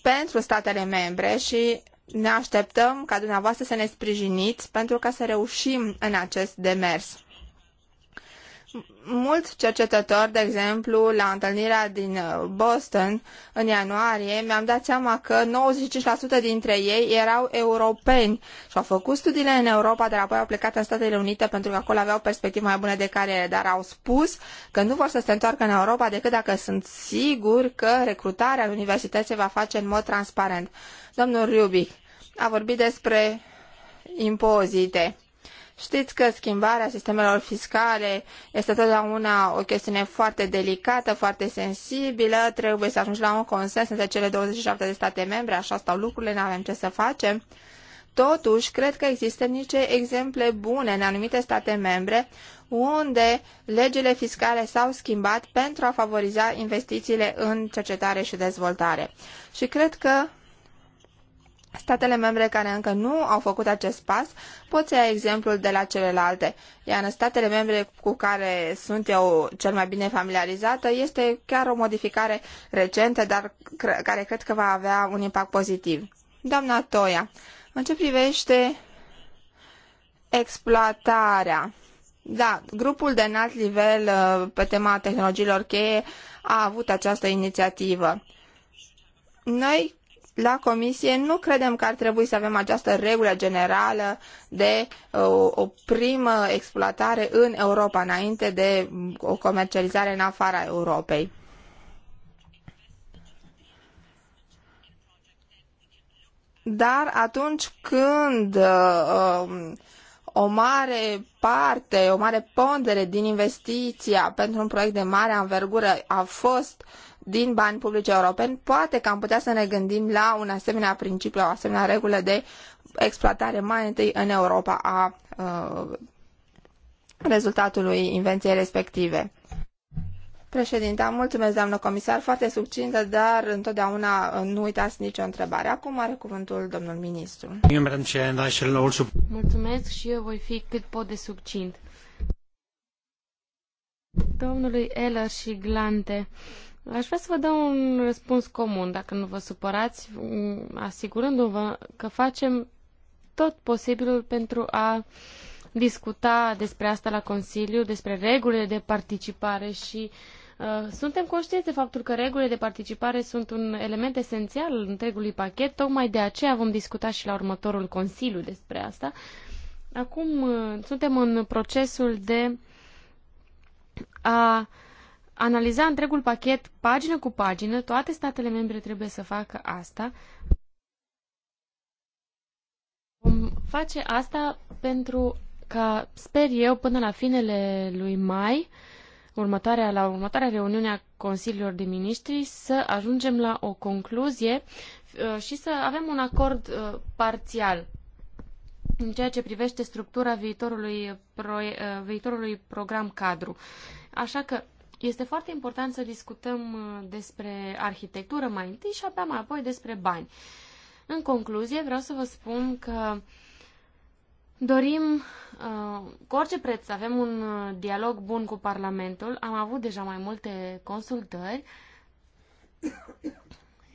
pentru statele membre și ne așteptăm ca dumneavoastră să ne sprijiniți pentru ca să reușim în acest demers mulți cercetători, de exemplu, la întâlnirea din uh, Boston în ianuarie, mi-am dat seama că 95% dintre ei erau europeni și au făcut studiile în Europa, dar apoi au plecat în Statele Unite pentru că acolo aveau perspective mai bune de care, dar au spus că nu vor să se întoarcă în Europa decât dacă sunt siguri că recrutarea în universități se va face în mod transparent. Domnul Rubic a vorbit despre impozite Știți că schimbarea sistemelor fiscale este totdeauna o chestiune foarte delicată, foarte sensibilă, trebuie să ajungi la un consens între cele 27 de state membre, așa stau lucrurile, nu avem ce să facem. Totuși, cred că există niște exemple bune în anumite state membre unde legile fiscale s-au schimbat pentru a favoriza investițiile în cercetare și dezvoltare. Și cred că Statele membre care încă nu au făcut acest pas pot să ia exemplul de la celelalte, iar în statele membre cu care sunt eu cel mai bine familiarizată este chiar o modificare recentă, dar care cred că va avea un impact pozitiv. Doamna Toia, în ce privește exploatarea, da, grupul de înalt nivel uh, pe tema tehnologiilor cheie a avut această inițiativă. Noi la comisie nu credem că ar trebui să avem această regulă generală de uh, o, o primă exploatare în Europa înainte de o comercializare în afara Europei. Dar atunci când uh, um, o mare parte, o mare pondere din investiția pentru un proiect de mare anvergură a fost uh, din bani publici europeni, poate că am putea să ne gândim la un asemenea principiu, o asemenea regulă de exploatare mai întâi în Europa a uh, rezultatului invenției respective. Președinte, mulțumesc, doamnă comisar, foarte succintă, dar întotdeauna nu uitați nicio întrebare. Acum are cuvântul domnul ministru. Mulțumesc și eu voi fi cât pot de succint. Domnului Eller și Glante, uh, Aș vrea să vă dau un răspuns comun, dacă nu vă supărați, asigurându-vă că facem tot posibilul pentru a discuta despre asta la Consiliu, despre regulile de participare și uh, suntem conștienți de faptul că regulile de participare sunt un element esențial al întregului pachet, tocmai de aceea vom discuta și la următorul Consiliu despre asta. Acum uh, suntem în procesul de a uh, analiza întregul pachet pagină cu pagină, toate statele membre trebuie să facă asta. Vom face asta pentru ca, sper eu, până la finele lui mai, următoarea, la următoarea reuniune a Consiliilor de Ministri, să ajungem la o concluzie uh, și să avem un acord uh, parțial în ceea ce privește structura viitorului, proiect, uh, viitorului program cadru. Așa că este foarte important să discutăm uh, despre arhitectură mai întâi și abia mai apoi despre bani. În concluzie, vreau să vă spun că dorim uh, cu orice preț să avem un uh, dialog bun cu Parlamentul. Am avut deja mai multe consultări,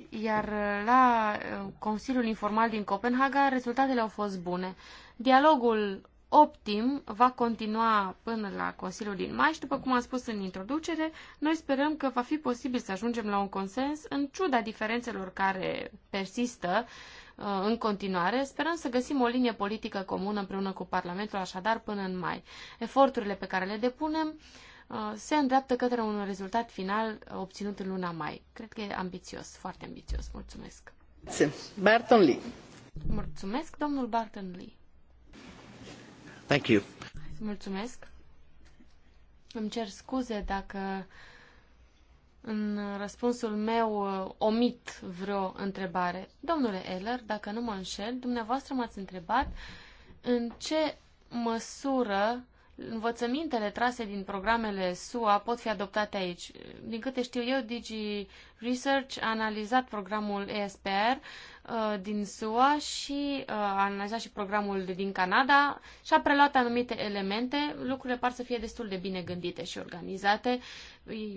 iar la Consiliul Informal din Copenhaga rezultatele au fost bune. Dialogul Optim va continua până la Consiliul din mai și, după cum am spus în introducere, noi sperăm că va fi posibil să ajungem la un consens în ciuda diferențelor care persistă uh, în continuare. Sperăm să găsim o linie politică comună împreună cu Parlamentul, așadar, până în mai. Eforturile pe care le depunem uh, se îndreaptă către un rezultat final obținut în luna mai. Cred că e ambițios, foarte ambițios. Mulțumesc. Barton Lee. Mulțumesc, domnul Barton Lee. Mulțumesc. Îmi cer scuze dacă în răspunsul meu uh, omit vreo întrebare. Domnule Eller, dacă nu mă înșel, dumneavoastră m-ați întrebat în ce măsură învățămintele trase din programele SUA pot fi adoptate aici. Din câte știu eu, Digi Research a analizat programul ESPR uh, din SUA și uh, a analizat și programul din Canada și a preluat anumite elemente. Lucrurile par să fie destul de bine gândite și organizate,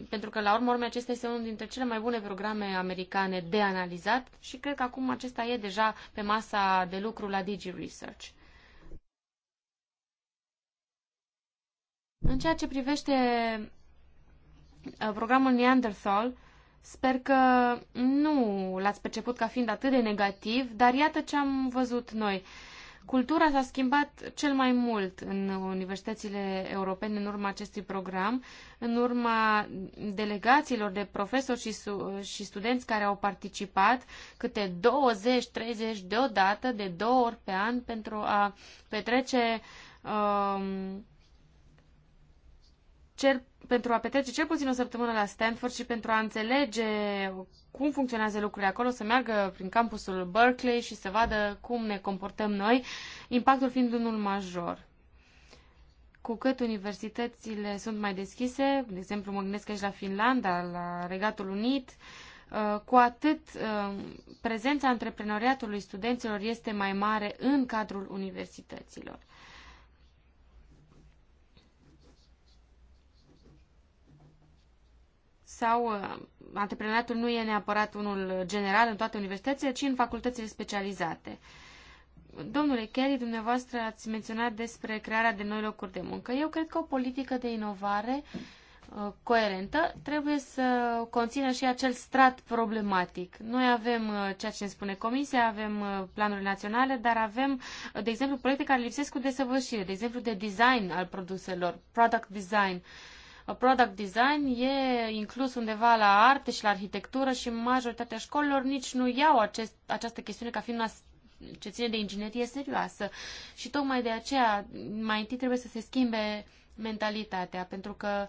pentru că, la urmă, urme, acesta este unul dintre cele mai bune programe americane de analizat și cred că acum acesta e deja pe masa de lucru la Digi Research. În ceea ce privește uh, programul Neanderthal, sper că nu l-ați perceput ca fiind atât de negativ, dar iată ce am văzut noi. Cultura s-a schimbat cel mai mult în universitățile europene în urma acestui program, în urma delegațiilor de profesori și, și studenți care au participat câte 20-30 deodată, de două ori pe an, pentru a petrece uh, cer, pentru a petrece cel puțin o săptămână la Stanford și pentru a înțelege cum funcționează lucrurile acolo, să meargă prin campusul Berkeley și să vadă cum ne comportăm noi, impactul fiind unul major. Cu cât universitățile sunt mai deschise, de exemplu mă gândesc aici la Finlanda, la Regatul Unit, uh, cu atât uh, prezența antreprenoriatului studenților este mai mare în cadrul universităților. sau uh, antreprenoriatul nu e neapărat unul general în toate universitățile, ci în facultățile specializate. Domnule Kelly, dumneavoastră ați menționat despre crearea de noi locuri de muncă. Eu cred că o politică de inovare uh, coerentă trebuie să conțină și acel strat problematic. Noi avem uh, ceea ce ne spune Comisia, avem planuri naționale, dar avem, de exemplu, proiecte care lipsesc cu desăvârșire, de exemplu, de design al produselor, product design. Uh, Product design e inclus undeva la arte și la arhitectură și majoritatea școlilor nici nu iau acest, această chestiune ca fiind una ce ține de inginerie serioasă. Și tocmai de aceea, mai întâi trebuie să se schimbe mentalitatea, pentru că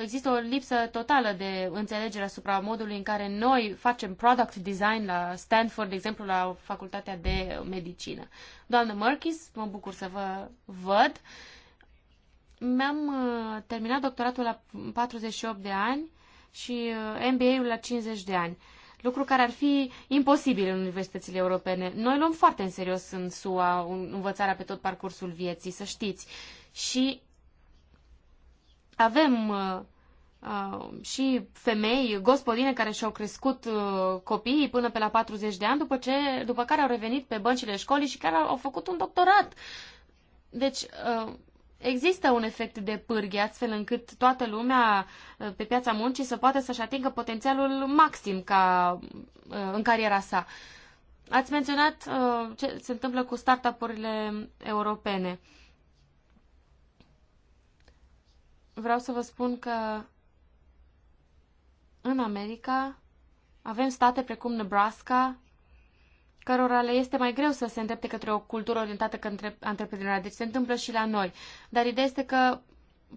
există o lipsă totală de înțelegere asupra modului în care noi facem product design la Stanford, de exemplu, la Facultatea de Medicină. Doamnă Mărchis, mă bucur să vă văd. Uh, mi-am uh, terminat doctoratul la 48 de ani și uh, MBA-ul la 50 de ani. Lucru care ar fi imposibil în universitățile europene. Noi luăm foarte în serios în SUA învățarea pe tot parcursul vieții, să știți. Și avem uh, uh, și femei, gospodine care și-au crescut uh, copiii până pe la 40 de ani, după, ce, după care au revenit pe băncile școlii și care au, au făcut un doctorat. Deci, uh, există un efect de pârghi, astfel încât toată lumea uh, pe piața muncii să poată să-și atingă potențialul maxim ca, uh, în cariera sa. Ați menționat uh, ce se întâmplă cu startup-urile europene. Vreau să vă spun că în America avem state precum Nebraska, cărora le este mai greu să se îndrepte către o cultură orientată către antreprenoria. Deci se întâmplă și la noi. Dar ideea este că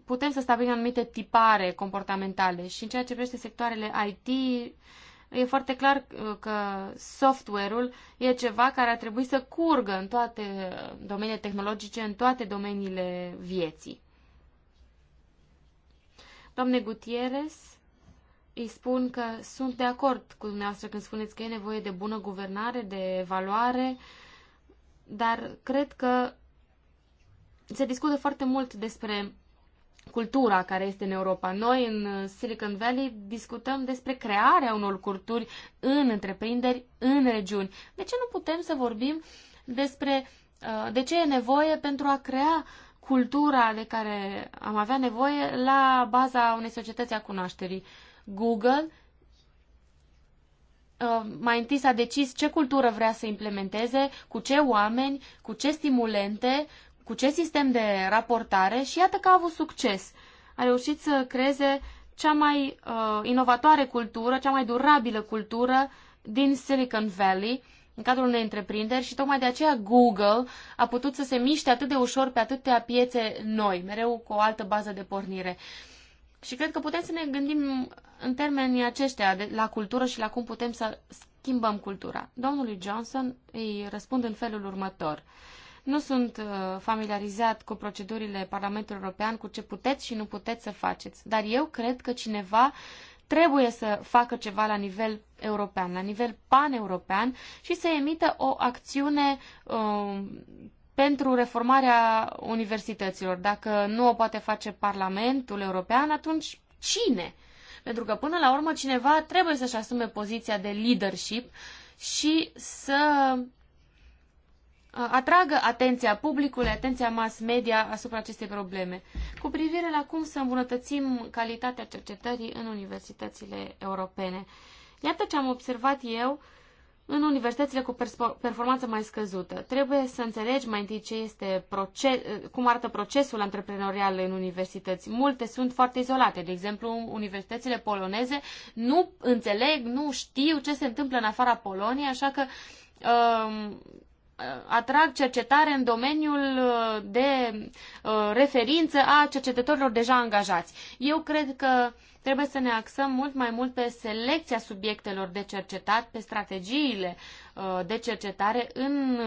putem să stabilim anumite tipare comportamentale și în ceea ce privește sectoarele IT, e foarte clar uh, că software-ul e ceva care ar trebui să curgă în toate uh, domeniile tehnologice, în toate domeniile vieții. Domne Gutierrez, îi spun că sunt de acord cu dumneavoastră când spuneți că e nevoie de bună guvernare, de evaluare, dar cred că se discută foarte mult despre cultura care este în Europa. Noi, în Silicon Valley, discutăm despre crearea unor culturi în întreprinderi, în regiuni. De ce nu putem să vorbim despre uh, de ce e nevoie pentru a crea cultura de care am avea nevoie la baza unei societăți a cunoașterii? Google uh, mai întâi s-a decis ce cultură vrea să implementeze, cu ce oameni, cu ce stimulente, cu ce sistem de raportare și iată că a avut succes. A reușit să creeze cea mai uh, inovatoare cultură, cea mai durabilă cultură din Silicon Valley în cadrul unei întreprinderi și tocmai de aceea Google a putut să se miște atât de ușor pe atâtea piețe noi, mereu cu o altă bază de pornire. Uh, și cred că putem să ne gândim în termenii aceștia de, la cultură și la cum putem să schimbăm cultura. Domnului Johnson îi răspund în felul următor. Nu sunt uh, familiarizat cu procedurile Parlamentului European, cu ce puteți și nu puteți să faceți, dar eu cred că cineva trebuie să facă ceva la nivel european, la nivel pan-european și să emită o acțiune uh, pentru reformarea universităților. Dacă nu o poate face Parlamentul European, atunci cine? Pentru că până la urmă cineva trebuie să-și asume poziția de leadership și să uh, atragă atenția publicului, atenția mass media asupra acestei probleme, cu privire la cum să îmbunătățim calitatea cercetării în universitățile europene. Iată ce am observat eu în universitățile cu performanță mai scăzută. Trebuie să înțelegi mai întâi ce este proces, cum arată procesul antreprenorial în universități. Multe sunt foarte izolate. De exemplu, universitățile poloneze nu înțeleg, nu știu ce se întâmplă în afara Poloniei, așa că um, atrag cercetare în domeniul uh, de uh, referință a cercetătorilor deja angajați. Eu cred că uh, Trebuie să ne axăm mult mai mult pe selecția subiectelor de cercetat, pe strategiile uh, de cercetare în,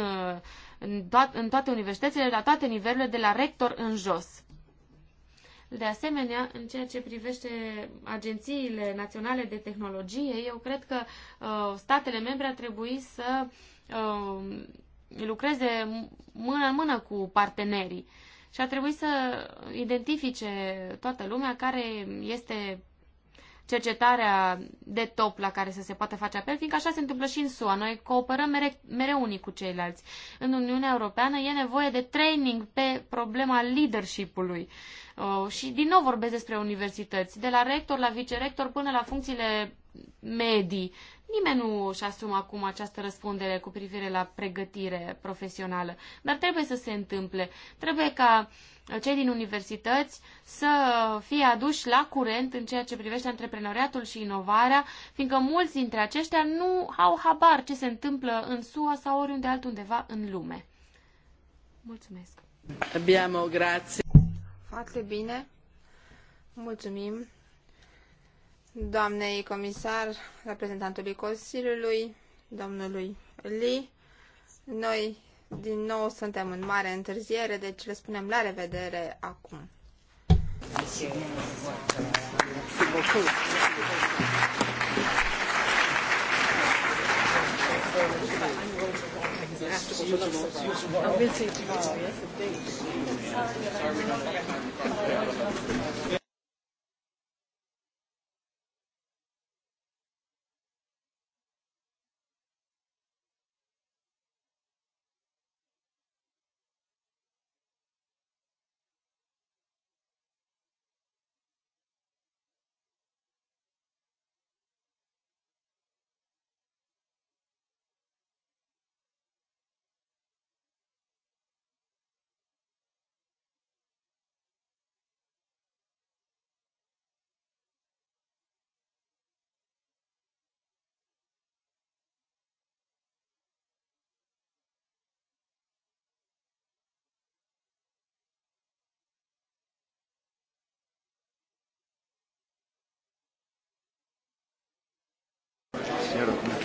uh, în toate universitățile, la toate nivelurile, de la rector în jos. De asemenea, în ceea ce privește agențiile naționale de tehnologie, eu cred că uh, statele membre ar trebui să uh, lucreze mână în mână cu partenerii. Uh, și ar trebui să identifice toată lumea care este cercetarea de top la care să se poată face apel, fiindcă așa se întâmplă și în SUA. Noi cooperăm mere, mereu unii cu ceilalți. În Uniunea Europeană e nevoie de training pe problema leadership-ului. Uh, și din nou vorbesc despre universități, de la rector la vicerector până la funcțiile medii Nimeni nu își asumă acum această răspundere cu privire la pregătire profesională, dar trebuie să se întâmple. Trebuie ca uh, cei din universități să fie aduși la curent în ceea ce privește antreprenoriatul și inovarea, fiindcă mulți dintre aceștia nu au habar ce se întâmplă în SUA sau oriunde altundeva în lume. Mulțumesc! Abbiamo, grazie! Foarte bine! Mulțumim! doamnei comisar, reprezentantului Consiliului, domnului Li. Noi din nou suntem în mare întârziere, deci le spunem la revedere acum.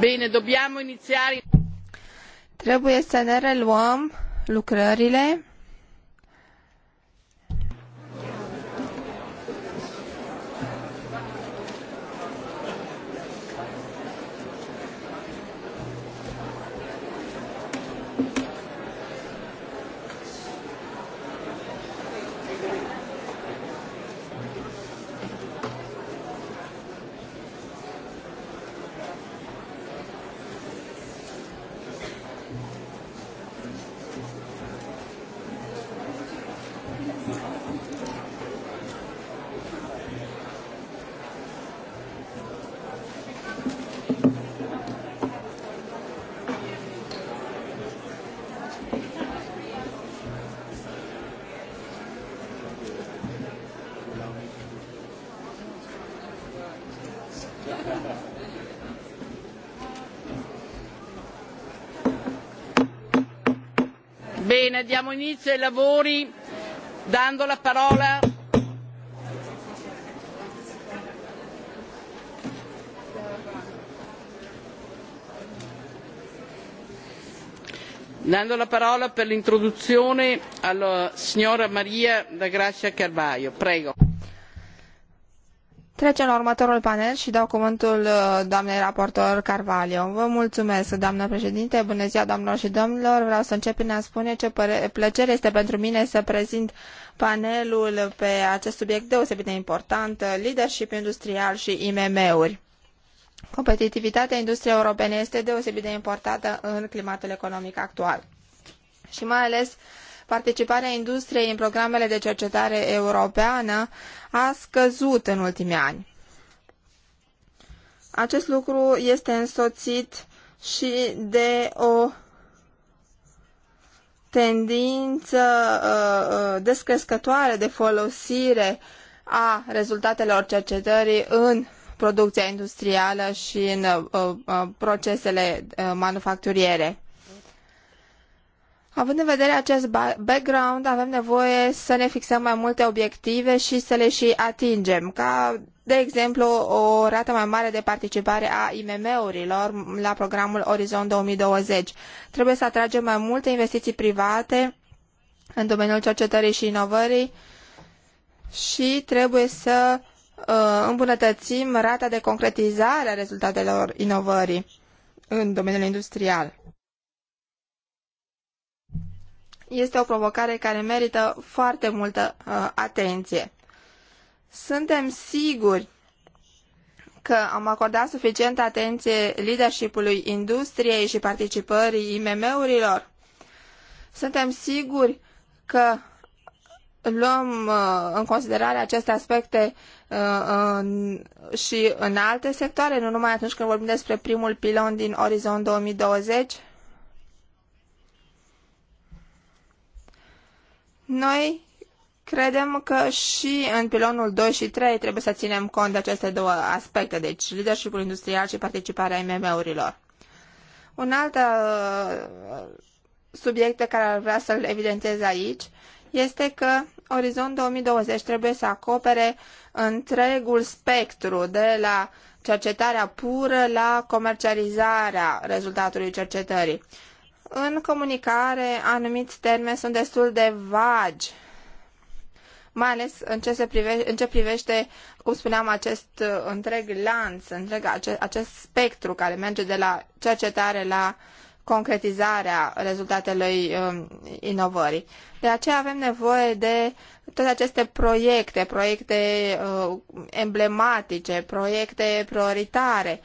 Bine, Trebuie să ne reluăm lucrările. Bene, diamo inizio ai lavori dando la parola. Dando la parola per l'introduzione alla signora Maria da Grazia Carvaio. Prego. Trecem la următorul panel și dau cuvântul uh, doamnei raportor Carvalho. Vă mulțumesc, doamnă președinte, bună ziua, doamnelor și domnilor. Vreau să încep prin a spune ce plăcere este pentru mine să prezint panelul pe acest subiect deosebit de important, uh, leadership industrial și IMM-uri. Competitivitatea industriei europene este deosebit de importantă în climatul economic actual și mai ales participarea industriei în programele de cercetare europeană a scăzut în ultimii ani. Acest lucru este însoțit și de o tendință uh, uh descrescătoare de folosire a rezultatelor cercetării în producția industrială și în uh, uh, uh procesele uh, manufacturiere. Având în vedere acest background, avem nevoie să ne fixăm mai multe obiective și să le și atingem, ca, de exemplu, o rată mai mare de participare a IMM-urilor la programul Orizont 2020. Trebuie să atragem mai multe investiții private în domeniul cercetării și inovării și trebuie să uh, îmbunătățim rata de concretizare a rezultatelor inovării în domeniul industrial este o provocare care merită foarte multă uh, atenție. Suntem siguri că am acordat suficientă atenție leadershipului industriei și participării IMM-urilor? Suntem siguri că luăm uh, în considerare aceste aspecte uh, în, și în alte sectoare, nu numai atunci când vorbim despre primul pilon din Orizont 2020? Noi credem că și în pilonul 2 și 3 trebuie să ținem cont de aceste două aspecte, deci leadership industrial și participarea IMM-urilor. Un alt uh, subiect pe care ar vrea să-l evidențez aici este că Orizont 2020 trebuie să acopere întregul spectru de la cercetarea pură la comercializarea rezultatului cercetării. În comunicare, anumiți termeni sunt destul de vagi, mai ales în ce, se prive, în ce privește, cum spuneam, acest uh, întreg lanț, întreg ace, acest spectru care merge de la cercetare la concretizarea rezultatelor um, inovării. De aceea avem nevoie de toate aceste proiecte, proiecte uh, emblematice, proiecte prioritare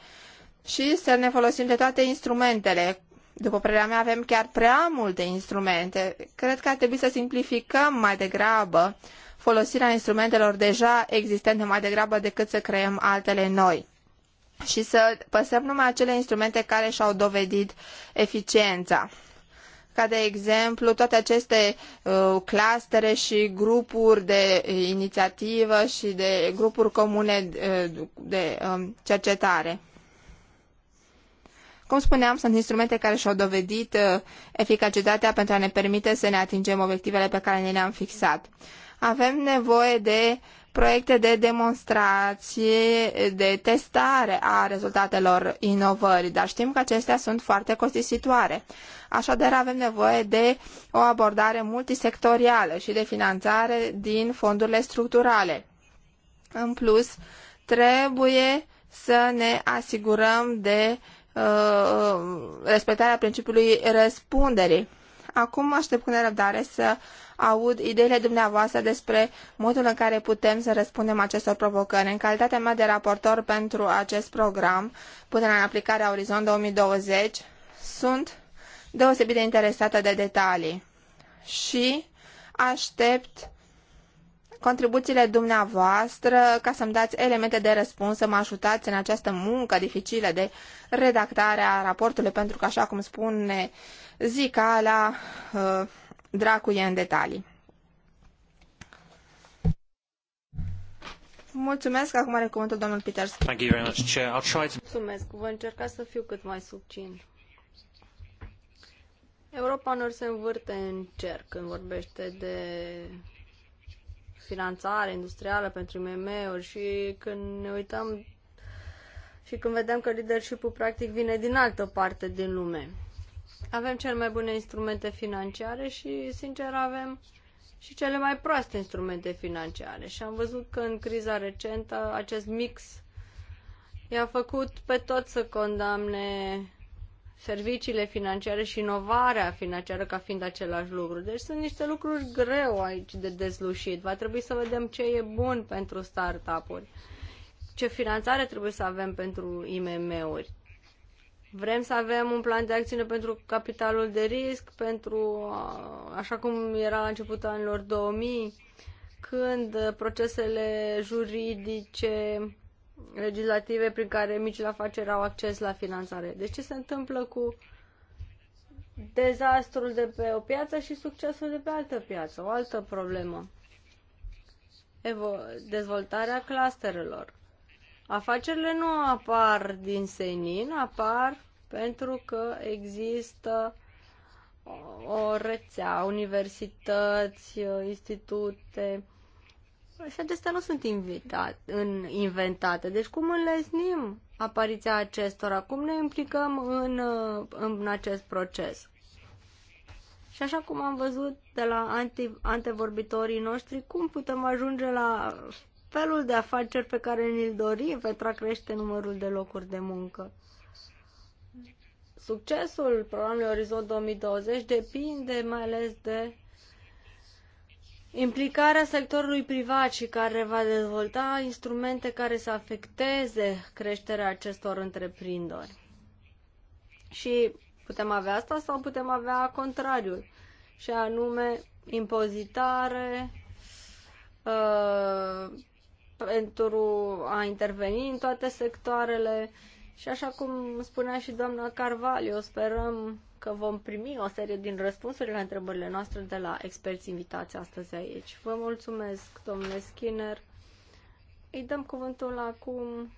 și să ne folosim de toate instrumentele după părerea mea, avem chiar prea multe instrumente. Cred că ar trebui să simplificăm mai degrabă folosirea instrumentelor deja existente mai degrabă decât să creăm altele noi și să păsăm numai acele instrumente care și-au dovedit eficiența. Ca de exemplu, toate aceste uh, clastere și grupuri de inițiativă și de grupuri comune de, uh, de um, cercetare. Cum spuneam, sunt instrumente care și-au dovedit uh, eficacitatea pentru a ne permite să ne atingem obiectivele pe care ne le-am fixat. Avem nevoie de proiecte de demonstrație, de testare a rezultatelor inovării, dar știm că acestea sunt foarte costisitoare. Așadar, avem nevoie de o abordare multisectorială și de finanțare din fondurile structurale. În plus, trebuie să ne asigurăm de Uh, respectarea principiului răspunderii. Acum aștept cu nerăbdare să aud ideile dumneavoastră despre modul în care putem să răspundem acestor provocări. În calitatea mea de raportor pentru acest program, punerea în aplicare a Orizont 2020, sunt deosebit de interesată de detalii și aștept contribuțiile dumneavoastră ca să-mi dați elemente de răspuns, să mă ajutați în această muncă dificilă de redactare a raportului, pentru că, așa cum spune Zica, la uh, dracu e în detalii. Mulțumesc, acum are cuvântul domnul Peters. Thank you very much, Chair. I'll try to... Mulțumesc, voi încerca să fiu cât mai subțin. Europa nu se învârte în cer când vorbește de finanțare industrială pentru MM-uri și când ne uităm și când vedem că leadership-ul practic vine din altă parte din lume. Avem cele mai bune instrumente financiare și, sincer, avem și cele mai proaste instrumente financiare. Și am văzut că în criza recentă acest mix i-a făcut pe toți să condamne serviciile financiare și inovarea financiară ca fiind același lucru. Deci sunt niște lucruri greu aici de dezlușit. Va trebui să vedem ce e bun pentru startup-uri, ce finanțare trebuie să avem pentru IMM-uri. Vrem să avem un plan de acțiune pentru capitalul de risc, pentru uh, așa cum era la începutul anilor 2000, când procesele juridice legislative prin care micile afaceri au acces la finanțare. Deci ce se întâmplă cu dezastrul de pe o piață și succesul de pe altă piață, o altă problemă. Evo- dezvoltarea clusterelor. Afacerile nu apar din senin, apar pentru că există o rețea, universități, institute, și acestea nu sunt în, inventate. Deci cum înlesnim apariția acestora? Cum ne implicăm în, în acest proces? Și așa cum am văzut de la anti, antevorbitorii noștri, cum putem ajunge la felul de afaceri pe care ni-l dorim pentru a crește numărul de locuri de muncă. Succesul programului Orizont 2020 depinde mai ales de Implicarea sectorului privat și care va dezvolta instrumente care să afecteze creșterea acestor întreprinderi. Și putem avea asta sau putem avea contrariul, și anume impozitare uh, pentru a interveni în toate sectoarele. Și așa cum spunea și doamna Carvalho, sperăm că vom primi o serie din răspunsuri la întrebările noastre de la experți invitați astăzi aici. Vă mulțumesc, domnule Skinner. Îi dăm cuvântul acum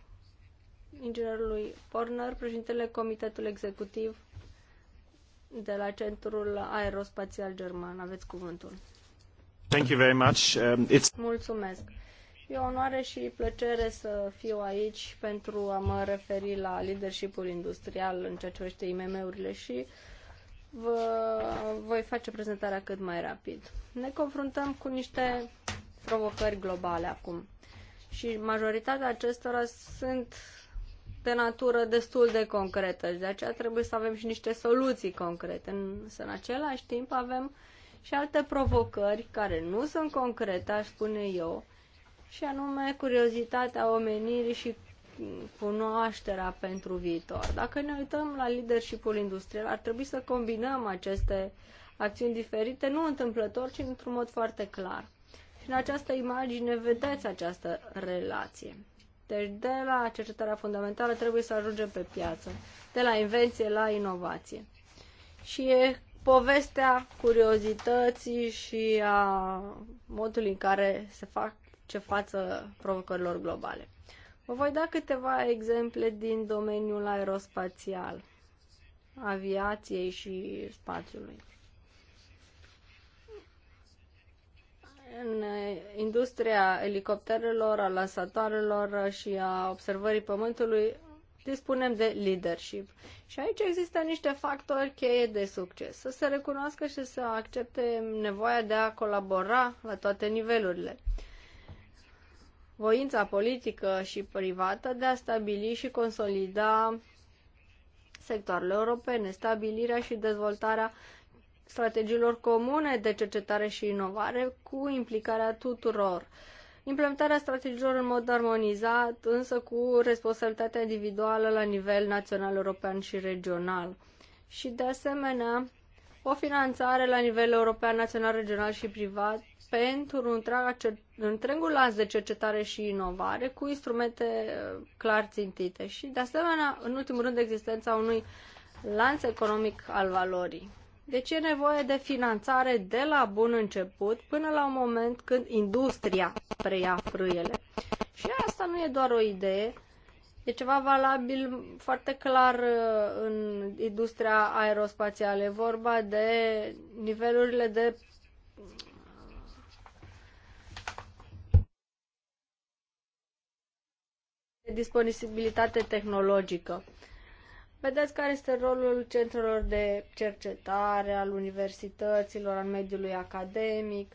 inginerului Porner, președintele Comitetului Executiv de la Centrul Aerospațial German. Aveți cuvântul. Thank you very much. Um, it's... Mulțumesc. E o onoare și plăcere să fiu aici pentru a mă referi la leadership industrial în ceea ce privește IMM-urile și vă voi face prezentarea cât mai rapid. Ne confruntăm cu niște provocări globale acum și majoritatea acestora sunt de natură destul de concretă și de aceea trebuie să avem și niște soluții concrete. Însă în același timp avem și alte provocări care nu sunt concrete, aș spune eu, și anume curiozitatea omenirii și cunoașterea pentru viitor. Dacă ne uităm la leadership-ul industrial, ar trebui să combinăm aceste acțiuni diferite, nu întâmplător, ci într-un mod foarte clar. Și în această imagine vedeți această relație. Deci de la cercetarea fundamentală trebuie să ajungem pe piață, de la invenție la inovație. Și e povestea curiozității și a modului în care se fac ce față provocărilor globale. Vă voi da câteva exemple din domeniul aerospațial, aviației și spațiului. În industria elicopterelor, a lansatoarelor și a observării Pământului dispunem de leadership. Și aici există niște factori cheie de succes. Să se recunoască și să accepte nevoia de a colabora la toate nivelurile voința politică și privată de a stabili și consolida sectoarele europene, stabilirea și dezvoltarea strategiilor comune de cercetare și inovare cu implicarea tuturor. Implementarea strategiilor în mod armonizat, însă cu responsabilitatea individuală la nivel național, european și regional. Și de asemenea, o finanțare la nivel european, național, regional și privat pentru un întregul lanț de cercetare și inovare cu instrumente uh, clar țintite și, de asemenea, în ultimul rând, existența unui lanț economic al valorii. Deci e nevoie de finanțare de la bun început până la un moment când industria preia frâiele. Și asta nu e doar o idee, E ceva valabil foarte clar uh, în industria aerospațială. E vorba de nivelurile de disponibilitate tehnologică. Vedeți care este rolul centrelor de cercetare, al universităților, al mediului academic.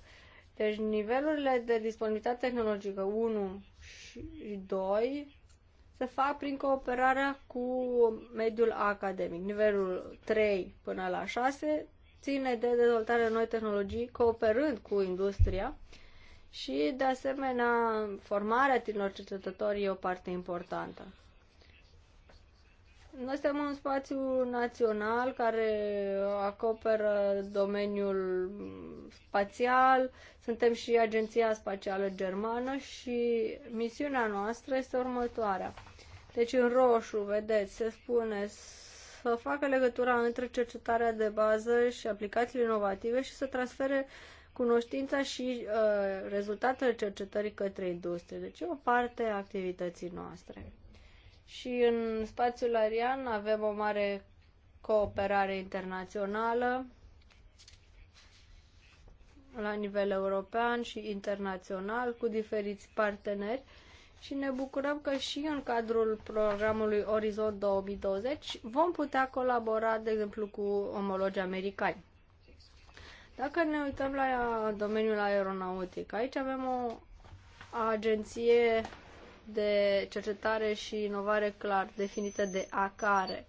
Deci nivelurile de disponibilitate tehnologică 1 și 2 se fac prin cooperarea cu mediul academic. Nivelul 3 până la 6 ține de dezvoltarea noi tehnologii cooperând cu industria și, de asemenea, formarea tinerilor cercetători e o parte importantă. Noi suntem un spațiu național care acoperă domeniul spațial, suntem și Agenția Spațială Germană și misiunea noastră este următoarea. Deci în roșu, vedeți, se spune să facă legătura între cercetarea de bază și aplicațiile inovative și să transfere cunoștința și uh, rezultatele cercetării către industrie. Deci e o parte a activității noastre. Și în spațiul arian avem o mare cooperare internațională la nivel european și internațional cu diferiți parteneri și ne bucurăm că și în cadrul programului Orizont 2020 vom putea colabora, de exemplu, cu omologi americani. Dacă ne uităm la domeniul aeronautic, aici avem o agenție de cercetare și inovare clar definită de ACARE.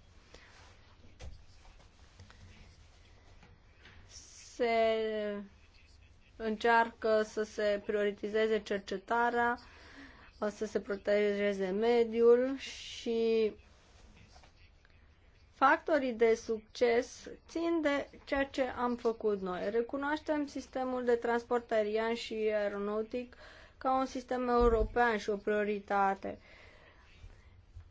Se încearcă să se prioritizeze cercetarea, să se protejeze mediul și factorii de succes țin de ceea ce am făcut noi. Recunoaștem sistemul de transport aerian și aeronautic ca un sistem european și o prioritate.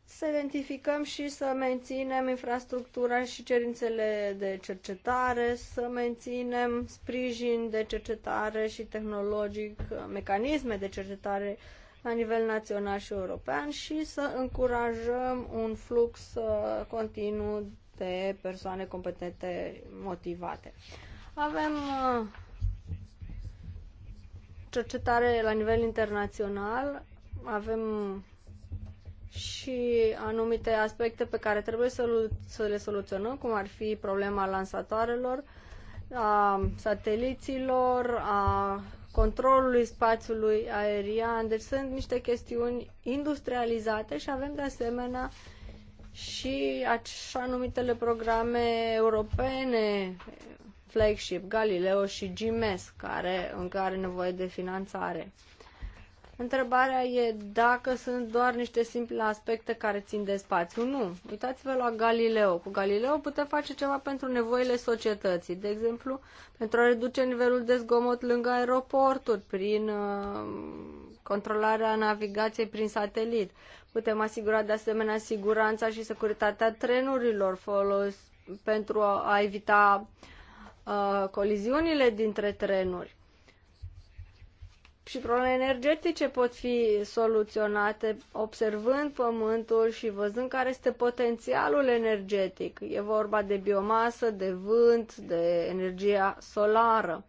Să identificăm și să menținem infrastructura și cerințele de cercetare, să menținem sprijin de cercetare și tehnologic, mecanisme de cercetare uh, la nivel național și european și să încurajăm un flux uh, continuu de persoane competente motivate. Avem uh, cercetare la nivel internațional, avem și anumite aspecte pe care trebuie să, să le soluționăm, cum ar fi problema lansatoarelor, a sateliților, a controlului spațiului aerian. Deci sunt niște chestiuni industrializate și avem de asemenea și așa numitele programe europene, flagship, Galileo și GMS, care încă are nevoie de finanțare. Întrebarea e dacă sunt doar niște simple aspecte care țin de spațiu. Nu. Uitați-vă la Galileo. Cu Galileo putem face ceva pentru nevoile societății. De exemplu, pentru a reduce nivelul de zgomot lângă aeroporturi, prin uh, controlarea navigației prin satelit. Putem asigura de asemenea siguranța și securitatea trenurilor folos pentru a, evita uh, coliziunile dintre trenuri și probleme energetice pot fi soluționate observând pământul și văzând care este potențialul energetic. E vorba de biomasă, de vânt, de energia solară.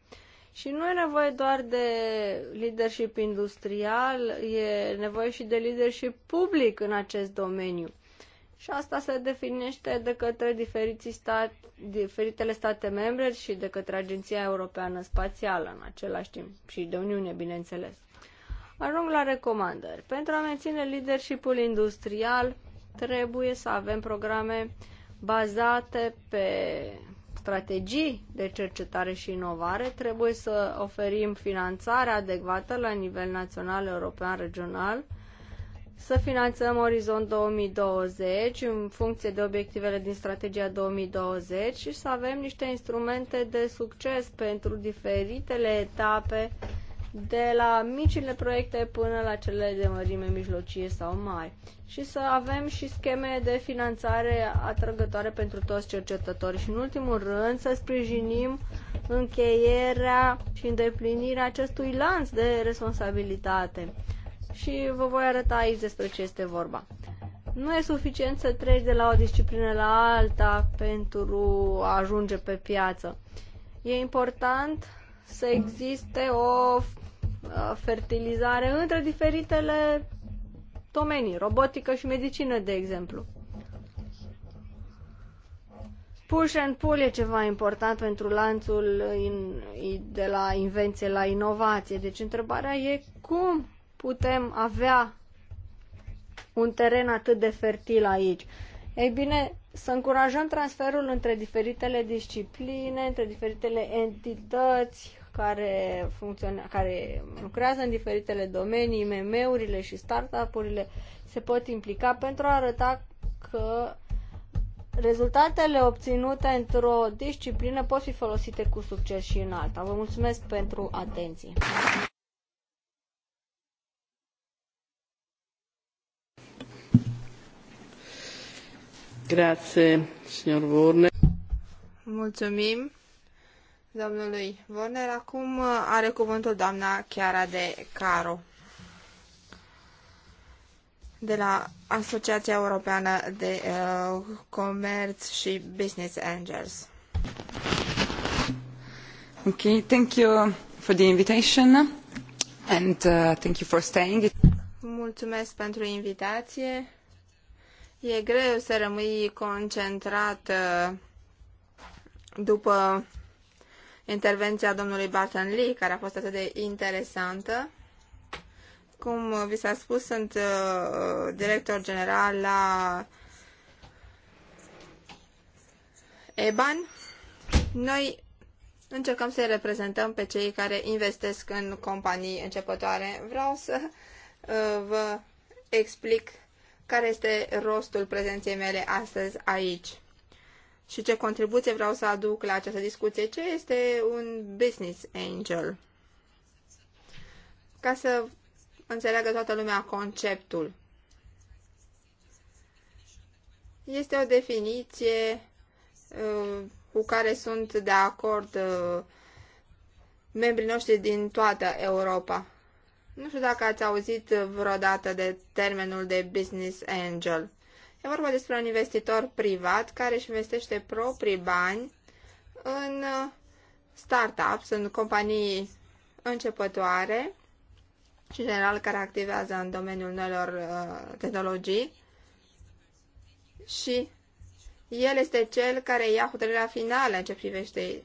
Și nu e nevoie doar de leadership industrial, e nevoie și de leadership public în acest domeniu și asta se definește de către stat, diferitele state membre și de către Agenția Europeană Spațială în același timp și de Uniune, bineînțeles. Ajung la recomandări. Pentru a menține leadership-ul industrial, trebuie să avem programe bazate pe strategii de cercetare și inovare, trebuie să oferim finanțare adecvată la nivel național, european, regional, să finanțăm Orizont 2020 în funcție de obiectivele din strategia 2020 și să avem niște instrumente de succes pentru diferitele etape de la micile proiecte până la cele de mărime mijlocie sau mari și să avem și scheme de finanțare atrăgătoare pentru toți cercetătorii și în ultimul rând să sprijinim încheierea și îndeplinirea acestui lanț de responsabilitate și vă voi arăta aici despre ce este vorba. Nu e suficient să treci de la o disciplină la alta pentru a ajunge pe piață. E important să existe o fertilizare între diferitele domenii, robotică și medicină, de exemplu. Push and pull e ceva important pentru lanțul in, de la invenție la inovație. Deci întrebarea e cum putem avea un teren atât de fertil aici? Ei bine, să încurajăm transferul între diferitele discipline, între diferitele entități care, funcționează, care lucrează în diferitele domenii, IMM-urile și startup-urile se pot implica pentru a arăta că rezultatele obținute într-o disciplină pot fi folosite cu succes și în alta. Vă mulțumesc pentru atenție! Grazie, signor Vorne. Mulțumim domnului Warner. Acum uh, are cuvântul doamna Chiara de Caro de la Asociația Europeană de uh, Comerț și Business Angels. Ok, thank you for the invitation and uh, thank you for staying. Mulțumesc pentru invitație. E greu să rămâi concentrat uh, după intervenția domnului Barton Lee, care a fost atât de interesantă. Cum vi s-a spus, sunt uh, director general la EBAN. Noi încercăm să-i reprezentăm pe cei care investesc în companii începătoare. Vreau să uh, vă explic care este rostul prezenței mele astăzi aici și ce contribuție vreau să aduc la această discuție, ce este un business angel. Ca să înțeleagă toată lumea conceptul. Este o definiție uh, cu care sunt de acord uh, membrii noștri din toată Europa. Nu știu dacă ați auzit vreodată de termenul de business angel. E vorba despre un investitor privat care își investește proprii bani în uh, startups, în companii începătoare, și în general care activează în domeniul noilor uh, tehnologii și el este cel care ia hotărârea finală în ce privește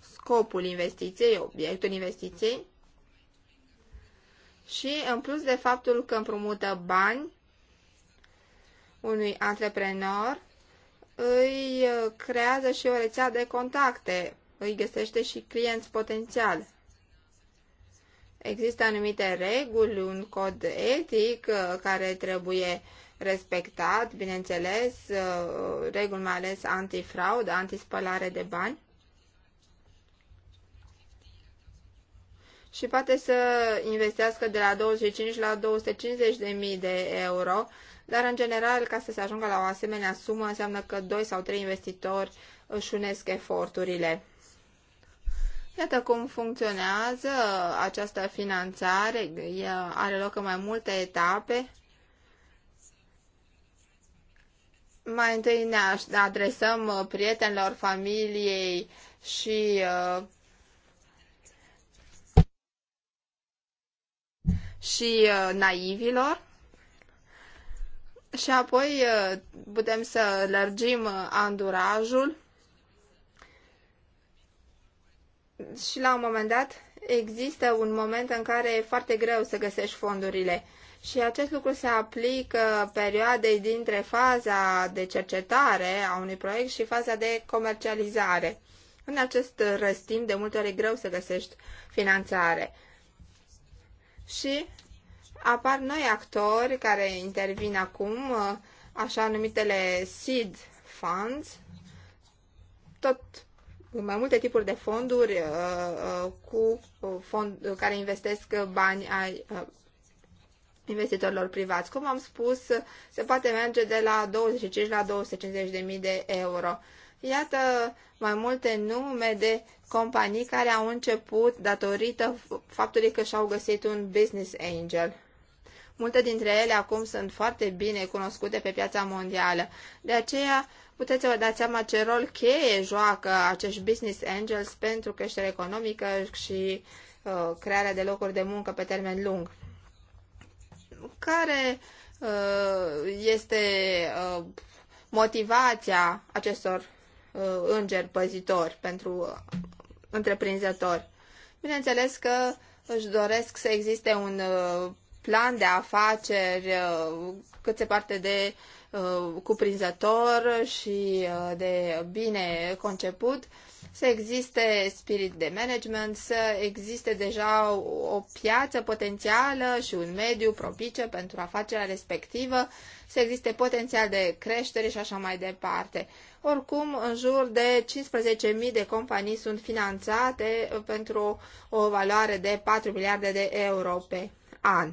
scopul investiției, obiectul investiției și în plus de faptul că împrumută bani unui antreprenor, îi uh, creează și o rețea de contacte, îi găsește și clienți potențiali. Există anumite reguli, un cod etic uh, care trebuie respectat, bineînțeles, uh, reguli mai ales antifraud, antispălare de bani. și poate să investească de la 25 la 250 de mii de euro, dar în general, ca să se ajungă la o asemenea sumă, înseamnă că doi sau trei investitori își unesc eforturile. Iată cum funcționează această finanțare, are loc în mai multe etape. Mai întâi ne adresăm uh, prietenilor, familiei și uh, și uh, naivilor. Și apoi uh, putem să lărgim uh, andurajul și la un moment dat există un moment în care e foarte greu să găsești fondurile. Și acest lucru se aplică perioadei dintre faza de cercetare a unui proiect și faza de comercializare. În acest răstim, de multe ori e greu să găsești finanțare. Și apar noi actori care intervin acum, uh, așa numitele seed funds, tot mai multe tipuri de fonduri uh, uh cu uh, fond, care investesc bani ai uh, investitorilor privați. Cum am spus, se poate merge de la 25 la 250 de mii de euro. Iată mai multe nume de companii care au început datorită faptului că și-au găsit un business angel. Multe dintre ele acum sunt foarte bine cunoscute pe piața mondială. De aceea, puteți să vă dați seama ce rol cheie joacă acești business angels pentru creștere economică și uh, crearea de locuri de muncă pe termen lung. Care uh, este uh, motivația acestor uh, îngeri păzitori pentru uh, întreprinzători? Bineînțeles că își doresc să existe un uh, plan de afaceri uh, cât se parte de uh, cuprinzător și uh, de bine conceput, să existe spirit de management, să existe deja o piață potențială și un mediu propice pentru afacerea respectivă, să existe potențial de creștere și așa mai departe. Oricum, în jur de 15.000 de companii sunt finanțate pentru o valoare de 4 miliarde de euro pe an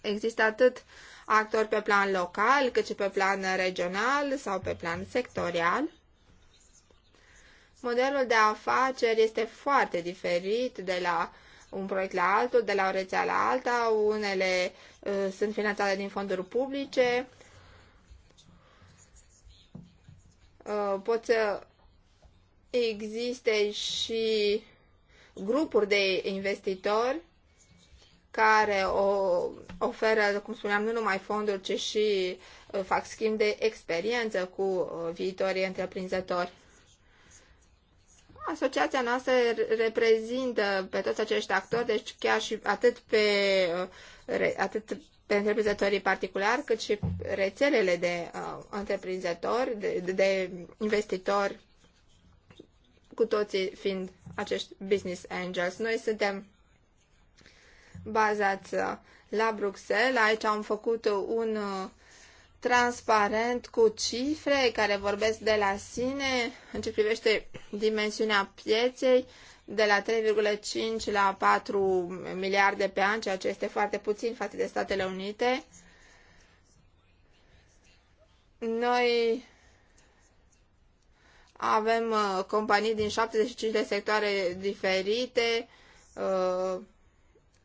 există atât actori pe plan local, cât și pe plan regional sau pe plan sectorial. Modelul de afaceri este foarte diferit de la un proiect la altul, de la o rețea la alta, unele uh, sunt finanțate din fonduri publice, uh, pot să existe și grupuri de investitori care o oferă, cum spuneam, nu numai fonduri, ci și uh, fac schimb de experiență cu uh, viitorii întreprinzători. Asociația noastră reprezintă pe toți acești actori, deci chiar și atât pe, uh, atât pe întreprinzătorii particulari, cât și rețelele de uh, întreprinzători, de, de investitori, cu toții fiind acești business angels. Noi suntem bazați uh, la Bruxelles. Aici am făcut uh, un uh, transparent cu cifre care vorbesc de la sine în ce privește dimensiunea pieței de la 3,5 la 4 miliarde pe an, ceea ce este foarte puțin față de Statele Unite. Noi avem companii din 75 de sectoare diferite,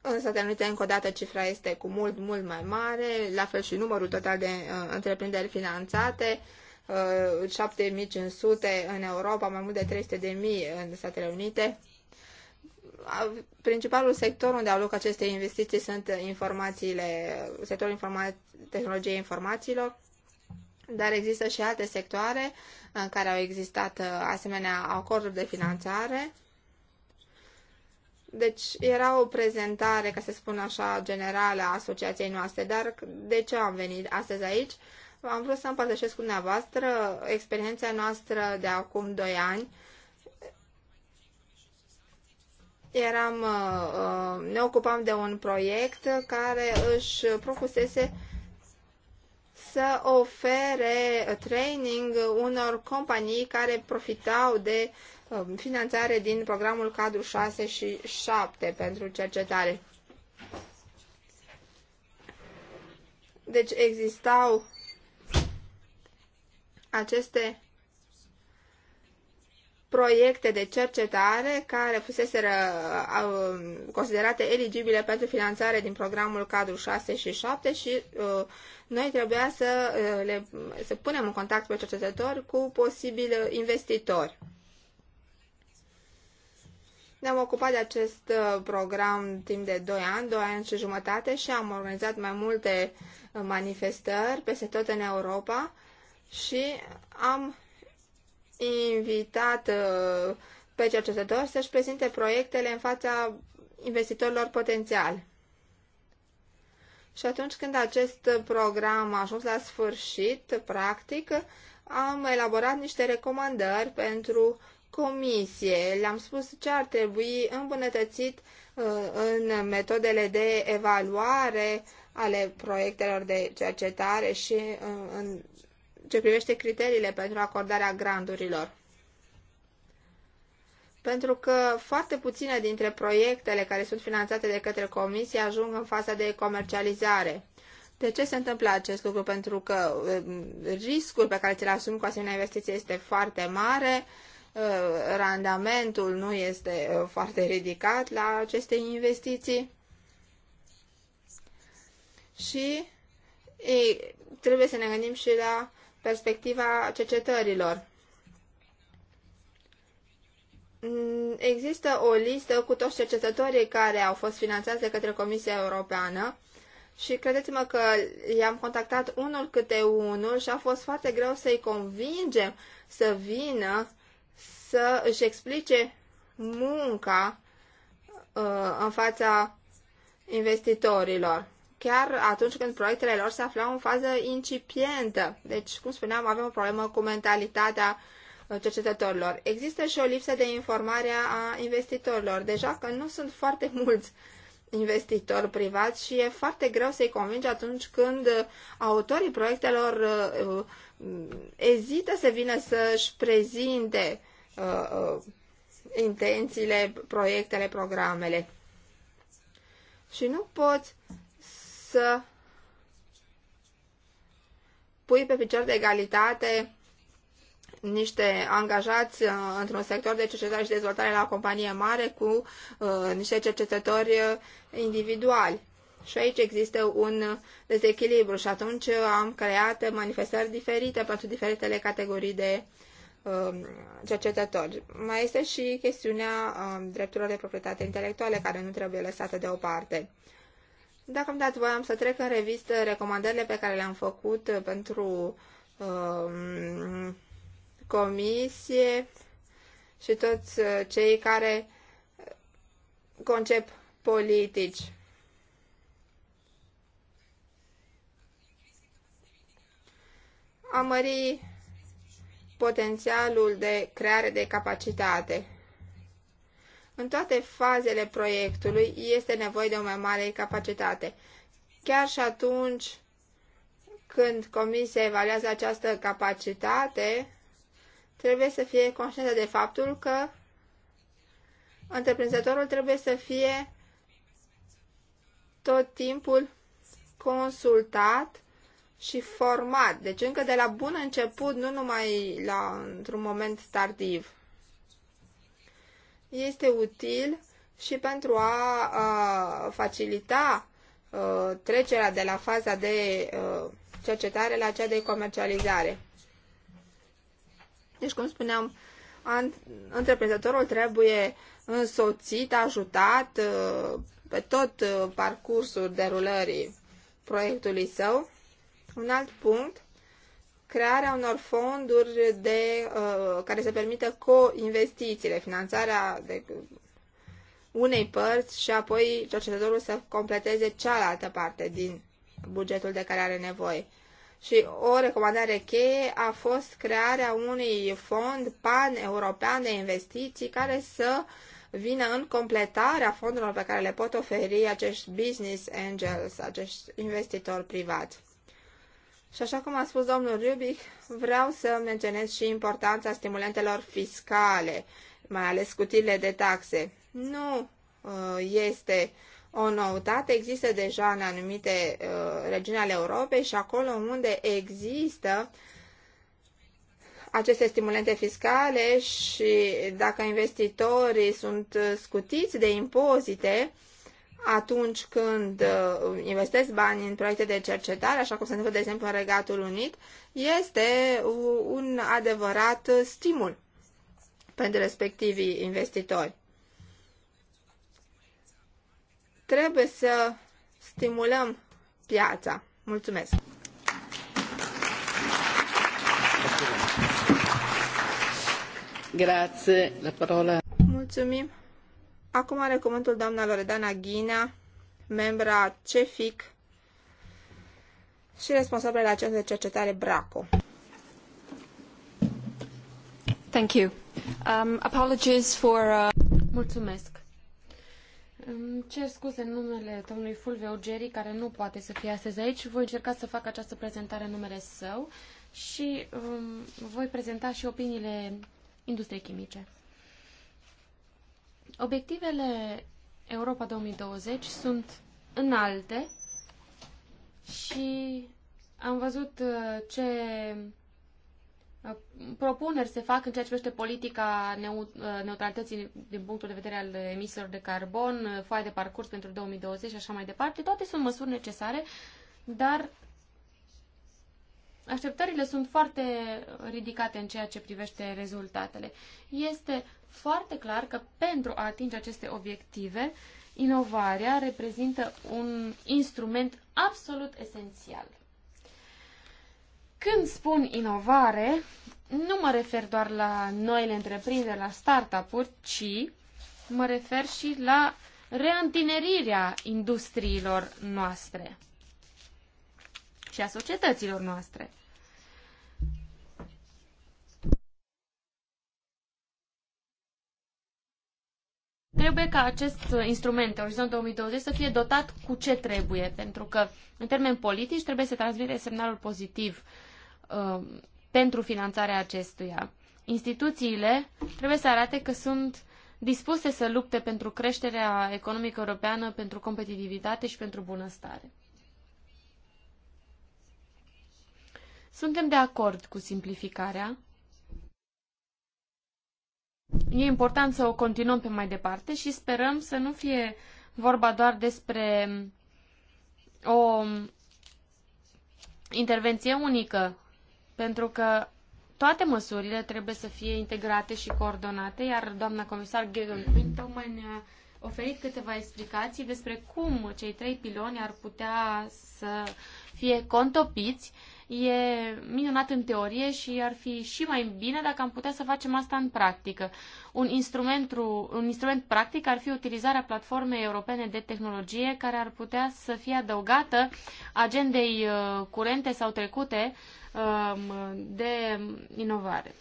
Însă, Statele Unite, încă o dată, cifra este cu mult, mult mai mare, la fel și numărul total de uh, întreprinderi finanțate, uh, 7500 în Europa, mai mult de 300 de mii în Statele Unite. Principalul sector unde au loc aceste investiții sunt informațiile, sectorul informa- tehnologiei informațiilor, dar există și alte sectoare în care au existat uh, asemenea acorduri de finanțare deci era o prezentare, ca să spun așa, generală a asociației noastre, dar de ce am venit astăzi aici? Am vrut să împărtășesc cu dumneavoastră experiența noastră de acum 2 ani. Eram, uh, uh, ne ocupam de un proiect care își propusese să ofere training unor companii care profitau de uh, Um, finanțare din programul cadru 6 și 7 pentru cercetare. Deci existau aceste proiecte de cercetare care fusese uh, um, considerate eligibile pentru finanțare din programul cadru 6 și 7 și uh, noi trebuia să, uh, le, să punem în contact pe cercetători cu posibil investitori. Ne-am ocupat de acest uh, program timp de 2 ani, 2 ani și jumătate și am organizat mai multe uh, manifestări peste tot în Europa și am invitat uh, pe cercetători să-și prezinte proiectele în fața investitorilor potențiali. Și atunci când acest program a ajuns la sfârșit, practic, am elaborat niște recomandări pentru comisie. Le-am spus ce ar trebui îmbunătățit uh, în metodele de evaluare ale proiectelor de cercetare și uh, în ce privește criteriile pentru acordarea grandurilor. Pentru că foarte puține dintre proiectele care sunt finanțate de către comisie ajung în faza de comercializare. De ce se întâmplă acest lucru? Pentru că uh, riscul pe care ți-l asumi cu asemenea investiție este foarte mare, Uh, randamentul nu este uh, foarte ridicat la aceste investiții și ei, trebuie să ne gândim și la perspectiva cercetărilor. Mm, există o listă cu toți cercetătorii care au fost finanțați de către Comisia Europeană și credeți-mă că i-am contactat unul câte unul și a fost foarte greu să-i convingem să vină să își explice munca uh, în fața investitorilor, chiar atunci când proiectele lor se aflau în fază incipientă. Deci, cum spuneam, avem o problemă cu mentalitatea uh, cercetătorilor. Există și o lipsă de informare a investitorilor. Deja că nu sunt foarte [laughs] mulți investitori privați și e foarte greu să-i convingi atunci când uh, autorii proiectelor ezită să vină să-și prezinte Uh, uh, intențiile, proiectele, programele. Și nu poți să pui pe picior de egalitate niște angajați uh, într-un sector de cercetare și dezvoltare la o companie mare cu uh, niște cercetători uh, individuali. Și aici există un dezechilibru și atunci am creat manifestări diferite pentru diferitele categorii de Um, cercetători. Mai este și chestiunea um, drepturilor de proprietate intelectuale care nu trebuie lăsată deoparte. Dacă îmi dați voie, am să trec în revistă recomandările pe care le-am făcut pentru um, comisie și toți uh, cei care concep politici. A mări potențialul de creare de capacitate. În toate fazele proiectului este nevoie de o mai mare capacitate. Chiar și atunci când comisia evaluează această capacitate, trebuie să fie conștientă de faptul că întreprinzătorul trebuie să fie tot timpul consultat și format. Deci încă de la bun început, nu numai la, într-un moment tardiv. Este util și pentru a, a facilita a, ă, trecerea de la faza de a, ă, cercetare la cea de comercializare. Deci, cum spuneam, întreprinzătorul trebuie însoțit, ajutat ă, pe tot parcursul derulării proiectului său un alt punct, crearea unor fonduri de, uh, care să permită co-investițiile, finanțarea de unei părți și apoi cercetătorul să completeze cealaltă parte din bugetul de care are nevoie. Și o recomandare cheie a fost crearea unui fond pan-european de investiții care să vină în completarea fondurilor pe care le pot oferi acești business angels, acești investitori privați. Și așa cum a spus domnul Rubic, vreau să menționez și importanța stimulentelor fiscale, mai ales scutirile de taxe. Nu uh, este o noutate, există deja în anumite uh, regiuni ale Europei și acolo unde există aceste stimulente fiscale și dacă investitorii sunt uh, scutiți de impozite, atunci când uh, investesc bani în proiecte de cercetare, așa cum se întâmplă, de exemplu, în Regatul Unit, este un adevărat stimul pentru respectivii investitori. Trebuie să stimulăm piața. Mulțumesc! Grazie, la parola. Mulțumim. Acum are cuvântul doamna Loredana Ghinea, membra CEFIC și responsabilă la Centrul de Cercetare BRACO. Thank you. Um, apologies for... Uh... Mulțumesc. cer scuze în numele domnului Fulve Ugeri, care nu poate să fie astăzi aici. Voi încerca să fac această prezentare în numele său și um, voi prezenta și opiniile industriei chimice. Obiectivele Europa 2020 sunt înalte și am văzut uh, ce uh, propuneri se fac în ceea ce privește politica uh, neutralității din punctul de vedere al emisiilor de carbon, foaia de parcurs pentru 2020 și așa mai departe. Toate sunt măsuri necesare, dar Așteptările sunt foarte ridicate în ceea ce privește rezultatele. Este foarte clar că pentru a atinge aceste obiective, inovarea reprezintă un instrument absolut esențial. Când spun inovare, nu mă refer doar la noile întreprinderi, la startup-uri, ci mă refer și la reîntinerirea industriilor noastre și a societăților noastre. Trebuie ca acest instrument, Orizont 2020, să fie dotat cu ce trebuie, pentru că, în termeni politici, trebuie să transmite semnalul pozitiv uh, pentru finanțarea acestuia. Instituțiile trebuie să arate că sunt dispuse să lupte pentru creșterea economică europeană, pentru competitivitate și pentru bunăstare. Suntem de acord cu simplificarea. E important să o continuăm pe mai departe și sperăm să nu fie vorba doar despre o intervenție unică, pentru că toate măsurile trebuie să fie integrate și coordonate, iar doamna comisar Gheorghe tocmai ne-a oferit câteva explicații despre cum cei trei piloni ar putea să fie contopiți E minunat în teorie și ar fi și mai bine dacă am putea să facem asta în practică. Un instrument, un instrument practic ar fi utilizarea platformei europene de tehnologie care ar putea să fie adăugată agendei uh, curente sau trecute um, de inovare.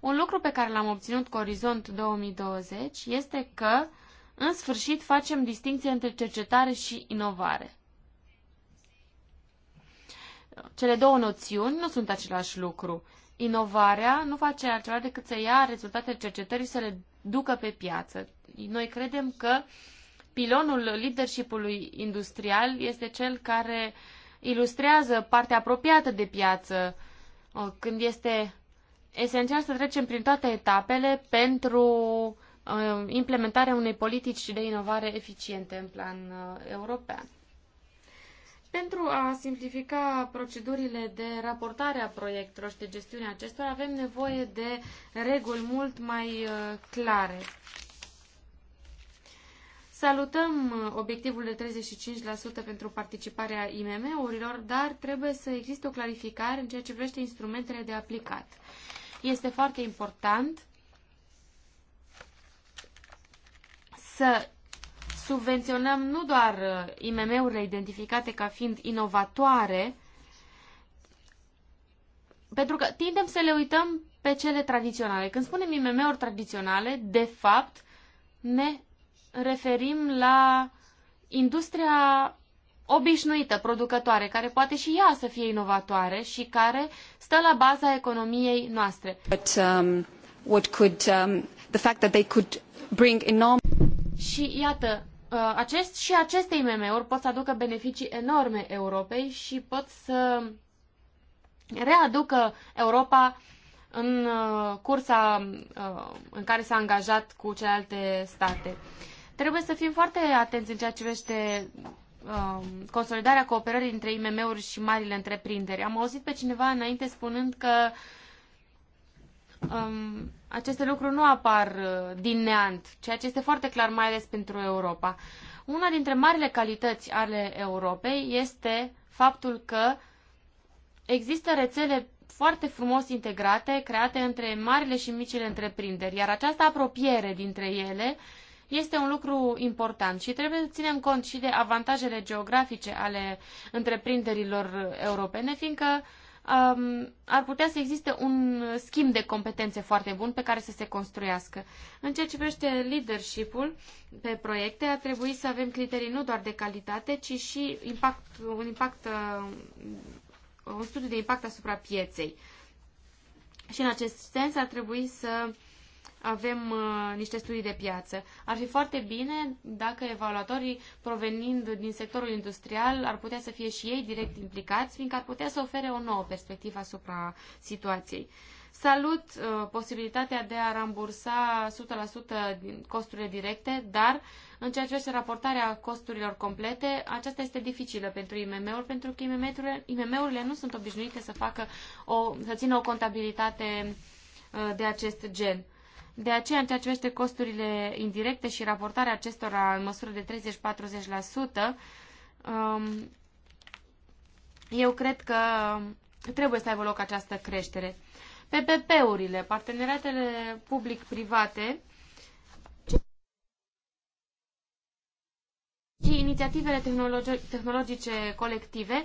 Un lucru pe care l-am obținut cu Orizont 2020 este că, în sfârșit, facem distinție între cercetare și inovare cele două noțiuni nu sunt același lucru. Inovarea nu face altceva decât să ia rezultatele cercetării și să le ducă pe piață. Noi credem că pilonul leadershipului industrial este cel care ilustrează partea apropiată de piață, când este esențial să trecem prin toate etapele pentru uh, implementarea unei politici de inovare eficiente în plan uh, european. Pentru a simplifica procedurile de raportare a proiectelor și de gestiunea acestora, avem nevoie de reguli mult mai uh, clare. Salutăm uh, obiectivul de 35% pentru participarea IMM-urilor, dar trebuie să existe o clarificare în ceea ce privește instrumentele de aplicat. Este foarte important să subvenționăm nu doar uh, IMM-urile identificate ca fiind inovatoare, pentru că tindem să le uităm pe cele tradiționale. Când spunem IMM-uri tradiționale, de fapt, ne referim la industria obișnuită, producătoare, care poate și ea să fie inovatoare și care stă la baza economiei noastre. But, um, what could, um, the fact that they could bring enorm- și iată, Uh, acest și aceste IMM-uri pot să aducă beneficii enorme Europei și pot să readucă Europa în uh, cursa uh, în care s-a angajat cu celelalte state. Trebuie să fim foarte atenți în ceea ce privește consolidarea cooperării între IMM-uri și marile întreprinderi. Am auzit pe cineva înainte spunând că um, aceste lucruri nu apar uh, din neant, ceea ce este foarte clar, mai ales pentru Europa. Una dintre marile calități ale Europei este faptul că există rețele foarte frumos integrate, create între marile și micile întreprinderi, iar această apropiere dintre ele este un lucru important și trebuie să ținem cont și de avantajele geografice ale întreprinderilor europene, fiindcă um, ar putea să existe un schimb de competențe foarte bun pe care să se construiască. În ceea ce privește leadership-ul pe proiecte, ar trebui să avem criterii nu doar de calitate, ci și impact, un, impact, uh, un studiu de impact asupra pieței. Și în acest sens ar trebui să avem uh, niște studii de piață. Ar fi foarte bine dacă evaluatorii provenind din sectorul industrial ar putea să fie și ei direct implicați, fiindcă ar putea să ofere o nouă perspectivă asupra situației. Salut uh, posibilitatea de a rambursa 100% din costurile directe, dar în ceea ce este raportarea costurilor complete, aceasta este dificilă pentru IMM-uri, pentru că IMM-urile, IMM nu sunt obișnuite să facă o, să țină o contabilitate uh, de acest gen. Uh, de aceea, în ceea ce privește costurile indirecte și raportarea acestora în măsură de 30-40%, um, eu cred că trebuie să aibă loc această creștere. PPP-urile, parteneriatele public-private și inițiativele tehnologice colective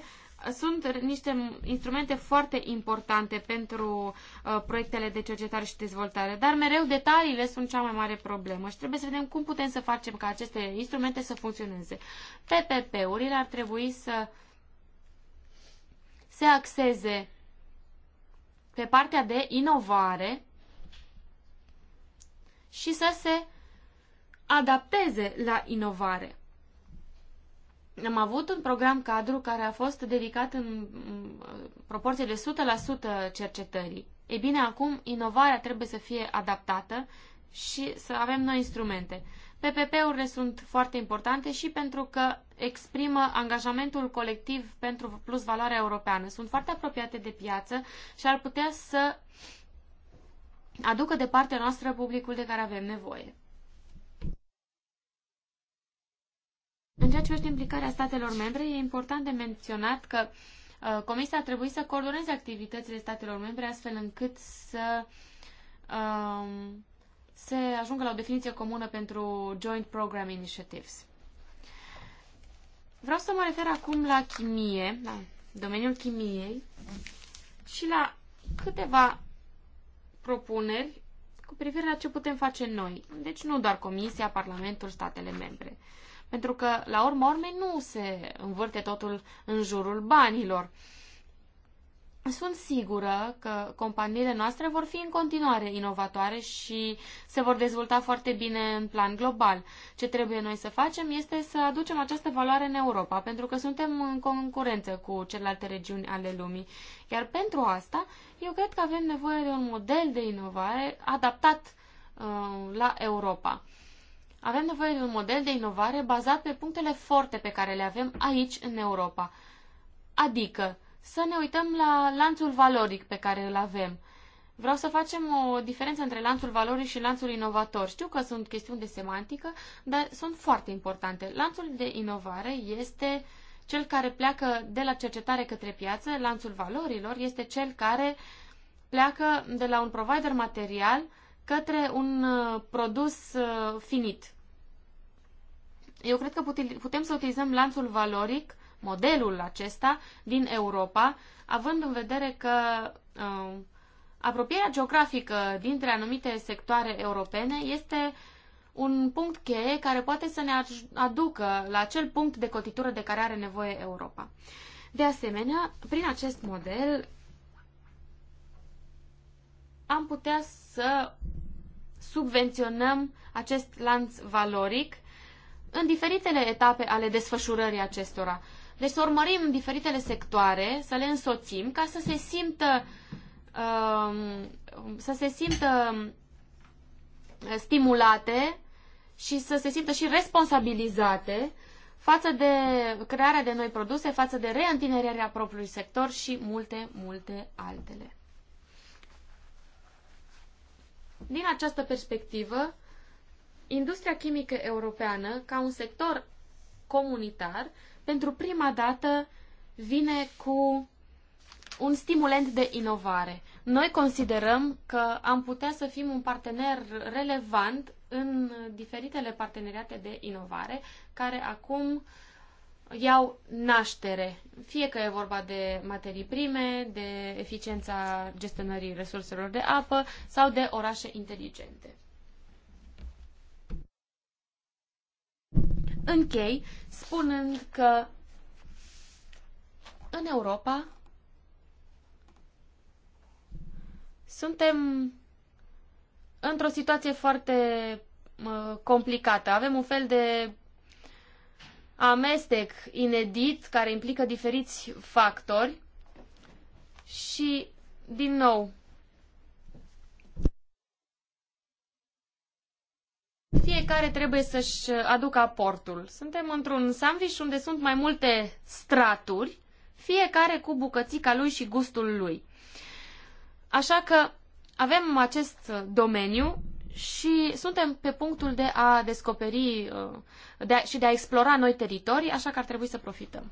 sunt niște instrumente foarte importante pentru uh, proiectele de cercetare și dezvoltare, dar mereu detaliile sunt cea mai mare problemă și trebuie să vedem cum putem să facem ca aceste instrumente să funcționeze. PPP-urile ar trebui să se axeze pe partea de inovare și să se adapteze la inovare am avut un program cadru care a fost dedicat în proporție de 100% cercetării. Ei bine, acum inovarea trebuie să fie adaptată și să avem noi instrumente. PPP-urile sunt foarte importante și pentru că exprimă angajamentul colectiv pentru plus valoarea europeană. Sunt foarte apropiate de piață și ar putea să aducă de partea noastră publicul de care avem nevoie. În ceea ce privește implicarea statelor membre, e important de menționat că uh, Comisia a trebuit să coordoneze activitățile statelor membre astfel încât să um, se ajungă la o definiție comună pentru Joint Program Initiatives. Vreau să mă refer acum la chimie, la domeniul chimiei și la câteva propuneri cu privire la ce putem face noi. Deci nu doar Comisia, Parlamentul, statele membre. Uh, pentru că, la urma urmei, nu se învârte totul în jurul banilor. Sunt sigură că companiile noastre vor fi în continuare inovatoare și se vor dezvolta foarte bine în plan global. Ce trebuie noi să facem este să aducem această valoare în Europa, pentru că suntem în concurență cu celelalte regiuni ale lumii. Iar pentru asta, eu cred că avem nevoie de un model de inovare adaptat uh, la Europa. Avem nevoie de un model de inovare bazat pe punctele forte pe care le avem aici, în Europa. Adică, să ne uităm la lanțul valoric pe care îl avem. Vreau să facem o diferență între lanțul valoric și lanțul inovator. Știu că sunt chestiuni de semantică, dar sunt foarte importante. Lanțul de inovare este cel care pleacă de la cercetare către piață, lanțul valorilor este cel care pleacă de la un provider material către un uh, produs uh, finit. Eu cred că putem să utilizăm lanțul valoric, modelul acesta din Europa, având în vedere că uh, apropierea geografică dintre anumite sectoare europene este un punct cheie care poate să ne aducă la acel punct de cotitură de care are nevoie Europa. De asemenea, prin acest model am putea să subvenționăm acest lanț valoric în diferitele etape ale desfășurării acestora. Deci să urmărim diferitele sectoare, să le însoțim ca să se simtă um, să se simtă uh, stimulate și să se simtă și responsabilizate față de crearea de noi produse, față de reîntinererea propriului sector și multe, multe altele. Din această perspectivă, industria chimică europeană, ca un sector comunitar, pentru prima dată vine cu un stimulent de inovare. Noi considerăm că am putea să fim un partener relevant în diferitele parteneriate de inovare, care acum uh, iau naștere, fie că e vorba de materii prime, de eficiența gestionării resurselor de apă sau de orașe inteligente. Închei spunând că în Europa suntem într-o situație foarte complicată. Avem un fel de amestec inedit care implică diferiți factori și, din nou, fiecare trebuie să-și aducă aportul. Suntem într-un sandwich unde sunt mai multe straturi, fiecare cu bucățica lui și gustul lui. Așa că avem acest domeniu și suntem pe punctul de a descoperi uh, de a, și de a explora noi teritorii, așa că ar trebui să profităm.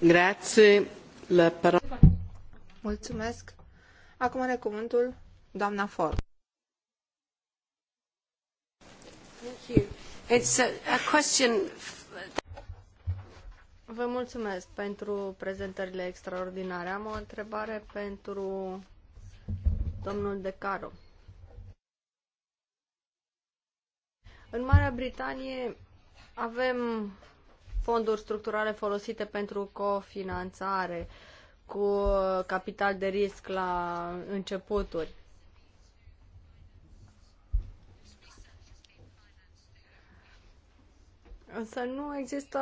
Grazie. La Mulțumesc. Acum are cuvântul doamna Ford. Thank you. It's a, a question Vă mulțumesc pentru prezentările extraordinare. Am o întrebare pentru domnul De Caro. În Marea Britanie avem fonduri structurale folosite pentru cofinanțare cu capital de risc la începuturi. Însă nu există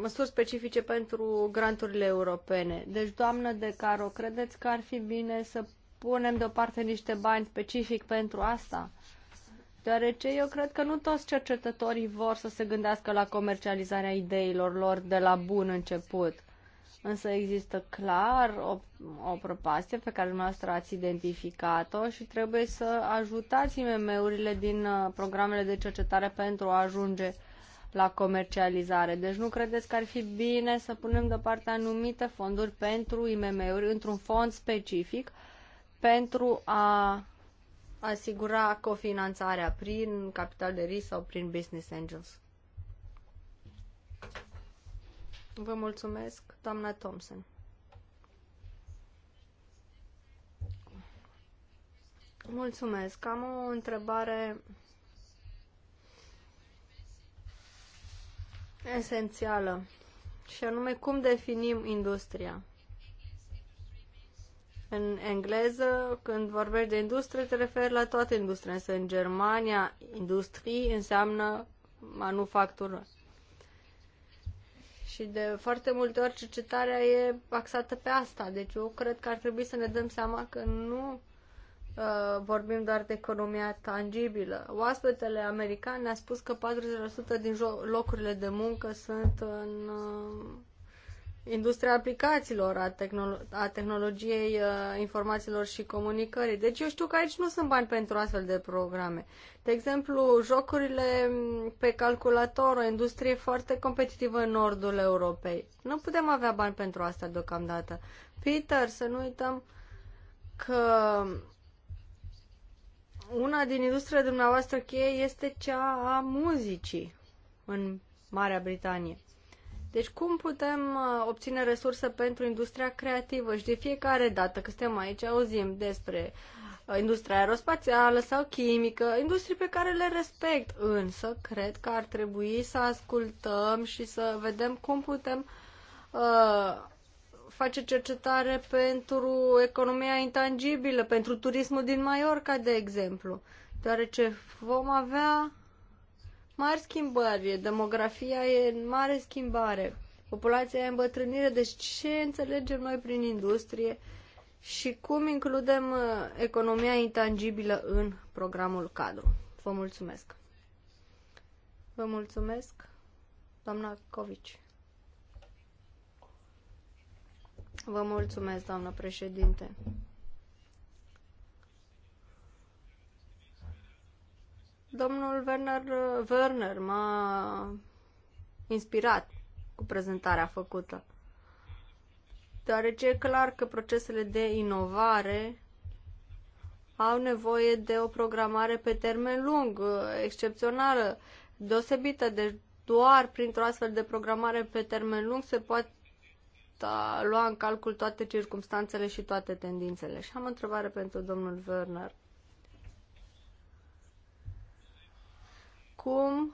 măsuri specifice pentru granturile europene. Deci, doamnă de Caro, credeți că ar fi bine să punem deoparte niște bani specific pentru asta? deoarece eu cred că nu toți cercetătorii vor să se gândească la comercializarea ideilor lor de la bun început. Însă există clar o, o prăpastie pe care noastră ați identificat-o și trebuie să ajutați IMM-urile din uh, programele de cercetare pentru a ajunge la comercializare. Deci nu credeți că ar fi bine să punem deoparte anumite fonduri pentru IMM-uri într-un fond specific pentru a asigura cofinanțarea prin capital de risc sau prin business angels. Vă mulțumesc, doamna Thompson. Mulțumesc. Am o întrebare esențială și anume cum definim industria. În engleză, când vorbești de industrie, te referi la toată industria, însă în Germania, industrie înseamnă manufactură. Și de foarte multe ori cercetarea e axată pe asta. Deci eu cred că ar trebui să ne dăm seama că nu uh, vorbim doar de economia tangibilă. Oaspetele americane a spus că 40% din locurile de muncă sunt în uh, industria aplicațiilor, a, tehnolo- a tehnologiei uh, informațiilor și comunicării. Deci eu știu că aici nu sunt bani pentru astfel de programe. De exemplu, jocurile pe calculator, o industrie foarte competitivă în nordul Europei. Nu putem avea bani pentru asta deocamdată. Peter, să nu uităm că una din industriile dumneavoastră cheie este cea a muzicii în Marea Britanie. Deci cum putem uh, obține resurse pentru industria creativă? Și de fiecare dată când suntem aici auzim despre uh, industria aerospațială sau chimică, industrii pe care le respect, însă cred că ar trebui să ascultăm și să vedem cum putem uh, face cercetare pentru economia intangibilă, pentru turismul din Mallorca, de exemplu, deoarece vom avea mari schimbări, demografia e în mare schimbare, populația e îmbătrânire, deci ce înțelegem noi prin industrie și cum includem uh, economia intangibilă în programul cadru. Vă mulțumesc! Vă mulțumesc, doamna Covici. Vă mulțumesc, doamnă președinte. Domnul Werner, Werner m-a inspirat cu prezentarea făcută, deoarece e clar că procesele de inovare au nevoie de o programare pe termen lung, excepțională, deosebită. Deci doar printr-o astfel de programare pe termen lung se poate lua în calcul toate circumstanțele și toate tendințele. Și am o întrebare pentru domnul Werner. cum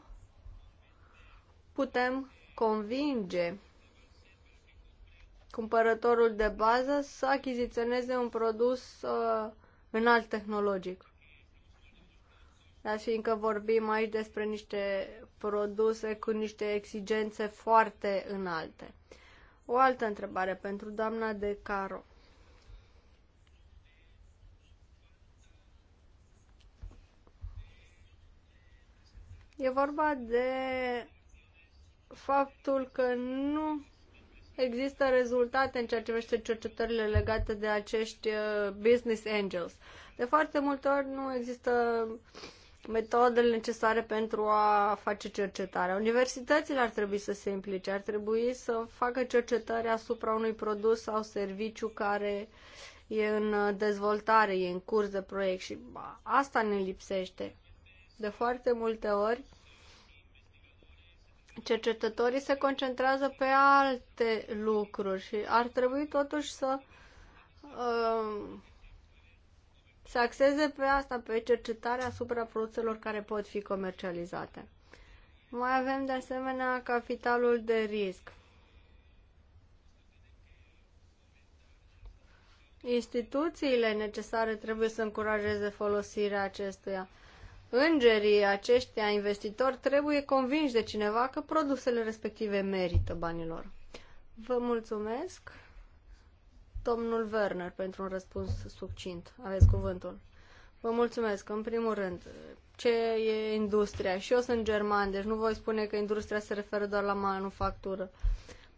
putem convinge cumpărătorul de bază să achiziționeze un produs uh, înalt tehnologic. Dar fiindcă vorbim aici despre niște produse cu niște exigențe foarte înalte. O altă întrebare pentru doamna De Caro. E vorba de faptul că nu există rezultate în ceea ce privește cercetările legate de acești uh, business angels. De foarte multe ori nu există metodele necesare pentru a face cercetarea. Universitățile ar trebui să se implice, ar trebui să facă cercetări asupra unui produs sau serviciu care e în dezvoltare, e în curs de proiect și asta ne lipsește. De foarte multe ori, cercetătorii se concentrează pe alte lucruri și ar trebui totuși să uh, să se axeze pe asta, pe cercetarea asupra produselor care pot fi comercializate. Mai avem de asemenea capitalul de risc. Instituțiile necesare trebuie să încurajeze folosirea acestuia îngerii aceștia investitori trebuie convinși de cineva că produsele respective merită banilor. Vă mulțumesc, domnul Werner, pentru un răspuns succint. Aveți cuvântul. Vă mulțumesc. În primul rând, ce e industria? Și eu sunt german, deci nu voi spune că industria se referă doar la manufactură.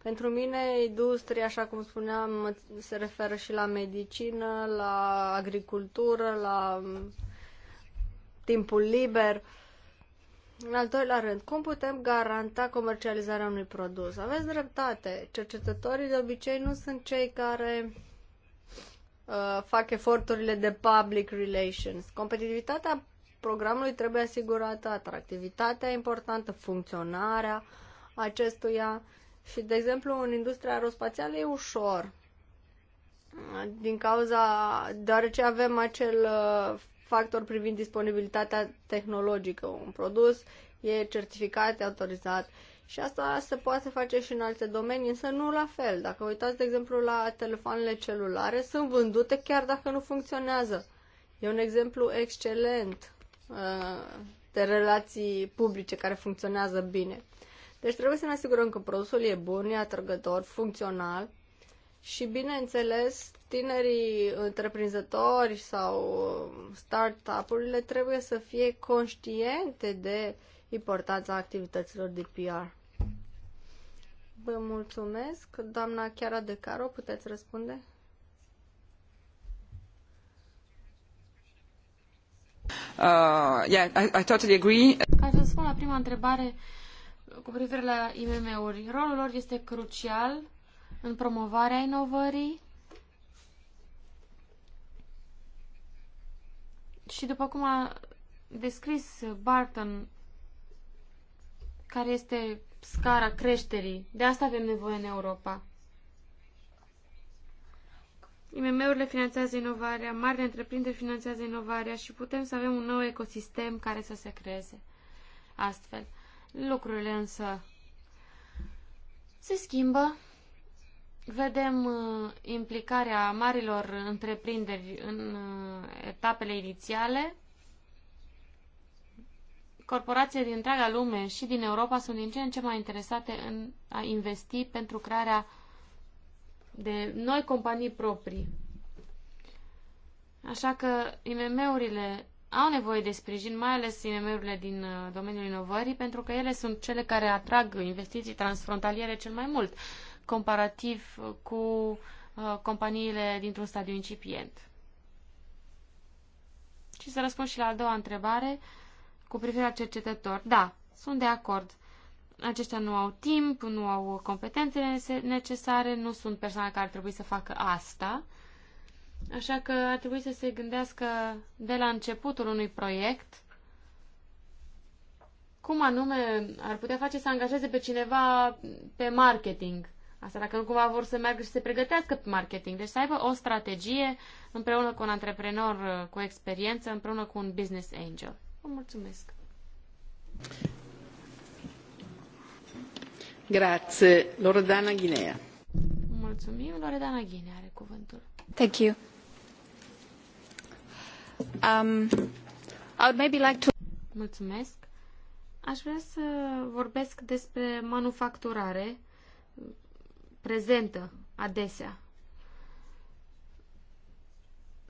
Pentru mine, industria, așa cum spuneam, se referă și la medicină, la agricultură, la timpul liber. În al doilea rând, cum putem garanta comercializarea unui produs? Aveți dreptate. Cercetătorii de obicei nu sunt cei care uh, fac eforturile de public relations. Competitivitatea programului trebuie asigurată, atractivitatea importantă, funcționarea acestuia. Și, de exemplu, în industria aerospațială e ușor. Din cauza, deoarece avem acel uh, factor privind disponibilitatea tehnologică. Un produs e certificat, e autorizat și asta se poate face și în alte domenii, însă nu la fel. Dacă uitați, de exemplu, la telefoanele celulare, sunt vândute chiar dacă nu funcționează. E un exemplu excelent uh, de relații publice care funcționează bine. Deci trebuie să ne asigurăm că produsul e bun, e atrăgător, funcțional și bineînțeles, tinerii întreprinzători sau startup-urile trebuie să fie conștiente de importanța activităților de PR. Vă mulțumesc. Doamna Chiara De Caro, puteți răspunde? Uh, yeah, I, I totally agree. Ca să spun la prima întrebare cu privire la IMM-uri, rolul lor este crucial în promovarea inovării și după cum a descris Barton, care este scara creșterii, de asta avem nevoie în Europa. IMM-urile finanțează inovarea, marile întreprinderi finanțează inovarea și putem să avem un nou ecosistem care să se creeze. Astfel, lucrurile însă se schimbă vedem uh, implicarea marilor întreprinderi în uh, etapele inițiale. Corporații din întreaga lume și din Europa sunt din ce în ce mai interesate în a investi pentru crearea de noi companii proprii. Așa că IMM-urile au nevoie de sprijin, mai ales IMM-urile din uh, domeniul inovării, pentru că ele sunt cele care atrag investiții transfrontaliere cel mai mult comparativ cu uh, companiile dintr-un stadiu incipient. Și să răspund și la a doua întrebare cu privire la cercetător. Da, sunt de acord. Aceștia nu au timp, nu au competențele necesare, nu sunt persoane care ar trebui să facă asta. Așa că ar trebui să se gândească de la începutul unui proiect cum anume ar putea face să angajeze pe cineva pe marketing Asta dacă nu cumva vor să meargă și să se pregătească pe marketing. Deci să aibă o strategie împreună cu un antreprenor uh, cu experiență, împreună cu un business angel. Vă mulțumesc! Grazie. Loredana Ghinea. Mulțumim. Loredana Ghinea are cuvântul. Thank you. Um, I would maybe like to... Mulțumesc. Aș vrea să vorbesc despre manufacturare prezentă adesea.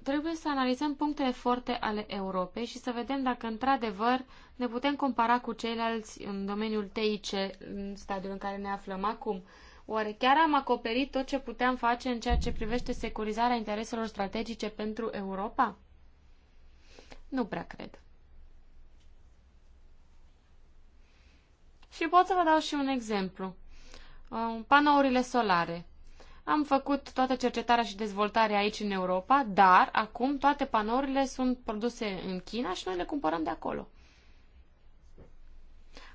Trebuie să analizăm punctele forte ale Europei și să vedem dacă într-adevăr ne putem compara cu ceilalți în domeniul TIC, în stadiul în care ne aflăm acum. Oare chiar am acoperit tot ce puteam face în ceea ce privește securizarea intereselor strategice pentru Europa? Nu prea cred. Și pot să vă dau și un exemplu. Uh, panourile solare. Am făcut toată cercetarea și dezvoltarea aici în Europa, dar acum toate panourile sunt produse în China și noi le cumpărăm de acolo.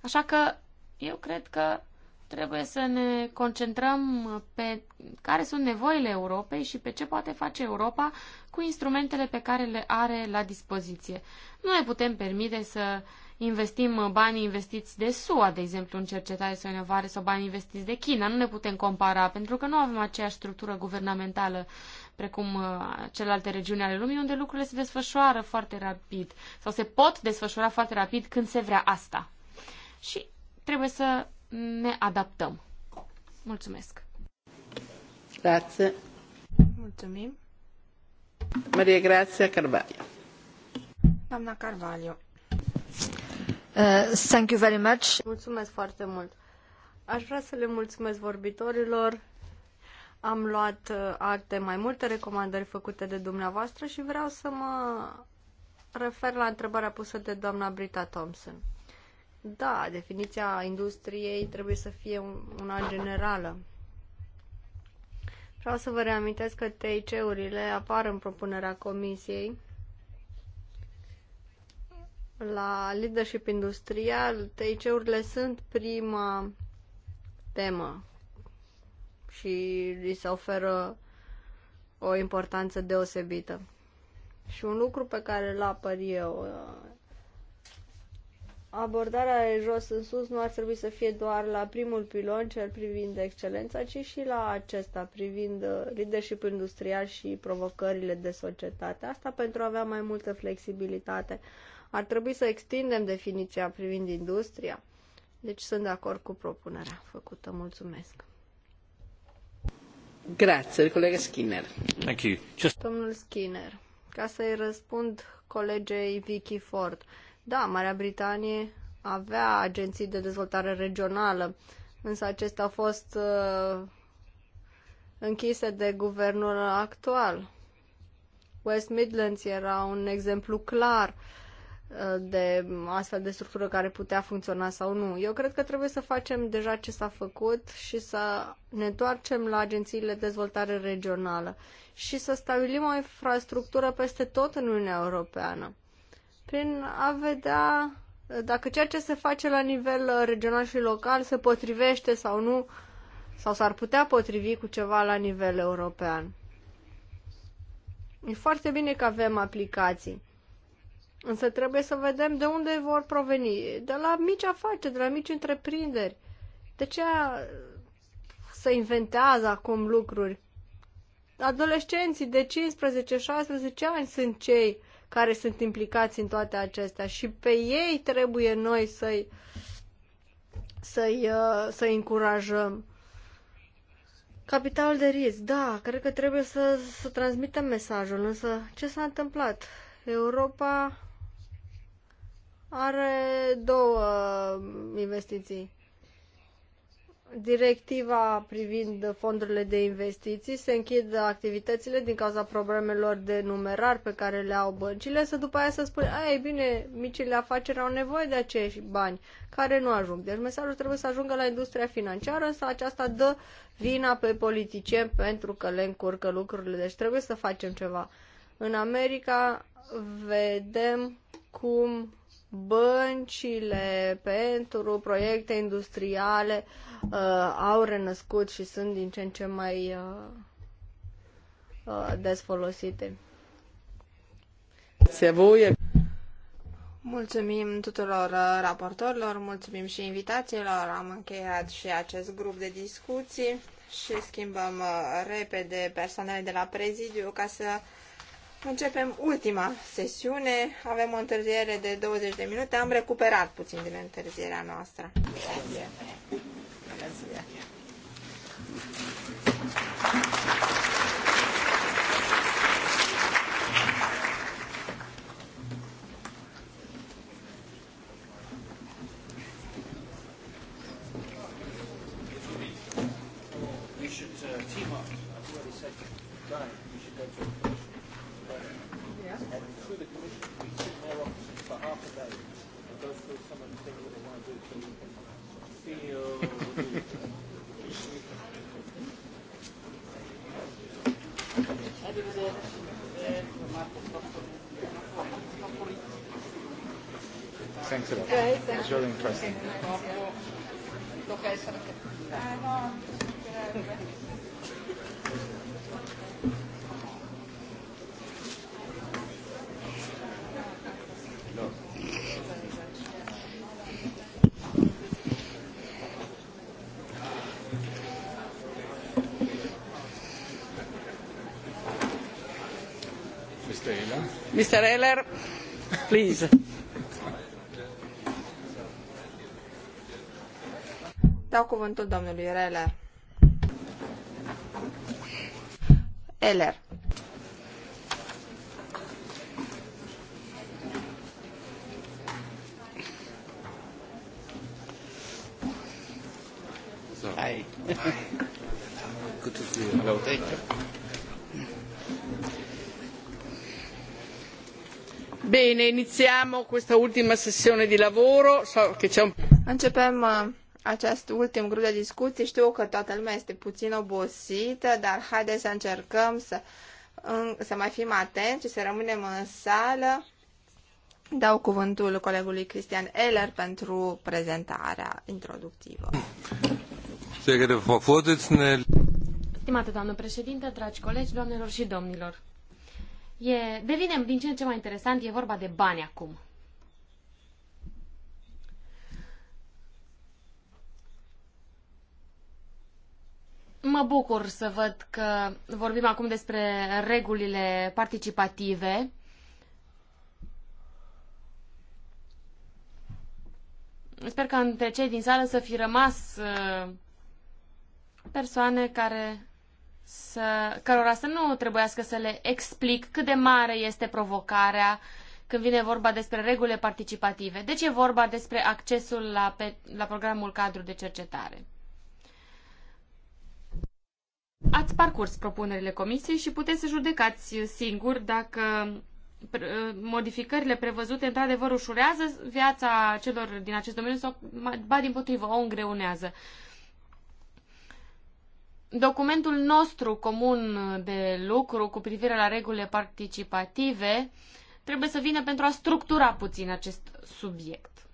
Așa că eu cred că trebuie să ne concentrăm pe care sunt nevoile Europei și pe ce poate face Europa cu instrumentele pe care le are la dispoziție. Nu ne putem permite să investim uh, banii investiți de SUA, de exemplu, în cercetare sau inovare, sau banii investiți de China. Nu ne putem compara, pentru că nu avem aceeași structură guvernamentală precum uh, celelalte regiuni ale lumii, unde lucrurile se desfășoară foarte rapid sau se pot desfășura foarte rapid când se vrea asta. Și trebuie să ne adaptăm. Mulțumesc! Grazie. Mulțumim! Maria Grazia Carvalho. Doamna Carvalho. Uh, a Mulțumesc foarte mult. Aș vrea să le mulțumesc vorbitorilor. Am luat uh, acte mai multe recomandări făcute de dumneavoastră și vreau să mă refer la întrebarea pusă de doamna Brita Thompson. Da, definiția industriei trebuie să fie una generală. Vreau să vă reamintesc că TIC-urile apar în propunerea comisiei la leadership industrial, TIC-urile sunt prima temă și li se oferă o importanță deosebită. Și un lucru pe care îl apăr eu, uh, abordarea de jos în sus nu ar trebui să fie doar la primul pilon, cel privind excelența, ci și la acesta privind uh, leadership industrial și provocările de societate. Asta pentru a avea mai multă flexibilitate. Ar trebui să extindem definiția privind industria. Deci sunt de acord cu propunerea făcută. Mulțumesc. Grazie, colega Skinner. Thank you. Just... Domnul Skinner, ca să-i răspund colegei Vicky Ford. Da, Marea Britanie avea agenții de dezvoltare regională, însă acestea au fost uh, închise de guvernul actual. West Midlands era un exemplu clar uh, de astfel de structură care putea funcționa sau nu. Eu cred că trebuie să facem deja ce s-a făcut și să ne întoarcem la agențiile de dezvoltare regională și să stabilim o infrastructură peste tot în Uniunea Europeană prin a vedea dacă ceea ce se face la nivel regional și local se potrivește sau nu sau s-ar putea potrivi cu ceva la nivel european. E foarte bine că avem aplicații. Însă trebuie să vedem de unde vor proveni. De la mici afaceri, de la mici întreprinderi. De ce să inventează acum lucruri? Adolescenții de 15-16 ani sunt cei care sunt implicați în toate acestea și pe ei trebuie noi să-i să-i, uh, să-i încurajăm. Capital de risc, da, cred că trebuie să, să transmitem mesajul, însă ce s-a întâmplat? Europa are două investiții. Directiva privind fondurile de investiții se închid activitățile din cauza problemelor de numerar pe care le au băncile, să după aia să spun, ai bine, micile afaceri au nevoie de acești bani care nu ajung. Deci mesajul trebuie să ajungă la industria financiară, însă aceasta dă vina pe politicieni pentru că le încurcă lucrurile. Deci trebuie să facem ceva. În America vedem cum băncile pentru proiecte industriale uh, au renăscut și sunt din ce în ce mai uh, uh, des folosite. Se voie. Mulțumim tuturor uh, raportorilor, mulțumim și invitațiilor, am încheiat și acest grup de discuții și schimbăm uh, repede persoanele de la prezidiu ca să Începem ultima sesiune. Avem o întârziere de 20 de minute. Am recuperat puțin din întârzierea noastră. Bine. Thanks a lot. Okay, thank was really interesting. Mr. Ehler, please. [laughs] dau cuvântul domnului Reler. Eller. [laughs] Bine, iniziamo questa ultima sessione di lavoro. So che c'è un... Începem uh, acest ultim grup de discuții. Știu că toată lumea este puțin obosită, dar haideți să încercăm să, în, să mai fim atenți și să rămânem în sală. Dau cuvântul colegului Cristian Eller pentru prezentarea introductivă. Stimată doamnă președinte, dragi colegi, doamnelor și domnilor, e, devinem din ce în ce mai interesant, e vorba de bani acum. Mă bucur să văd că vorbim acum despre regulile participative. Sper că între cei din sală să fi rămas uh, persoane care să, cărora să nu trebuiască să le explic cât de mare este provocarea când vine vorba despre regulile participative. Deci e vorba despre accesul la, pe, la programul cadru de cercetare. Ați parcurs propunerile comisiei și puteți să judecați singur dacă modificările prevăzute într-adevăr ușurează viața celor din acest domeniu sau, ba din potrivă, o îngreunează. Documentul nostru comun de lucru cu privire la regulile participative trebuie să vină pentru a structura puțin acest subiect.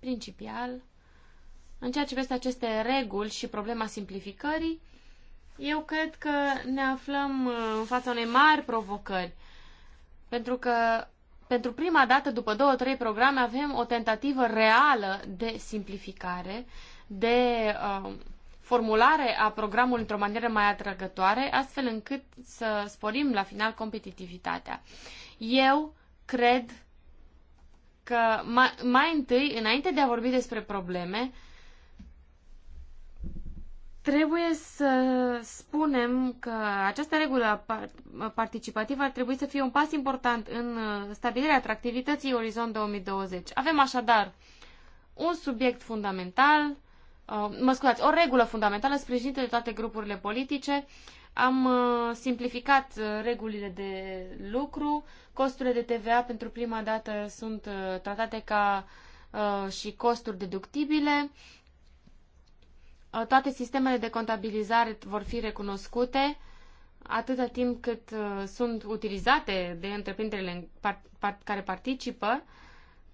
Principial, în ceea ce vezi aceste reguli și problema simplificării, eu cred că ne aflăm uh, în fața unei mari provocări, pentru că pentru prima dată după două, trei programe avem o tentativă reală de simplificare, de uh, formulare a programului într-o manieră mai atrăgătoare, astfel încât să sporim la final competitivitatea. Eu cred că mai, mai întâi, înainte de a vorbi despre probleme, uh, Trebuie să spunem că această regulă participativă ar trebui să fie un pas important în uh, stabilirea atractivității Orizont 2020. Avem așadar un subiect fundamental, uh, mă scuzați, o regulă fundamentală sprijinită de toate grupurile politice. Am uh, simplificat regulile de lucru, costurile de TVA pentru prima dată sunt tratate ca și costuri deductibile. Uh, toate sistemele de contabilizare vor fi recunoscute atâta timp cât uh, sunt utilizate de întreprinderile care participă.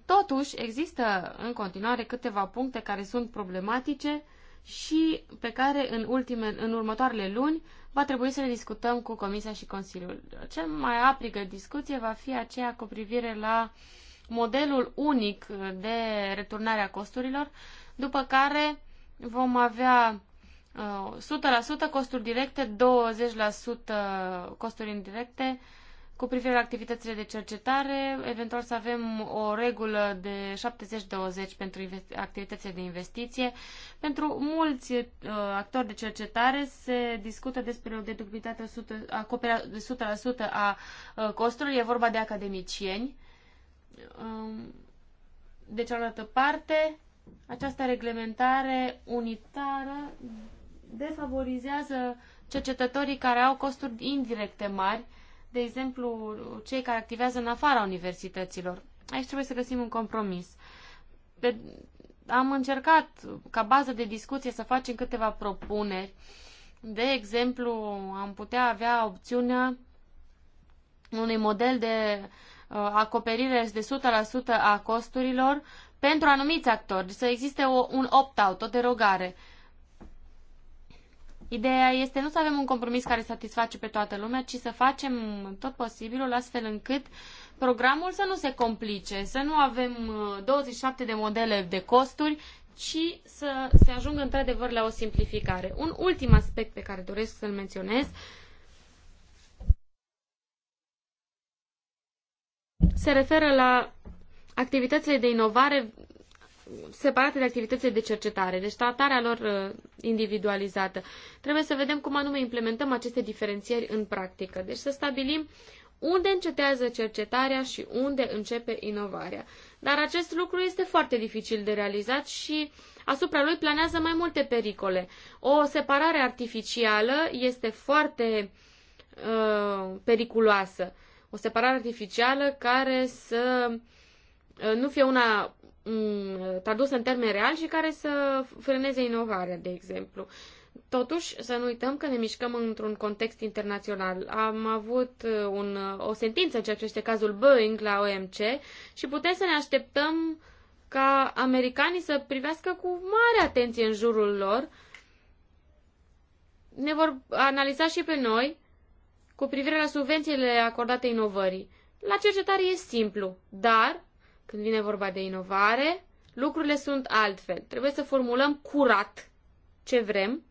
Totuși, există în continuare câteva puncte care sunt problematice și pe care în, ultime, în următoarele luni va trebui să le discutăm cu Comisia și Consiliul. Cea mai aprigă discuție va fi aceea cu privire la modelul unic de returnare a costurilor, după care vom avea 100% uh, costuri directe, 20% costuri indirecte cu privire la activitățile de cercetare, eventual să avem o regulă de 70-20 pentru activitățile de investiție. Pentru mulți uh, actori de cercetare se discută despre o deductibilitate 100, de 100% a uh, costurilor, e vorba de academicieni. Uh, deci, o altă parte, această reglementare unitară defavorizează cercetătorii care au costuri indirecte mari, de exemplu, cei care activează în afara universităților. Aici trebuie să găsim un compromis. Pe, am încercat, ca bază de discuție, să facem câteva propuneri. De exemplu, am putea avea opțiunea unui model de uh, acoperire de 100% a costurilor pentru anumiți actori, să existe o, un opt-out, o derogare. Ideea este nu să avem un compromis care satisface pe toată lumea, ci să facem tot posibilul astfel încât programul să nu se complice, să nu avem 27 uh, de modele de costuri, ci să se ajungă într-adevăr la o simplificare. Un ultim aspect pe care doresc să-l menționez se referă la activitățile de inovare separate de activitățile de cercetare, deci tratarea lor uh, individualizată. Trebuie să vedem cum anume implementăm aceste diferențieri în practică. Deci să stabilim unde încetează cercetarea și unde începe inovarea. Dar acest lucru este foarte dificil de realizat și asupra lui planează mai multe pericole. O separare artificială este foarte uh, periculoasă. O separare artificială care să uh, Uh, nu fie una mm, tradusă în termen real și care să frâneze inovarea, de exemplu. Totuși, să nu uităm că ne mișcăm într-un context internațional. Am avut uh, un, uh, o sentință în ceea ce este cazul Boeing la OMC și putem să ne așteptăm ca americanii să privească cu mare atenție în jurul lor. Ne vor analiza și pe noi cu privire la subvențiile acordate inovării. La cercetare e simplu, dar când vine vorba de inovare, lucrurile sunt altfel. Trebuie să formulăm curat ce vrem,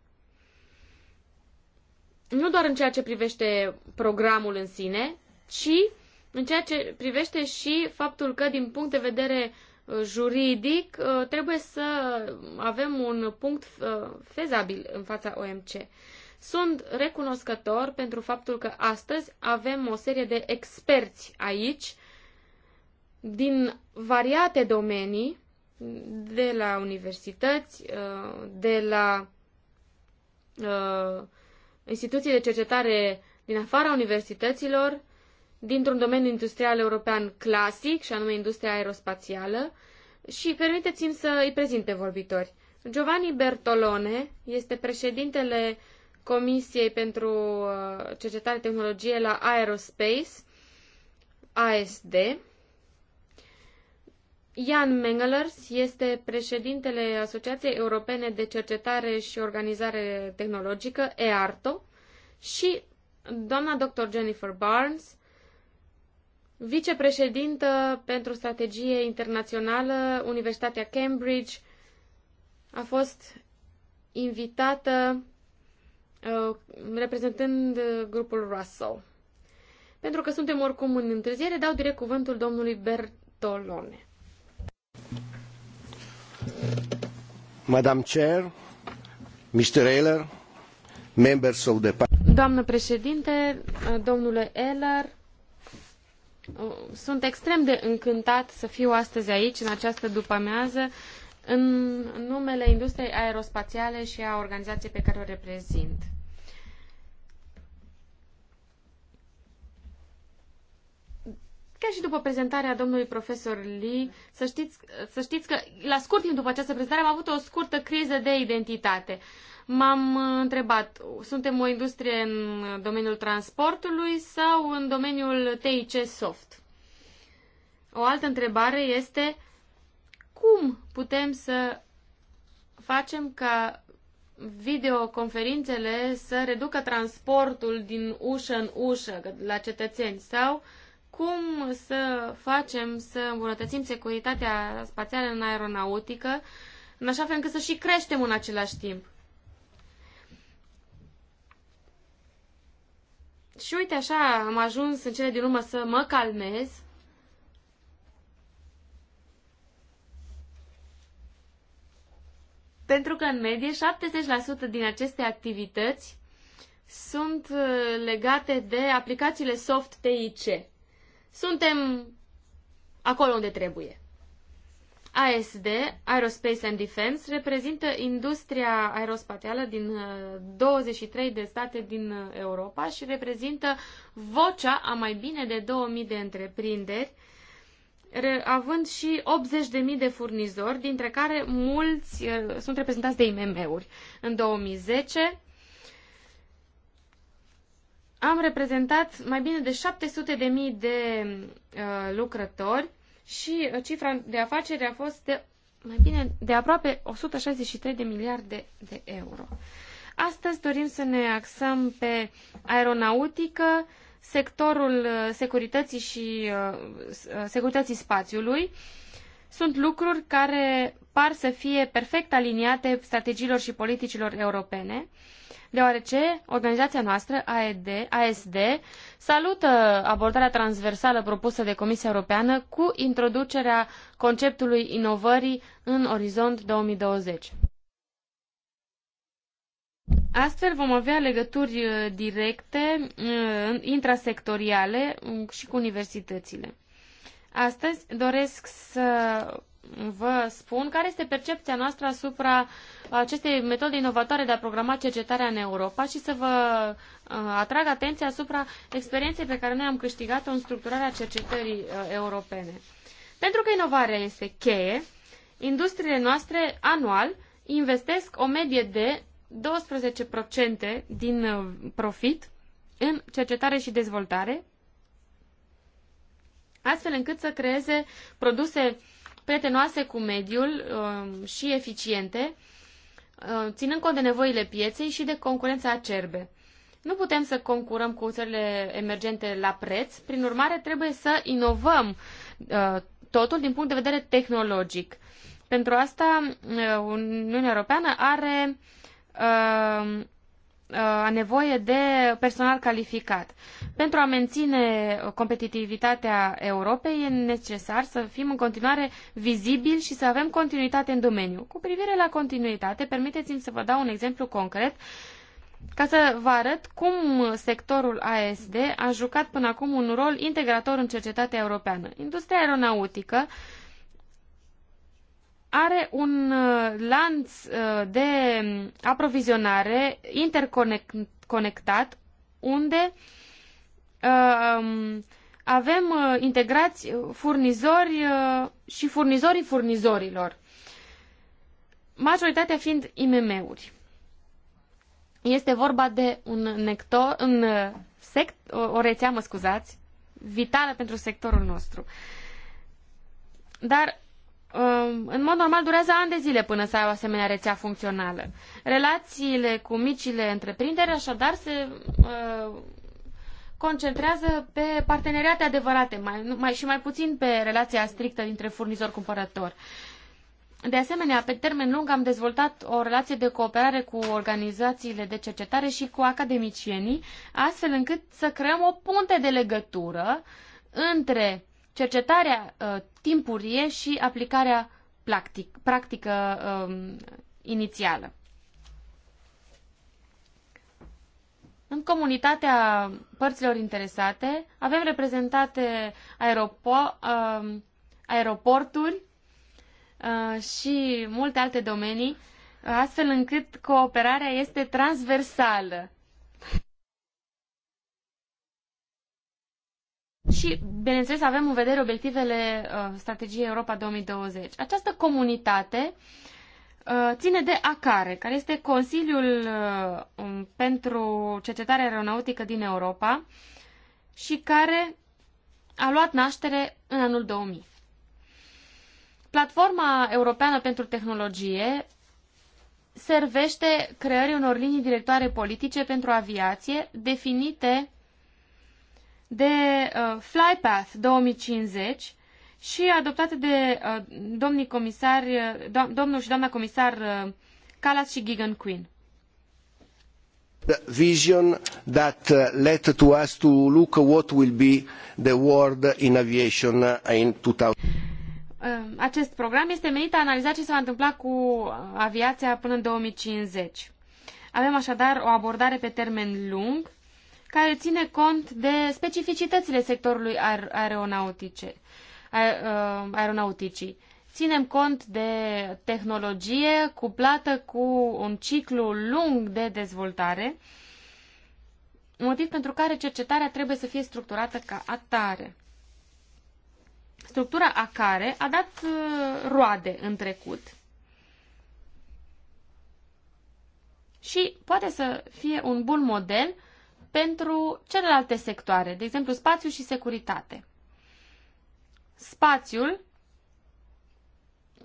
nu doar în ceea ce privește programul în sine, ci în ceea ce privește și faptul că, din punct de vedere uh, juridic, uh, trebuie să avem un punct uh, fezabil în fața OMC. Sunt recunoscător pentru faptul că astăzi avem o serie de experți aici din variate domenii, de la universități, uh, de la uh, instituții de cercetare din afara universităților, dintr-un domeniu industrial european clasic, și anume industria aerospațială, și permiteți-mi să îi prezint pe vorbitori. Giovanni Bertolone este președintele Comisiei pentru uh, Cercetare Tehnologie la Aerospace, ASD, Jan Mengelers este președintele Asociației Europene de Cercetare și Organizare Tehnologică, EARTO, și doamna dr. Jennifer Barnes, vicepreședintă pentru strategie internațională, Universitatea Cambridge, a fost invitată uh, reprezentând grupul Russell. Pentru că suntem oricum în întârziere, dau direct cuvântul domnului Bertolone. Madam Chair, Mr. members of the Doamnă președinte, domnule Eller, sunt extrem de încântat să fiu astăzi aici, în această după-amiază, în numele industriei aerospațiale și a organizației pe care o reprezint. Chiar și după prezentarea domnului profesor Lee, să știți, să știți că la scurt timp după această prezentare am avut o scurtă criză de identitate. M-am întrebat, suntem o industrie în domeniul transportului sau în domeniul TIC soft? O altă întrebare este cum putem să facem ca videoconferințele să reducă transportul din ușă în ușă la cetățeni sau uh, cum să facem să îmbunătățim securitatea spațială în aeronautică, în așa fel încât să și creștem în același timp. Și uite așa am ajuns în cele din urmă să mă calmez. Pentru că în medie 70% din aceste activități sunt uh, legate de aplicațiile soft TIC. Suntem acolo unde trebuie. ASD, Aerospace and Defense, reprezintă industria aerospațială din 23 uh, de state din uh, Europa și reprezintă vocea a mai bine de 2000 de întreprinderi, având și 80.000 de furnizori, dintre care mulți uh, sunt reprezentați de IMM-uri. În 2010, am reprezentat mai bine de 700.000 de, mii de uh, lucrători și uh, cifra de afaceri a fost de mai bine de aproape 163 de miliarde de euro. Astăzi dorim să ne axăm pe aeronautică, sectorul uh, securității și uh, uh, securității spațiului. Sunt lucruri care par să fie perfect aliniate strategiilor și politicilor europene deoarece organizația noastră, AED, ASD, salută abordarea transversală propusă de Comisia Europeană cu introducerea conceptului inovării în orizont 2020. Astfel vom avea legături uh, directe, uh, intrasectoriale um, și cu universitățile. Astăzi doresc să vă spun care este percepția noastră asupra acestei metode inovatoare de a programa cercetarea în Europa și să vă uh, atrag atenția asupra experienței pe care noi am câștigat-o în structurarea cercetării uh, europene. Pentru că inovarea este cheie, industriile noastre anual investesc o medie de 12% din uh, profit în cercetare și dezvoltare, astfel încât să creeze produse prietenoase cu mediul uh, și eficiente, uh, ținând cont de nevoile pieței și de concurența acerbe. Nu putem să concurăm cu țările emergente la preț, prin urmare trebuie să inovăm uh, totul din punct de vedere tehnologic. Pentru asta, Uniunea Europeană are Uh, a nevoie de personal calificat. Pentru a menține competitivitatea Europei e necesar să fim în continuare vizibili și să avem continuitate în domeniu. Cu privire la continuitate, permiteți-mi să vă dau un exemplu concret ca să vă arăt cum sectorul ASD a jucat până acum un rol integrator în cercetatea europeană. Industria aeronautică are un uh, lanț uh, de aprovizionare interconectat unde uh, um, avem integrați furnizori și furnizorii furnizorilor, majoritatea fiind IMM-uri. Este vorba de un, nector, un sect, o rețea, mă scuzați, vitală pentru sectorul nostru. Dar Um, în mod normal durează ani de zile până să ai o asemenea rețea funcțională. Relațiile cu micile întreprinderi așadar se uh, concentrează pe parteneriate adevărate mai, mai, și mai puțin pe relația strictă dintre furnizor-cumpărător. De asemenea, pe termen lung am dezvoltat o relație de cooperare cu organizațiile de cercetare și cu academicienii, astfel încât să creăm o punte de legătură între cercetarea uh, timpurie și aplicarea practic, practică uh, inițială. În comunitatea părților interesate avem reprezentate aeropo- uh, aeroporturi uh, și multe alte domenii, astfel încât cooperarea este transversală și, bineînțeles, avem în vedere obiectivele uh, strategiei Europa 2020. Această comunitate uh, ține de ACARE, care este Consiliul uh, um, pentru Cercetare Aeronautică din Europa și care a luat naștere în anul 2000. Platforma Europeană pentru Tehnologie servește creării unor linii directoare politice pentru aviație definite de uh, Flypath 2050 și adoptate de uh, domnii comisari, uh, do domnul și doamna comisar uh, Calas și Gigan Quinn. Vision that uh, led to us to look at what will be the world in aviation uh, in 2000. Acest program este menit a analiza ce se va întâmpla cu aviația până în 2050. Avem așadar o abordare pe termen lung care ține cont de specificitățile sectorului aeronautice, uh, aeronauticii. Ținem cont de tehnologie cuplată cu un ciclu lung de dezvoltare, motiv pentru care cercetarea trebuie să fie structurată ca atare. Structura a care a dat uh, roade în trecut. Și poate să fie un bun model uh, pentru celelalte sectoare, de exemplu spațiu și securitate. Spațiul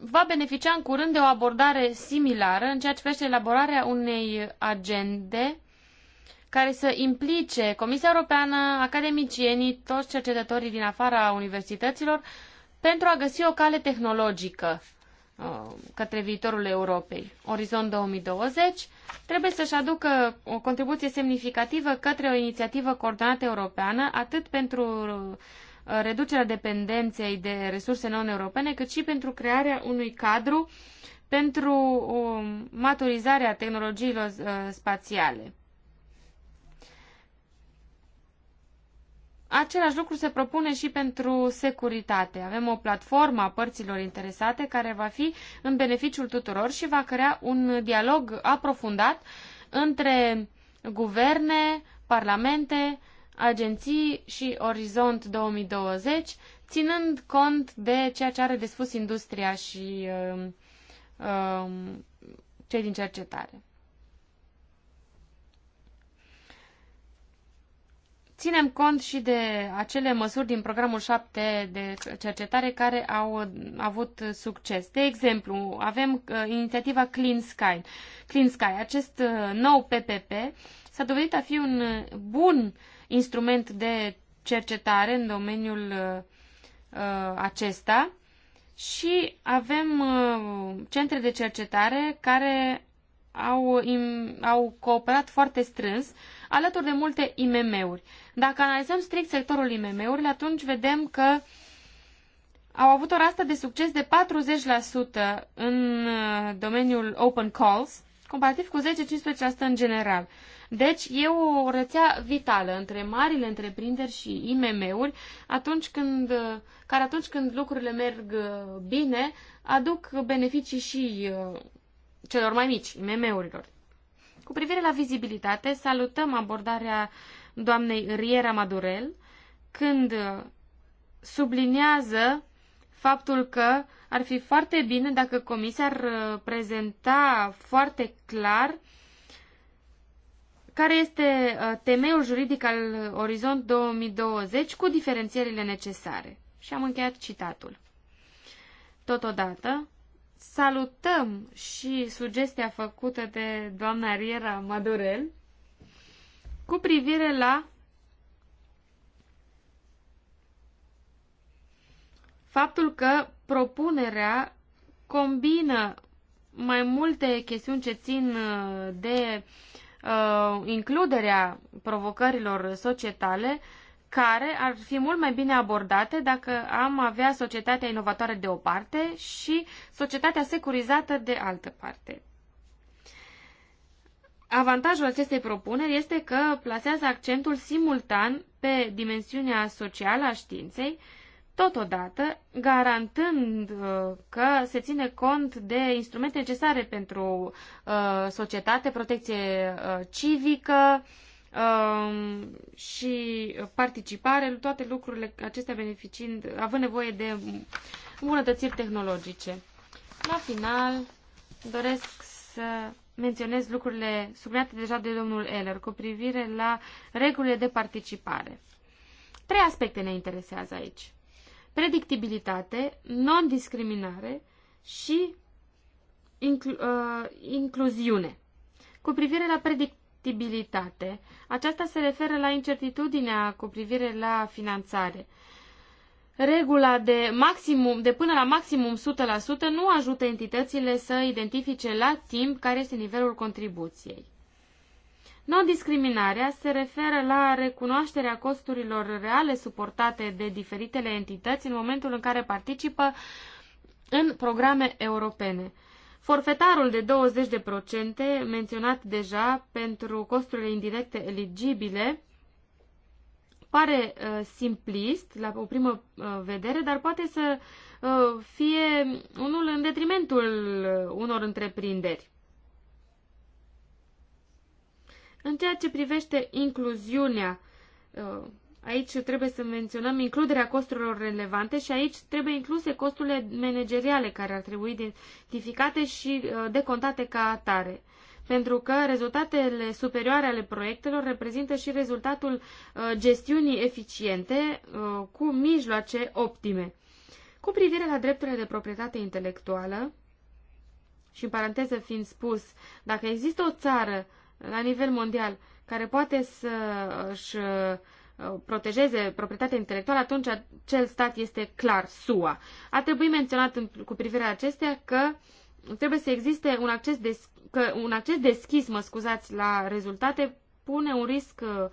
va beneficia în curând de o abordare similară în ceea ce privește elaborarea unei agende care să implice Comisia Europeană, academicienii, toți cercetătorii din afara universităților pentru a găsi o cale tehnologică Uh, către viitorul Europei, Orizont 2020, trebuie să-și aducă o contribuție semnificativă către o inițiativă coordonată europeană, atât pentru uh, reducerea dependenței de resurse non-europene, cât și pentru crearea unui cadru pentru um, maturizarea tehnologiilor uh, spațiale. Același lucru se propune și pentru securitate. Avem o platformă a părților interesate care va fi în beneficiul tuturor și va crea un dialog aprofundat între guverne, parlamente, agenții și Orizont 2020, ținând cont de ceea ce are de spus industria și uh, uh, cei din cercetare. ținem cont și de acele măsuri din programul 7 de cercetare care au avut succes. De exemplu, avem uh, inițiativa Clean Sky. Clean Sky, acest uh, nou PPP, s-a dovedit a fi un uh, bun instrument de cercetare în domeniul acesta și avem centre de cercetare care au, im, au cooperat foarte strâns alături de multe IMM-uri. Dacă analizăm strict sectorul IMM-urile, atunci vedem că au avut o rastă de succes de 40% în uh, domeniul open calls, comparativ cu 10-15% în general. Deci e o rețea vitală între marile întreprinderi și IMM-uri, atunci când, uh, care atunci când lucrurile merg uh, bine, aduc beneficii și celor mai mici, IMM-urilor. Cu privire la vizibilitate, salutăm abordarea doamnei Riera Madurel, când subliniază faptul că ar fi foarte bine dacă Comisia ar uh, prezenta foarte clar care este uh, temeiul juridic al Orizont 2020 cu diferențierile necesare. Și am încheiat citatul. Totodată, Salutăm și sugestia făcută de doamna Riera Madurel cu privire la faptul că propunerea combină mai multe chestiuni ce țin uh, de uh, includerea provocărilor societale uh, care ar fi mult mai bine abordate dacă am avea societatea inovatoare de o parte și societatea securizată de altă parte. Avantajul acestei propuneri este că plasează accentul simultan pe dimensiunea socială a științei, totodată garantând uh, că se ține cont de instrumente necesare pentru uh, societate, protecție uh, civică, Um, și participare, toate lucrurile acestea beneficiind, având nevoie de îmbunătățiri tehnologice. La final, doresc să menționez lucrurile subliniate deja de domnul Eller cu privire la regulile de participare. Trei aspecte ne interesează aici. Predictibilitate, non-discriminare și inclu- uh, incluziune. Cu privire la predictibilitate, compatibilitate. Aceasta se referă la incertitudinea cu privire la finanțare. Regula de, maximum, de până la maximum 100% nu ajută entitățile să identifice la timp care este nivelul contribuției. Non-discriminarea se referă la recunoașterea costurilor reale suportate de diferitele entități în momentul în care participă în programe europene. Forfetarul de 20% menționat deja pentru costurile indirecte eligibile pare uh, simplist la o primă uh, vedere, dar poate să uh, fie unul în detrimentul uh, unor întreprinderi. În ceea ce privește incluziunea uh, Aici trebuie să menționăm includerea costurilor relevante și aici trebuie incluse costurile manageriale care ar trebui identificate și uh, decontate ca atare. Pentru că rezultatele superioare ale proiectelor reprezintă și rezultatul uh, gestiunii eficiente uh, cu mijloace optime. Cu privire la drepturile de proprietate intelectuală, și în paranteză fiind spus, dacă există o țară la nivel mondial care poate să își Uh, protejeze proprietatea intelectuală, atunci acel stat este clar SUA. A trebuit menționat în, cu privire la acestea că trebuie să existe un acces, des, că un acces deschis, mă scuzați, la rezultate pune un risc uh,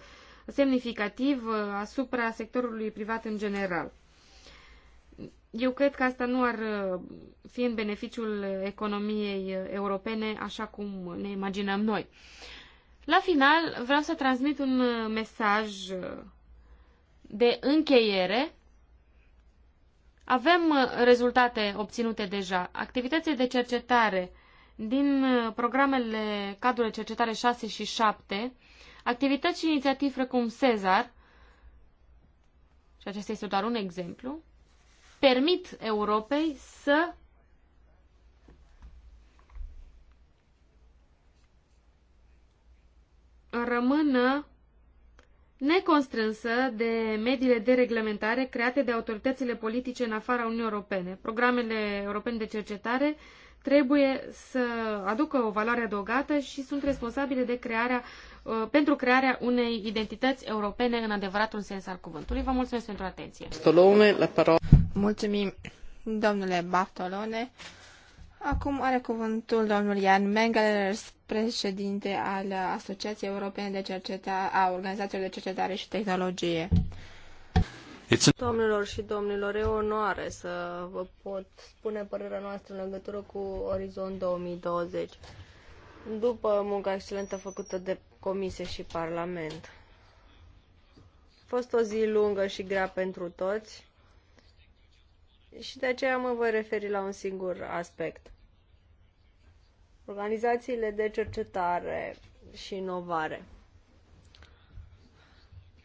semnificativ uh, asupra sectorului privat în general. Eu cred că asta nu ar fi în beneficiul economiei europene așa cum ne imaginăm noi. La final, vreau să transmit un mesaj de încheiere, avem uh, rezultate obținute deja. Activitățile de cercetare din uh, programele cadrul de cercetare 6 și 7, activități și inițiativi precum Cezar, și acesta este doar un exemplu, permit Europei să rămână neconstrânsă de mediile de reglementare create de autoritățile politice în afara Uniunii Europene. Programele europene de cercetare trebuie să aducă o valoare adăugată și sunt responsabile de crearea, uh, pentru crearea unei identități europene în adevăratul sens al cuvântului. Vă mulțumesc pentru atenție. Mulțumim, domnule Bartolone. Acum are cuvântul domnul Jan Mengelers președinte al Asociației Europene de Cercetare, a Organizațiilor de Cercetare și Tehnologie. Domnilor și domnilor, e o onoare să vă pot spune părerea noastră în legătură cu Orizont 2020, după munca excelentă făcută de Comisie și Parlament. A fost o zi lungă și grea pentru toți și de aceea mă voi referi la un singur aspect – organizațiile de cercetare și inovare.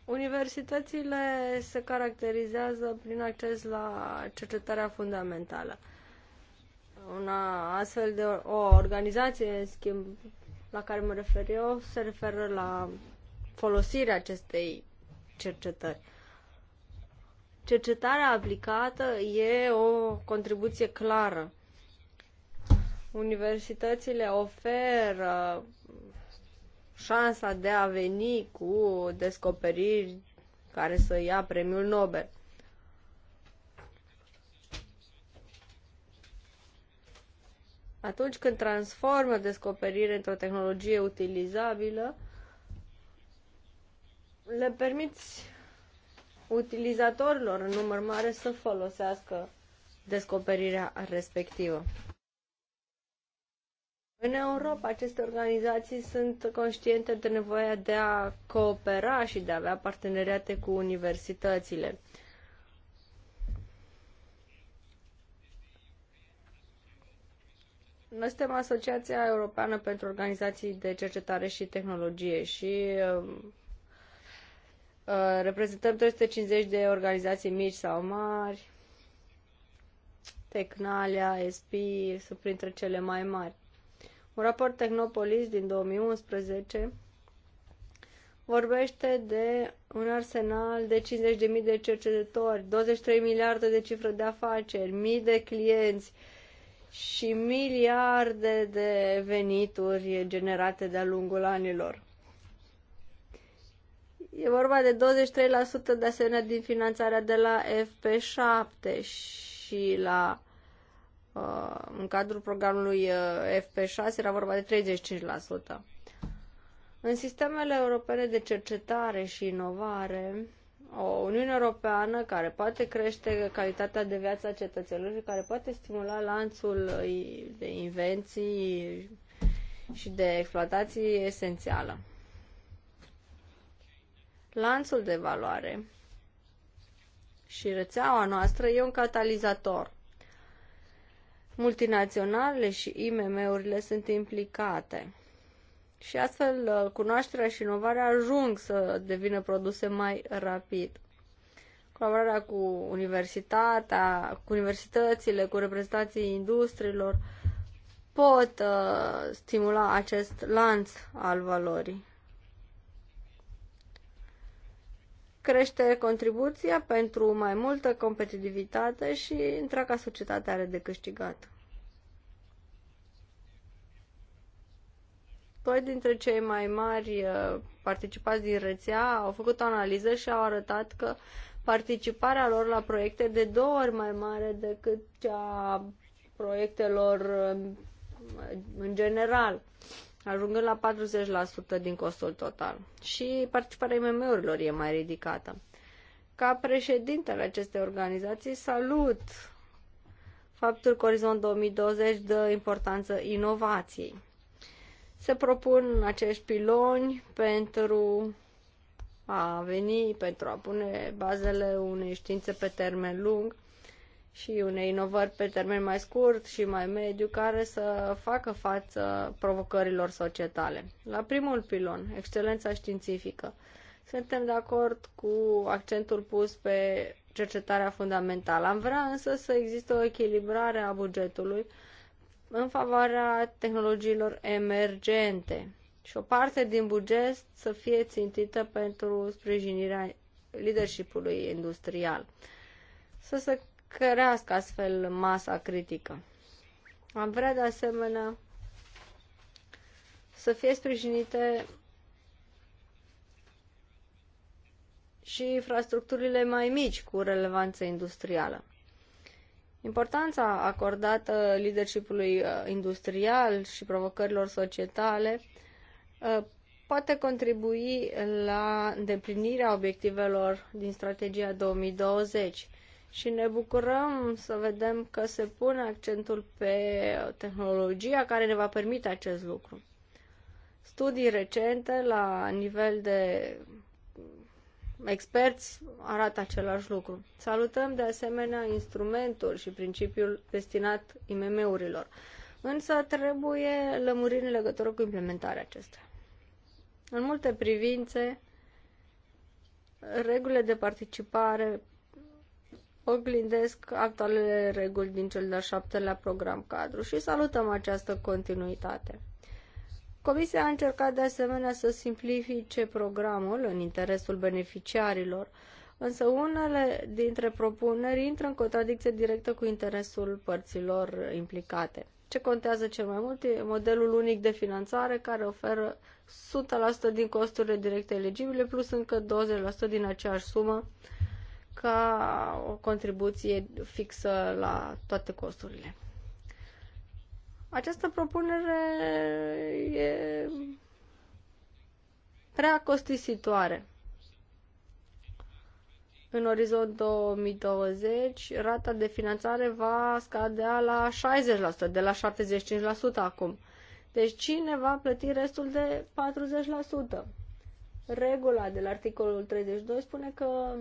Universitățile se caracterizează prin acces la cercetarea fundamentală. Una astfel de o organizație, în schimb, la care mă refer eu, se referă la folosirea acestei cercetări. Cercetarea aplicată e o contribuție clară universitățile oferă șansa de a veni cu descoperiri care să ia premiul Nobel. Atunci când transformă descoperire într-o tehnologie utilizabilă, le permiți utilizatorilor în număr mare să folosească descoperirea respectivă. În Europa, aceste organizații sunt conștiente de nevoia de a coopera și de a avea parteneriate cu universitățile. Noi suntem Asociația Europeană pentru Organizații de Cercetare și Tehnologie și um, uh, reprezentăm 350 de organizații mici sau mari. Tecnalia, SP sunt printre cele mai mari. Un raport Tehnopolis din 2011 vorbește de un arsenal de 50.000 de cercetători, 23 miliarde de cifre de afaceri, mii de clienți și miliarde de venituri generate de-a lungul anilor. E vorba de 23% de asemenea din finanțarea de la FP7 și la Uh, în cadrul programului uh, FP6 era vorba de 35%. În sistemele europene de cercetare și inovare, o Uniune Europeană care poate crește calitatea de viață a cetățenilor și care poate stimula lanțul de invenții și de exploatații esențială. Lanțul de valoare și rețeaua noastră e un catalizator multinaționalele și IMM-urile sunt implicate. Și astfel, uh, cunoașterea și inovarea ajung să devină produse mai rapid. Colaborarea cu universitatea, cu universitățile, cu reprezentanții industriilor pot uh, stimula acest lanț al valorii. crește contribuția pentru mai multă competitivitate și întreaga societate are de câștigat. Doi dintre cei mai mari uh, participați din rețea au făcut o analiză și au arătat că participarea lor la proiecte de două ori mai mare decât cea proiectelor uh, în general. Uh, ajungând la 40% din costul total. Și participarea IMM-urilor e mai ridicată. Ca președintele acestei organizații salut faptul că Orizont 2020 dă importanță inovației. Se propun acești piloni pentru a veni, pentru a pune bazele unei științe pe termen lung – și unei inovări pe termen mai scurt și mai mediu care să facă față provocărilor societale. La primul pilon, excelența științifică, suntem de acord cu accentul pus pe cercetarea fundamentală. Am vrea însă să existe o echilibrare a bugetului în favoarea tehnologiilor emergente și o parte din buget să fie țintită pentru sprijinirea leadership industrial. Să se crească astfel masa critică. Am vrea de asemenea să fie sprijinite și infrastructurile mai mici cu relevanță industrială. Importanța acordată leadershipului uh, industrial și provocărilor societale uh, poate contribui la îndeplinirea obiectivelor din strategia 2020 și ne bucurăm să vedem că se pune accentul pe tehnologia care ne va permite acest lucru. Studii recente la nivel de experți arată același lucru. Salutăm de asemenea instrumentul și principiul destinat IMM-urilor, însă trebuie lămuriri în legătură cu implementarea acestea. În multe privințe, regulile de participare oglindesc actualele reguli din cel de-al șaptelea program cadru și salutăm această continuitate. Comisia a încercat de asemenea să simplifice programul în interesul beneficiarilor, însă unele dintre propuneri intră în contradicție directă cu interesul părților implicate. Ce contează cel mai mult e modelul unic de finanțare care oferă 100% din costurile directe eligibile plus încă 20% din aceeași sumă ca o contribuție fixă la toate costurile. Această propunere e prea costisitoare. În orizont 2020, rata de finanțare va scadea la 60%, de la 75% acum. Deci cine va plăti restul de 40%? Regula de la articolul 32 spune că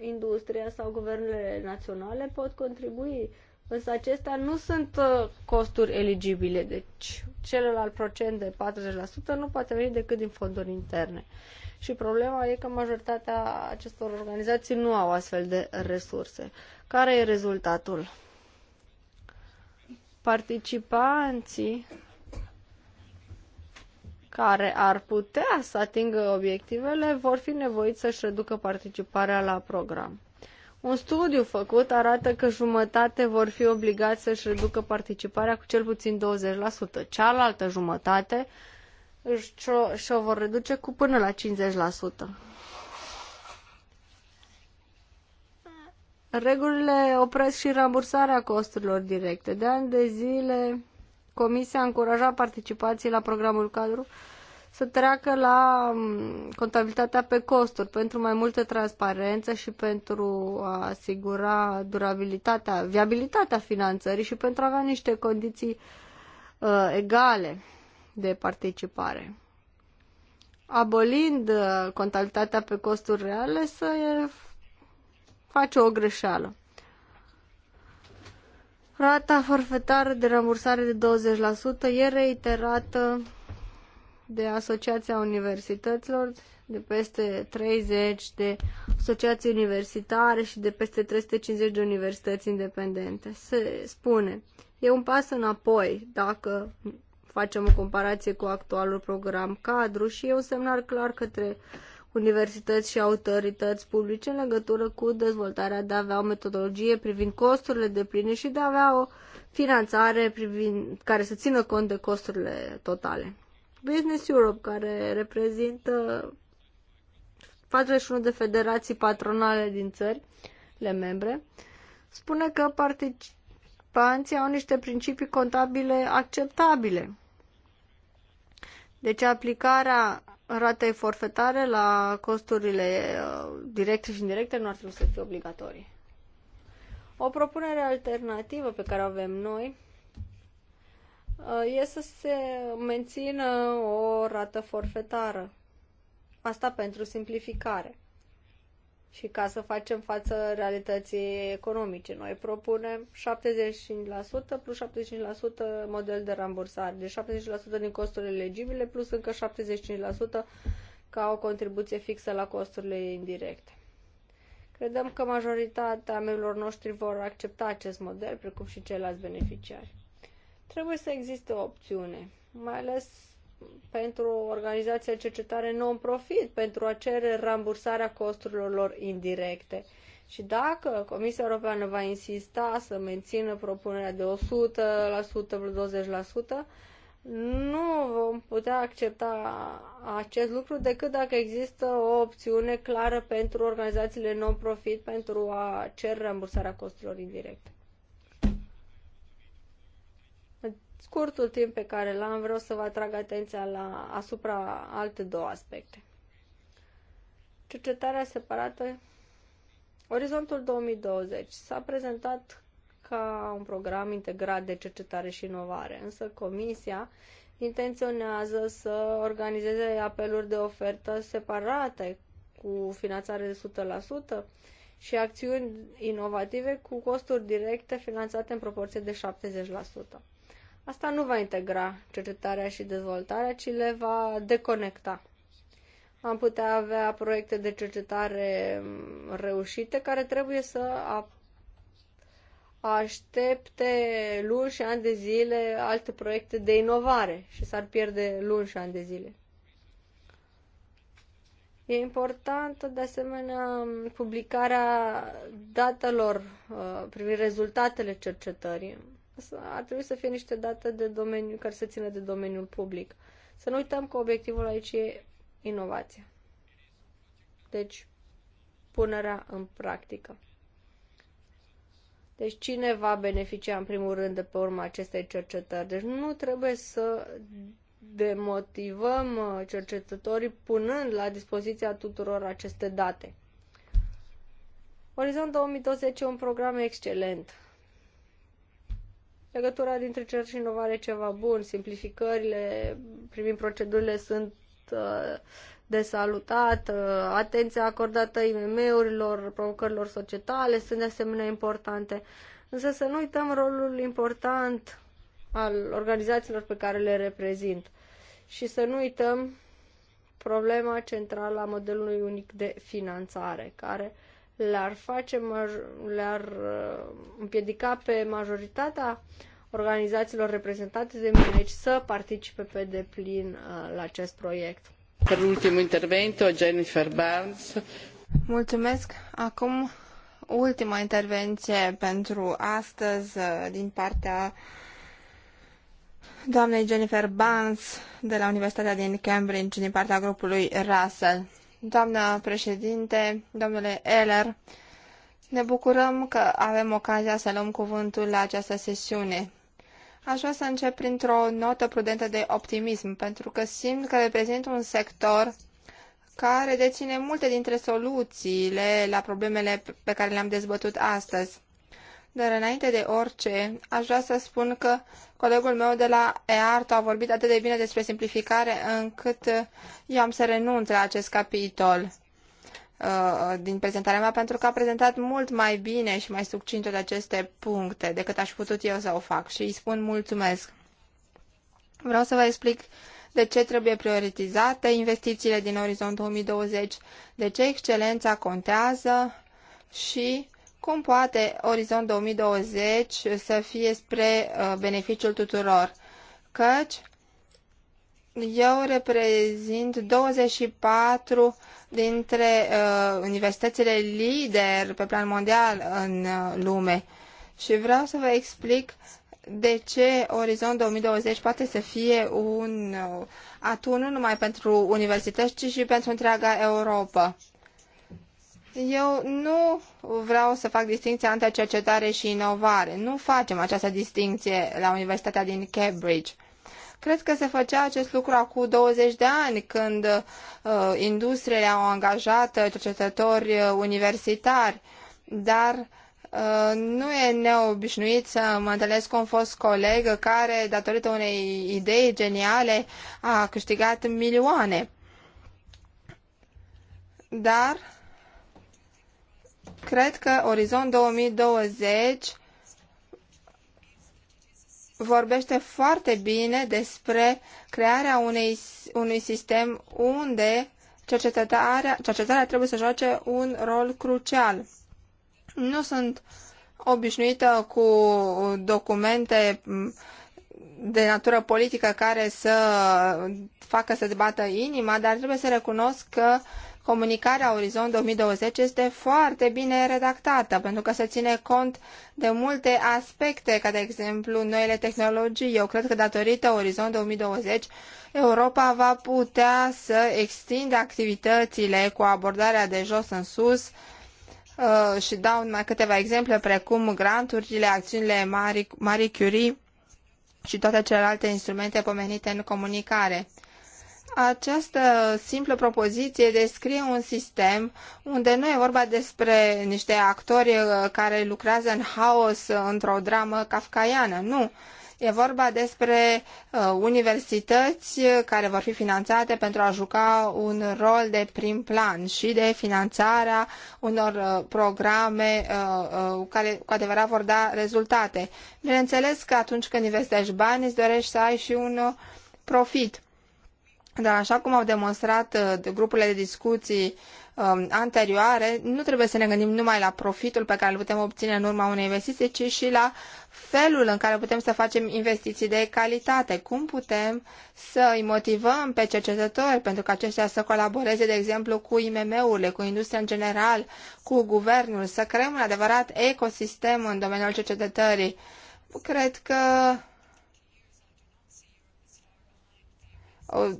industria sau guvernele naționale pot contribui, însă acestea nu sunt uh, costuri eligibile, deci celălalt procent de 40% nu poate veni decât din fonduri interne. Și problema e că majoritatea acestor organizații nu au astfel de resurse. Care e rezultatul? Participanții care ar putea să atingă obiectivele vor fi nevoiți să-și reducă participarea la program. Un studiu făcut arată că jumătate vor fi obligați să-și reducă participarea cu cel puțin 20%, cealaltă jumătate și-o vor reduce cu până la 50%. Regulile opresc și rambursarea costurilor directe. De ani de zile, Comisia încuraja participații la programul cadru să treacă la um, contabilitatea pe costuri pentru mai multă transparență și pentru a asigura durabilitatea, viabilitatea finanțării și pentru a avea niște condiții uh, egale de participare. Abolind uh, contabilitatea pe costuri reale, să face o greșeală. Rata forfetară de rambursare de 20% e reiterată de Asociația Universităților, de peste 30 de asociații universitare și de peste 350 de universități independente. Se spune, e un pas înapoi dacă facem o comparație cu actualul program cadru și e un semnal clar către uh, universități și autorități publice în legătură cu dezvoltarea de a avea o metodologie privind costurile de pline și de a avea o finanțare privind, care să țină cont de costurile totale. Business Europe, care reprezintă 41 de federații patronale din țări, le membre, spune că participanții au niște principii contabile acceptabile. Deci aplicarea ratei forfetare la costurile uh, directe și indirecte nu ar trebui să fie obligatorii. O propunere alternativă pe care o avem noi uh, e să se mențină o rată forfetară. Asta pentru simplificare și ca să facem față realității economice. Noi propunem 75% plus 75% model de rambursare, deci 70% din costurile legibile plus încă 75% ca o contribuție fixă la costurile indirecte. Credem că majoritatea membrilor noștri vor accepta acest model, precum și ceilalți beneficiari. Trebuie să existe o opțiune, mai ales pentru organizația de cercetare non-profit pentru a cere rambursarea costurilor lor indirecte. Și dacă Comisia Europeană va insista să mențină propunerea de 100%, 20%, nu vom putea accepta acest lucru decât dacă există o opțiune clară pentru organizațiile non-profit pentru a cere rambursarea costurilor indirecte. scurtul timp pe care l-am, vreau să vă atrag atenția la, asupra alte două aspecte. Cercetarea separată Orizontul 2020 s-a prezentat ca un program integrat de cercetare și inovare, însă Comisia intenționează să organizeze apeluri de ofertă separate cu finanțare de 100% și acțiuni inovative cu costuri directe finanțate în proporție de 70%. Asta nu va integra cercetarea și dezvoltarea, ci le va deconecta. Am putea avea proiecte de cercetare mm, reușite care trebuie să aștepte luni și ani de zile alte proiecte de inovare și s-ar pierde luni și ani de zile. E important, de asemenea, publicarea datelor uh, privind rezultatele cercetării ar trebui să fie niște date de domeniu, care se țină de domeniul public. Să nu uităm că obiectivul aici e inovația. Deci, punerea în practică. Deci cine va beneficia în primul rând de pe urma acestei cercetări? Deci nu trebuie să demotivăm uh, cercetătorii punând la dispoziția tuturor aceste date. Orizont 2020 e un program excelent Legătura dintre cerc și inovare e ceva bun, simplificările privind procedurile sunt uh, de salutat, uh, atenția acordată IMM-urilor, provocărilor societale sunt de asemenea importante. Însă să nu uităm rolul important al organizațiilor pe care le reprezint și să nu uităm problema centrală a modelului unic de finanțare, care le-ar face, le-ar uh, împiedica pe majoritatea organizațiilor reprezentate de mine aici să participe pe deplin uh, la acest proiect. Per ultimul intervento, Jennifer Burns. Mulțumesc. Acum ultima intervenție pentru astăzi uh, din partea doamnei Jennifer Burns de la Universitatea din Cambridge, din partea grupului Russell. Doamna președinte, domnule Eller, ne bucurăm că avem ocazia să luăm cuvântul la această sesiune. Aș vrea să încep printr-o notă prudentă de optimism, pentru că simt că reprezint un sector care deține multe dintre soluțiile la problemele pe care le-am dezbătut astăzi. Dar înainte de orice, aș vrea să spun că colegul meu de la EART a vorbit atât de bine despre simplificare încât eu am să renunț la acest capitol uh, din prezentarea mea pentru că a prezentat mult mai bine și mai succint toate aceste puncte decât aș putut eu să o fac și îi spun mulțumesc. Vreau să vă explic de ce trebuie prioritizate investițiile din orizont 2020, de ce excelența contează și cum poate Orizont 2020 să fie spre uh, beneficiul tuturor? Căci eu reprezint 24 dintre uh, universitățile lider pe plan mondial în uh, lume și vreau să vă explic de ce Orizont 2020 poate să fie un uh, nu numai pentru universități, ci și pentru întreaga Europa. Eu nu vreau să fac distinția între cercetare și inovare. Nu facem această distinție la Universitatea din Cambridge. Cred că se făcea acest lucru acum 20 de ani, când uh, industriile au angajat cercetători uh, universitari, dar uh, nu e neobișnuit să mă întâlnesc cu un fost coleg care, datorită unei idei geniale, a câștigat milioane. Dar Cred că Orizont 2020 vorbește foarte bine despre crearea unei, unui sistem unde cercetarea, cercetarea trebuie să joace un rol crucial. Nu sunt obișnuită cu documente de natură politică care să facă să debată inima, dar trebuie să recunosc că uh, comunicarea Orizont 2020 este foarte bine redactată, pentru că se ține cont de multe aspecte, ca de exemplu noile tehnologii. Eu cred că datorită Orizont 2020, Europa va putea să extindă activitățile cu abordarea de jos în sus uh, și dau mai câteva exemple, precum granturile, acțiunile Marie Curie și toate celelalte instrumente pomenite în comunicare. Această simplă propoziție descrie un sistem unde nu e vorba despre niște actori uh, care lucrează în haos uh, într-o dramă kafkaiană, nu. E vorba despre uh, universități uh, care vor fi finanțate pentru a juca un rol de prim plan și de finanțarea unor uh, programe uh, uh, care cu adevărat vor da rezultate. Bineînțeles că atunci când investești bani îți dorești să ai și un uh, profit. Dar așa cum au demonstrat uh, grupurile de discuții um, anterioare, nu trebuie să ne gândim numai la profitul pe care îl putem obține în urma unei investiții, ci și la felul în care putem să facem investiții de calitate. Cum putem să îi motivăm pe cercetători pentru că aceștia să colaboreze, de exemplu, cu IMM-urile, cu industria în general, cu guvernul, să creăm un adevărat ecosistem în domeniul cercetătorii. Cred că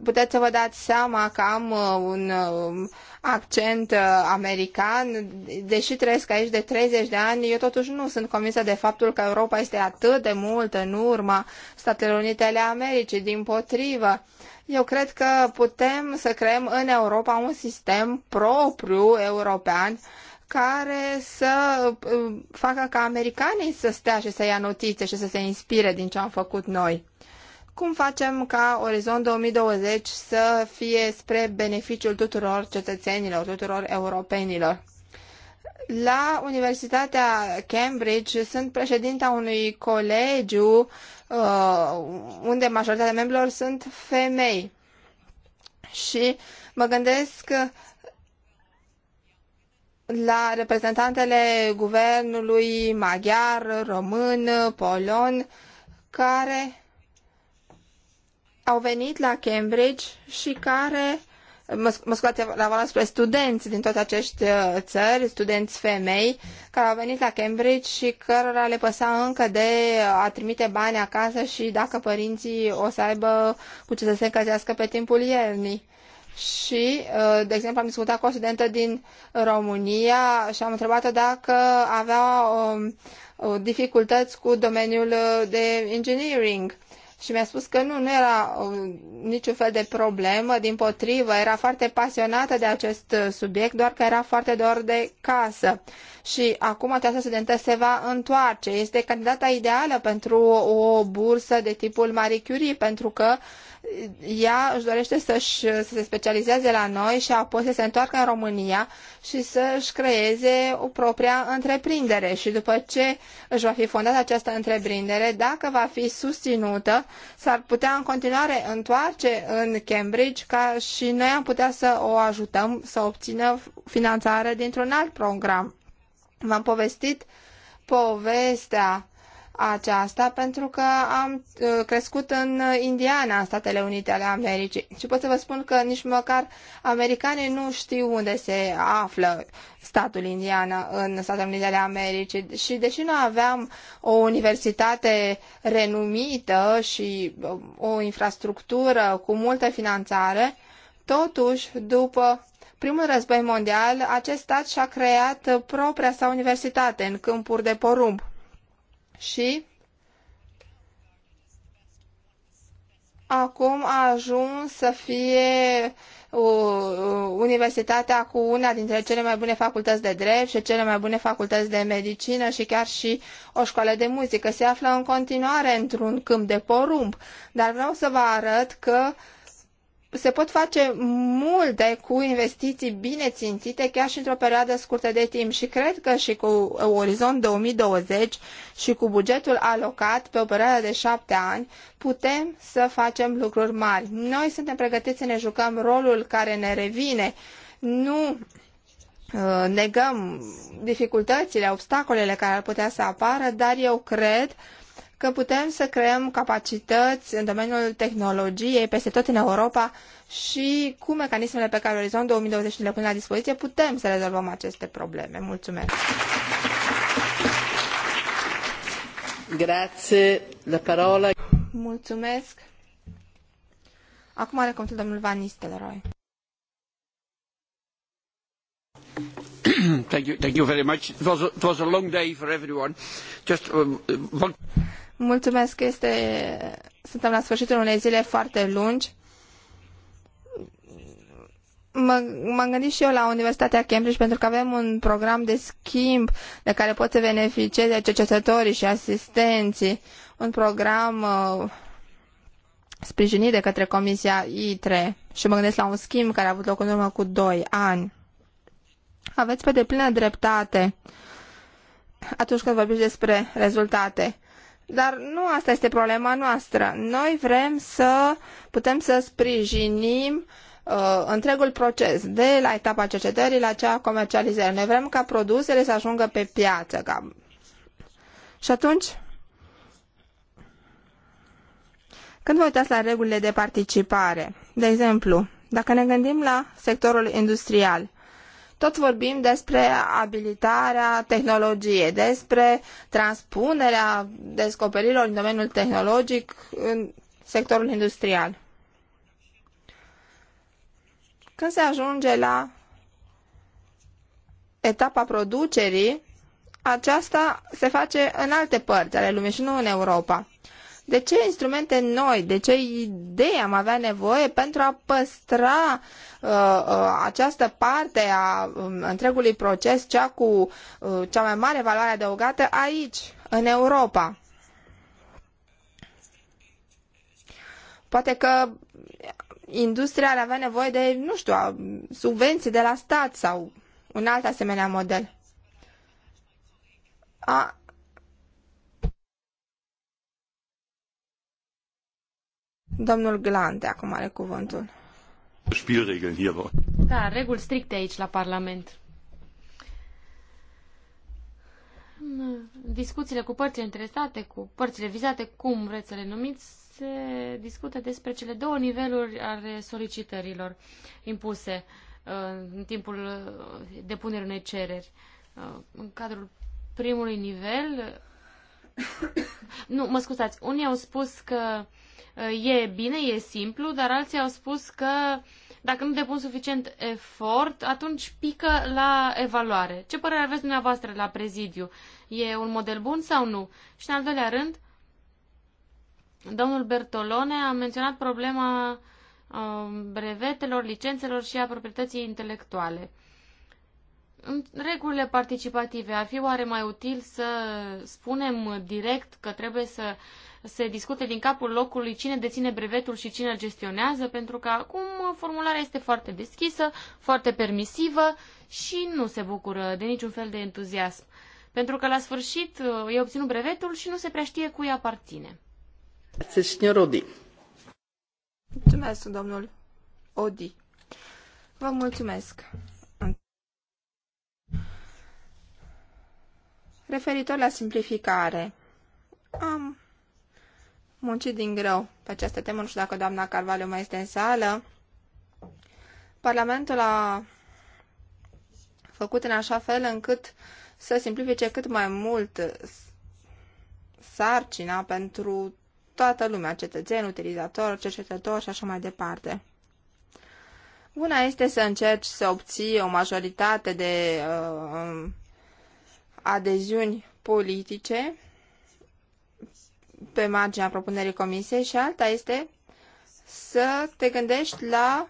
puteți să vă dați seama că am uh, un uh, accent uh, american, deși trăiesc aici de 30 de ani, eu totuși nu sunt convinsă de faptul că Europa este atât de mult în urma Statelor Unite ale Americii, din potrivă. Eu cred că putem să creăm în Europa un sistem propriu european care să facă ca americanii să stea și să ia notițe și să se inspire din ce am făcut noi cum facem ca Orizont 2020 să fie spre beneficiul tuturor cetățenilor, tuturor europenilor. La Universitatea Cambridge sunt președinta unui colegiu uh, unde majoritatea membrilor sunt femei. Și mă gândesc la reprezentantele guvernului maghiar, român, polon, care au venit la Cambridge și care, mă scuzați, la vorba spre studenți din toate acești uh, țări, studenți femei, care au venit la Cambridge și cărora le păsa încă de uh, a trimite bani acasă și dacă părinții o să aibă cu ce să se încălzească pe timpul iernii. Și, uh, de exemplu, am discutat cu o studentă din România și am întrebat-o dacă avea o, um, o, dificultăți cu domeniul de engineering și mi-a spus că nu, nu era um, niciun fel de problemă, din potrivă, era foarte pasionată de acest uh, subiect, doar că era foarte dor de casă și acum această studentă se va întoarce. Este candidata ideală pentru o bursă de tipul Marie Curie, pentru că ea își dorește să, -și, să se specializeze la noi și apoi să se întoarcă în România și să-și creeze o propria întreprindere. Și după ce își va fi fondată această întreprindere, dacă va fi susținută, s-ar putea în continuare întoarce în Cambridge ca și noi am putea să o ajutăm să obțină finanțare dintr-un alt program. V-am povestit povestea aceasta pentru că am uh, crescut în Indiana, în Statele Unite ale Americii. Și pot să vă spun că nici măcar americanii nu știu unde se află statul Indiana în Statele Unite ale Americii. Și deși nu aveam o universitate renumită și uh, o infrastructură cu multă finanțare, totuși, după primul război mondial, acest stat și-a creat propria sa universitate în câmpuri de porumb. Și acum a ajuns să fie uh, uh, universitatea cu una dintre cele mai bune facultăți de drept și cele mai bune facultăți de medicină și chiar și o școală de muzică. Se află în continuare într-un câmp de porumb, dar vreau să vă arăt că uh, se pot face multe cu investiții bine țintite chiar și într-o perioadă scurtă de timp și cred că și cu Orizont 2020 și cu bugetul alocat pe o perioadă de șapte ani putem să facem lucruri mari. Noi suntem pregătiți să ne jucăm rolul care ne revine. Nu uh, negăm dificultățile, obstacolele care ar putea să apară, dar eu cred că putem să creăm capacități în domeniul tehnologiei peste tot în Europa și cu mecanismele pe care Orizont 2020 le pune la dispoziție putem să rezolvăm aceste probleme. Mulțumesc! Grazie, la parola. Mulțumesc. Acum are cuvântul domnul Van Nistelrooy. Thank you, thank you very much. It was a, it was a long day for everyone. Just um, one... Mulțumesc, este... suntem la sfârșitul unei zile foarte lungi. M-am gândit și eu la Universitatea Cambridge pentru că avem un program de schimb de care pot să beneficieze cercetătorii și asistenții. Un program uh, sprijinit de către Comisia ITRE și mă gândesc la un schimb care a avut loc în urmă cu doi ani. Aveți pe deplină dreptate atunci când vorbiți despre rezultate. Dar nu asta este problema noastră. Noi vrem să putem să sprijinim uh, întregul proces, de la etapa cercetării la cea a comercializării. Noi vrem ca produsele să ajungă pe piață. Ca... Și atunci, când vă uitați la regulile de participare, de exemplu, dacă ne gândim la sectorul industrial, tot vorbim despre abilitarea tehnologiei, despre transpunerea descoperirilor în domeniul tehnologic în sectorul industrial. Când se ajunge la etapa producerii, aceasta se face în alte părți ale lumii și nu în Europa. De ce instrumente noi, de ce idei am avea nevoie pentru a păstra uh, uh, această parte a um, întregului proces, cea cu uh, cea mai mare valoare adăugată aici, în Europa? Poate că industria ar avea nevoie de, nu știu, subvenții de la stat sau un alt asemenea model. A, Domnul Glante acum are cuvântul. Da, reguli stricte aici la Parlament. Uh, discuțiile cu părțile interesate, cu părțile vizate, cum vreți să le numiți, se discută despre cele două niveluri ale solicitărilor impuse uh, în timpul uh, depunerii unei cereri. În cadrul primului nivel, [coughs] nu, mă scuzați, unii au spus că uh, e bine, e simplu, dar alții au spus că dacă nu depun suficient efort, atunci pică la evaluare. Ce părere aveți dumneavoastră la prezidiu? E un model bun sau nu? Și în al doilea rând, domnul Bertolone a menționat problema um, brevetelor, licențelor și a proprietății intelectuale. În regulile participative, ar fi oare mai util să spunem direct că trebuie să se discute din capul locului cine deține brevetul și cine îl gestionează, pentru că acum formularea este foarte deschisă, foarte permisivă și nu se bucură de niciun fel de entuziasm. Pentru că la sfârșit uh, e obținut brevetul și nu se prea știe cui aparține. Mulțumesc, domnul Odi. Vă mulțumesc. Referitor la simplificare, am muncit din greu pe această temă. Nu știu dacă doamna Carvalho mai este în sală. Parlamentul a făcut în așa fel încât să simplifice cât mai mult sarcina pentru toată lumea, cetățeni, utilizator, cercetător și așa mai departe. Una este să încerci să obții o majoritate de uh, um, adeziuni politice pe marginea propunerii comisiei și alta este să te gândești la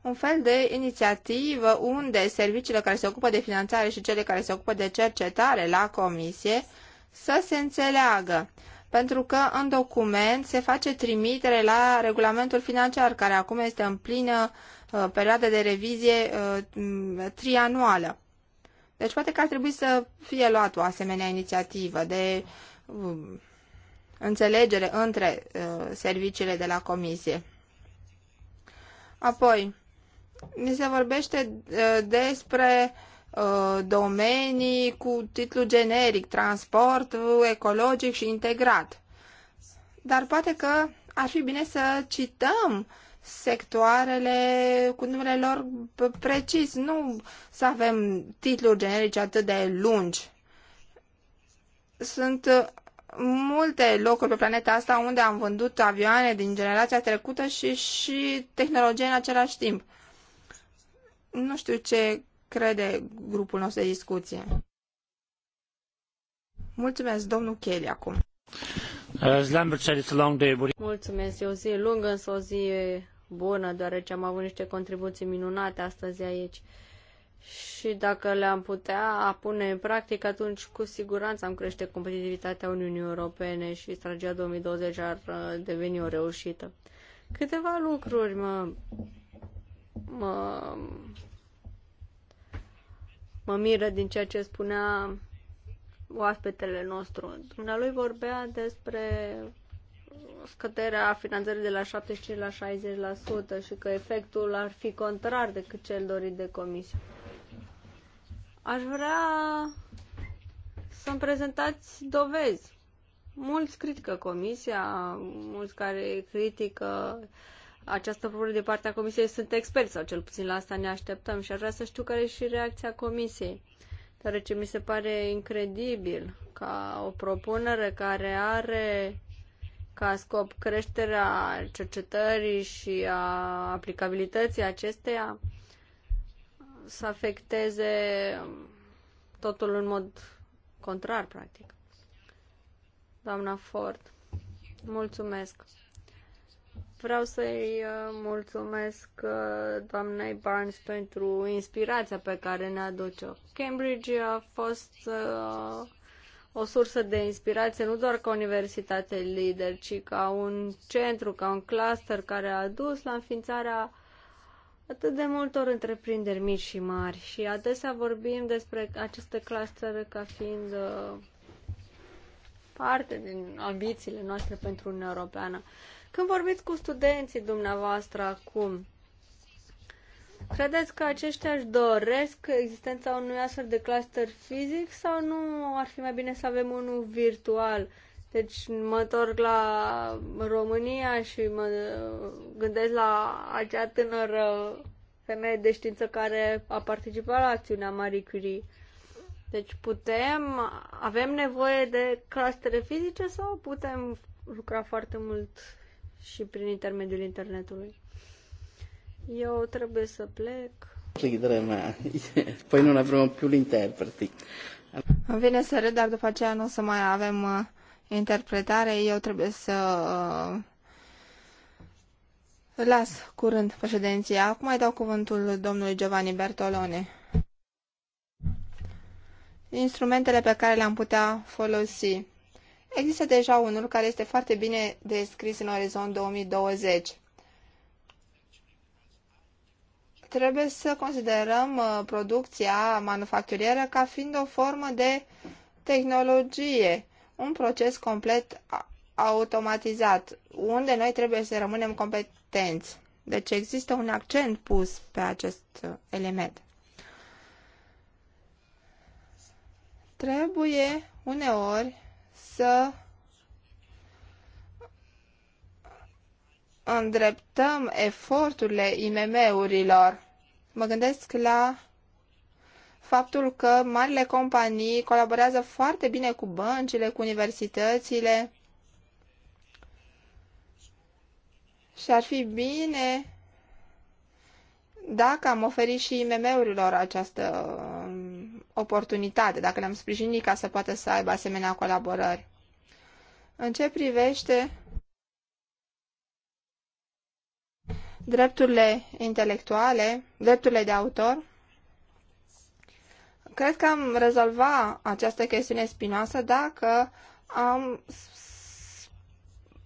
un fel de inițiativă unde serviciile care se ocupă de finanțare și cele care se ocupă de cercetare la comisie să se înțeleagă. Pentru că în document se face trimitere la regulamentul financiar, care acum este în plină uh, perioadă de revizie uh, trianuală. Deci poate că ar trebui să fie luat o asemenea inițiativă de uh, înțelegere între uh, serviciile de la comisie. Apoi, ni se vorbește uh, despre uh, domenii cu titlu generic, transport ecologic și integrat. Dar poate că ar fi bine să cităm sectoarele cu numele lor precis, nu să avem titluri generice atât de lungi. Sunt multe locuri pe planeta asta unde am vândut avioane din generația trecută și, și tehnologie în același timp. Nu știu ce crede grupul nostru de discuție. Mulțumesc, domnul Kelly, acum. Mulțumesc, e o zi lungă, însă o zi bună, deoarece am avut niște contribuții minunate astăzi aici și dacă le-am putea pune în practică, atunci cu siguranță am crește competitivitatea Uniunii Europene și strategia 2020 ar uh, deveni o reușită. Câteva lucruri mă, mă, mă miră din ceea ce spunea oaspetele nostru. Dumnealui vorbea despre scăderea finanțării de la 75 la 60% și că efectul ar fi contrar decât cel dorit de comisie. Aș vrea să-mi prezentați dovezi. Mulți critică comisia, mulți care critică această problemă de partea comisiei sunt experți, sau cel puțin la asta ne așteptăm și aș vrea să știu care e și reacția comisiei. Deoarece mi se pare incredibil ca o propunere care are ca scop creșterea cercetării și a aplicabilității acesteia să afecteze totul în mod contrar, practic. Doamna Ford, mulțumesc. Vreau să-i uh, mulțumesc uh, doamnei Barnes pentru inspirația pe care ne aduce. Cambridge a fost uh, o sursă de inspirație nu doar ca universitate lider, ci ca un centru, ca un cluster care a dus la înființarea atât de multor întreprinderi mici și mari și adesea vorbim despre aceste clustere ca fiind uh, parte din ambițiile noastre pentru Uniunea Europeană. Când vorbiți cu studenții dumneavoastră acum, credeți că aceștia își doresc existența unui astfel de cluster fizic sau nu ar fi mai bine să avem unul virtual? Uh, deci mă întorc la România și mă gândesc la acea tânără femeie de știință care a participat la acțiunea Marie Curie. Deci putem, avem nevoie de clastere fizice sau putem lucra foarte mult și prin intermediul internetului? Eu trebuie să plec. mea. [laughs] Păi poi ne avremo più gli interpreti. Îmi vine să râd, dar după aceea nu o să mai avem uh, interpretare, eu trebuie să uh, las curând președinția. Acum mai dau cuvântul domnului Giovanni Bertolone. Instrumentele pe care le-am putea folosi. Există deja unul care este foarte bine descris în orizont 2020. Trebuie să considerăm uh, producția manufacturieră ca fiind o formă de tehnologie un proces complet automatizat, unde noi trebuie să rămânem competenți. Deci există un accent pus pe acest uh, element. Trebuie uneori să îndreptăm eforturile IMM-urilor. Mă gândesc la faptul că marile companii colaborează foarte bine cu băncile, cu universitățile și ar fi bine dacă am oferit și IMM-urilor această um, oportunitate, dacă le-am sprijinit ca să poată să aibă asemenea colaborări. În ce privește drepturile intelectuale, drepturile de autor, cred că am rezolva această chestiune spinoasă dacă am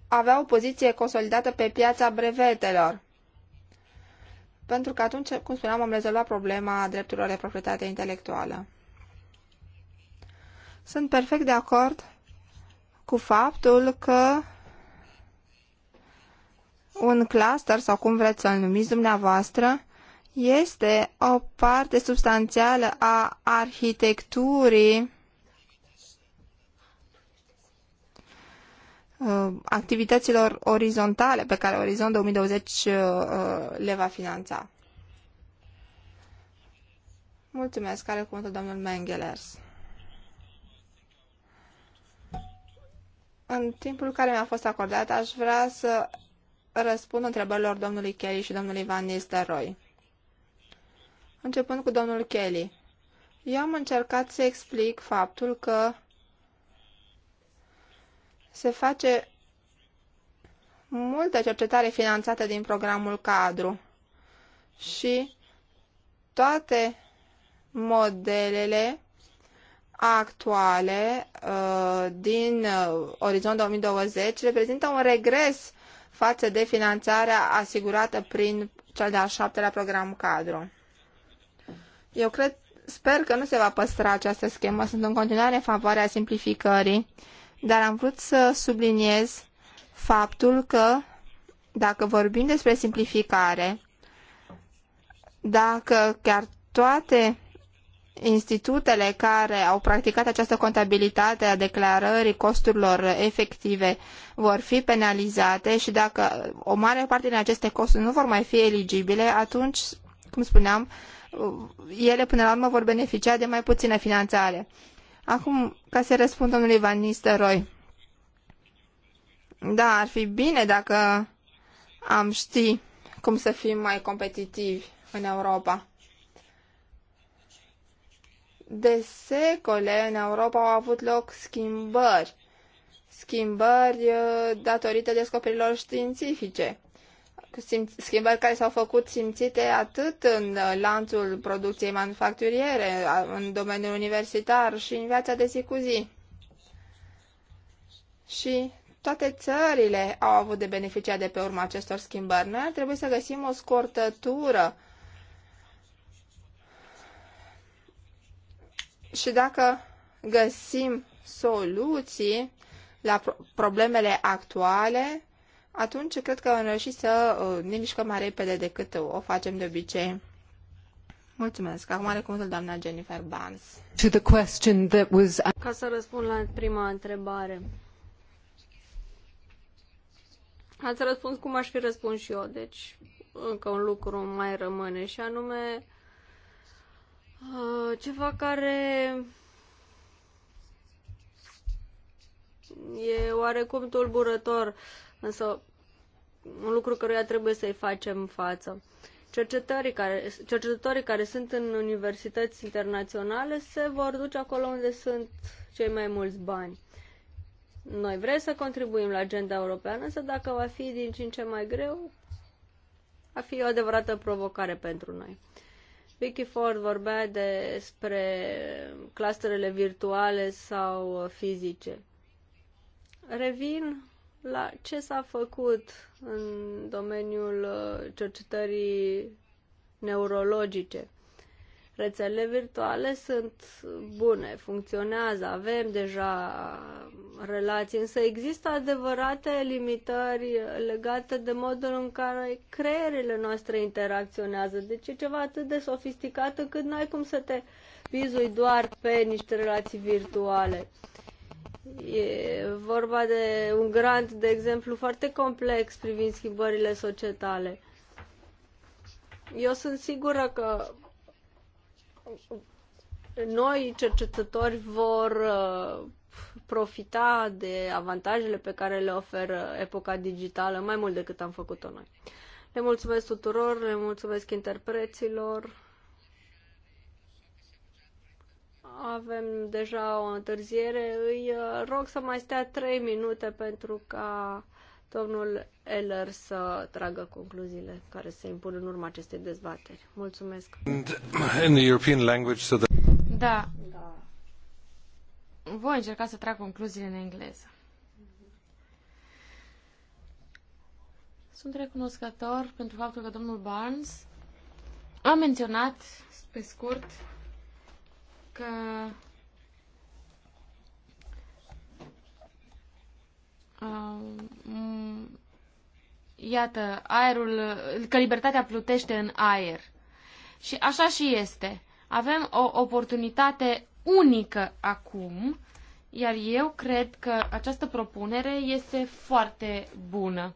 avea o poziție consolidată pe piața brevetelor. Pentru că atunci, cum spuneam, am rezolvat problema drepturilor de proprietate intelectuală. Sunt perfect de acord cu faptul că un cluster, sau cum vreți să-l numiți dumneavoastră, este o parte substanțială a arhitecturii uh, activităților orizontale pe care Orizont 2020 uh, le va finanța. Mulțumesc. Care cuvântul domnul Mengelers? În timpul care mi-a fost acordat, aș vrea să răspund întrebărilor domnului Kelly și domnului Van Nistelrooy începând cu domnul Kelly. Eu am încercat să explic faptul că se face multă cercetare finanțată din programul cadru și toate modelele actuale uh, din uh, Orizont 2020 reprezintă un regres față de finanțarea asigurată prin cel de-al șaptelea program cadru. Eu cred, sper că nu se va păstra această schemă. Sunt în continuare în favoarea simplificării, dar am vrut să subliniez faptul că dacă vorbim despre simplificare, dacă chiar toate institutele care au practicat această contabilitate a declarării costurilor efective vor fi penalizate și dacă o mare parte din aceste costuri nu vor mai fi eligibile, atunci, cum spuneam, ele până la urmă vor beneficia de mai puțină finanțare. Acum, ca să răspund domnului Van Nistelrooy, da, ar fi bine dacă am ști cum să fim mai competitivi în Europa. De secole în Europa au avut loc schimbări, schimbări eh, datorită descoperirilor științifice schimbări care s-au făcut simțite atât în uh, lanțul producției manufacturiere, în domeniul universitar și în viața de zi cu zi. Și toate țările au avut de beneficiat de pe urma acestor schimbări. Noi ar trebui să găsim o scurtătură. și dacă găsim soluții la problemele actuale, atunci cred că am reușit să uh, ne mișcăm mai repede decât o facem de obicei. Mulțumesc. Acum are cuvântul doamna Jennifer Barnes. To the question that was... Ca să răspund la prima întrebare. Ați răspuns cum aș fi răspuns și eu, deci încă un lucru mai rămâne și anume uh, ceva care e oarecum tulburător însă un lucru căruia trebuie să-i facem față. Cercetătorii care, cercetătorii care sunt în universități internaționale se vor duce acolo unde sunt cei mai mulți bani. Noi vrem să contribuim la agenda europeană, însă dacă va fi din ce în ce mai greu, va fi o adevărată provocare pentru noi. Vicky Ford vorbea despre clusterele virtuale sau fizice. Revin la ce s-a făcut în domeniul uh, cercetării neurologice. Rețele virtuale sunt bune, funcționează, avem deja relații, însă există adevărate limitări legate de modul în care creierile noastre interacționează. Deci e ceva atât de sofisticat încât n-ai cum să te vizui doar pe niște relații virtuale. Uh, E vorba de un grant, de exemplu, foarte complex privind schimbările societale. Eu sunt sigură că noi, cercetători, vor uh, profita de avantajele pe care le oferă epoca digitală mai mult decât am făcut-o noi. Le mulțumesc tuturor, le mulțumesc interpreților avem deja o întârziere. Îi uh, rog să mai stea 3 minute pentru ca domnul Eller să tragă concluziile care se impun în urma acestei dezbateri. Mulțumesc. In the European language, so that... da. da. Voi încerca să trag concluziile în engleză. Sunt recunoscător pentru faptul că domnul Barnes a menționat, pe scurt, că um, iată, aerul, că libertatea plutește în aer. Și așa și este. Avem o oportunitate unică acum, iar eu cred că această propunere este foarte bună.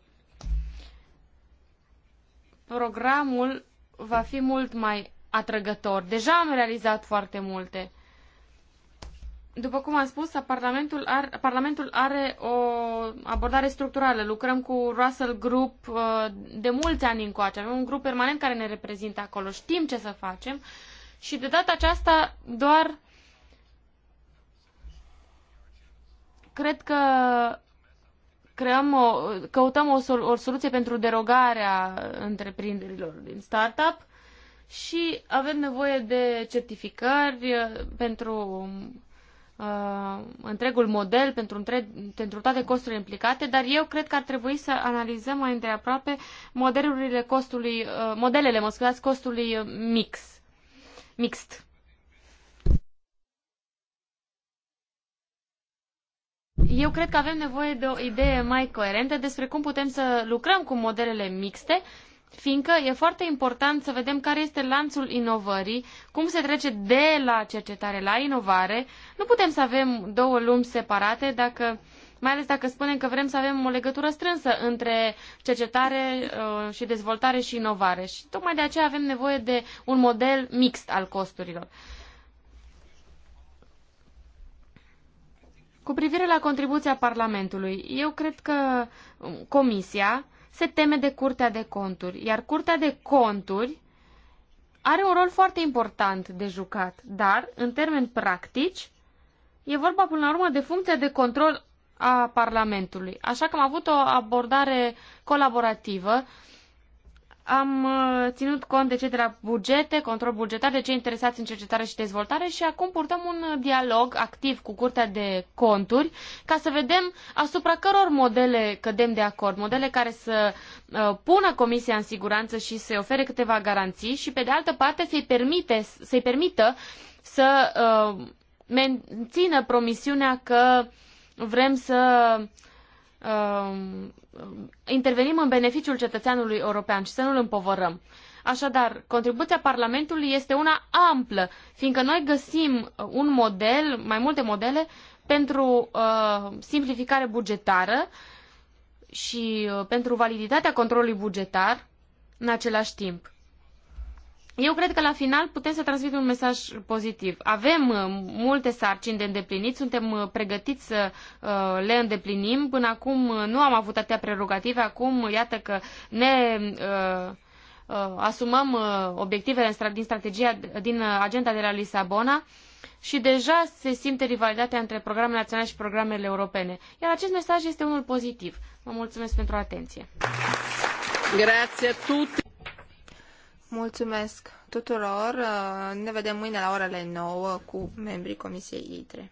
Programul va fi mult mai atrăgător. Deja am realizat foarte multe. După cum am spus, Parlamentul are, Parlamentul are o abordare structurală. Lucrăm cu Russell Group uh, de mulți ani încoace. Avem un grup permanent care ne reprezintă acolo. Știm ce să facem și de data aceasta doar cred că creăm o, căutăm o, sol, o soluție pentru derogarea întreprinderilor din startup și avem nevoie de certificări pentru uh, întregul model, pentru, între, pentru toate costurile implicate, dar eu cred că ar trebui să analizăm mai îndeaproape modelurile costului, uh, modelele, mă scuzați, costului mix, mixt. Eu cred că avem nevoie de o idee mai coerentă despre cum putem să lucrăm cu modelele mixte fiindcă e foarte important să vedem care este lanțul inovării, cum se trece de la cercetare la inovare. Nu putem să avem două lumi separate dacă mai ales dacă spunem că vrem să avem o legătură strânsă între cercetare uh, și dezvoltare și inovare. Și tocmai de aceea avem nevoie de un model mixt al costurilor. Cu privire la contribuția Parlamentului, eu cred că um, Comisia uh, se teme de Curtea de Conturi, iar Curtea de Conturi are un rol foarte important de jucat, dar, în termeni practici, e vorba până la urmă de funcția de control a Parlamentului. Așa că am avut o abordare colaborativă am uh, ținut cont de ce de la bugete, control bugetar, de cei interesați în cercetare și dezvoltare și acum purtăm un uh, dialog activ cu Curtea de Conturi ca să vedem asupra căror modele cădem de acord, modele care să uh, pună Comisia în siguranță și să-i ofere câteva garanții și pe de altă parte să-i, permite, să-i permită să uh, mențină promisiunea că vrem să Um, intervenim în beneficiul cetățeanului european și să nu îl împovărăm. Așadar, contribuția Parlamentului este una amplă, fiindcă noi găsim un model, mai multe modele, pentru uh, simplificare bugetară și uh, pentru validitatea controlului bugetar în același timp. Eu cred că la final putem să transmitem un mesaj pozitiv. Avem uh, multe sarcini de îndeplinit, suntem uh, pregătiți să uh, le îndeplinim. Până acum nu am avut atâtea prerogative, acum iată că ne asumăm obiectivele din strategia din agenda de la Lisabona și deja se simte rivalitatea între programele naționale și programele europene. Iar acest mesaj este unul pozitiv. Vă mulțumesc pentru atenție. Grazie a tutti. Mulțumesc tuturor. Ne vedem mâine la orele 9 cu membrii Comisiei ITRE.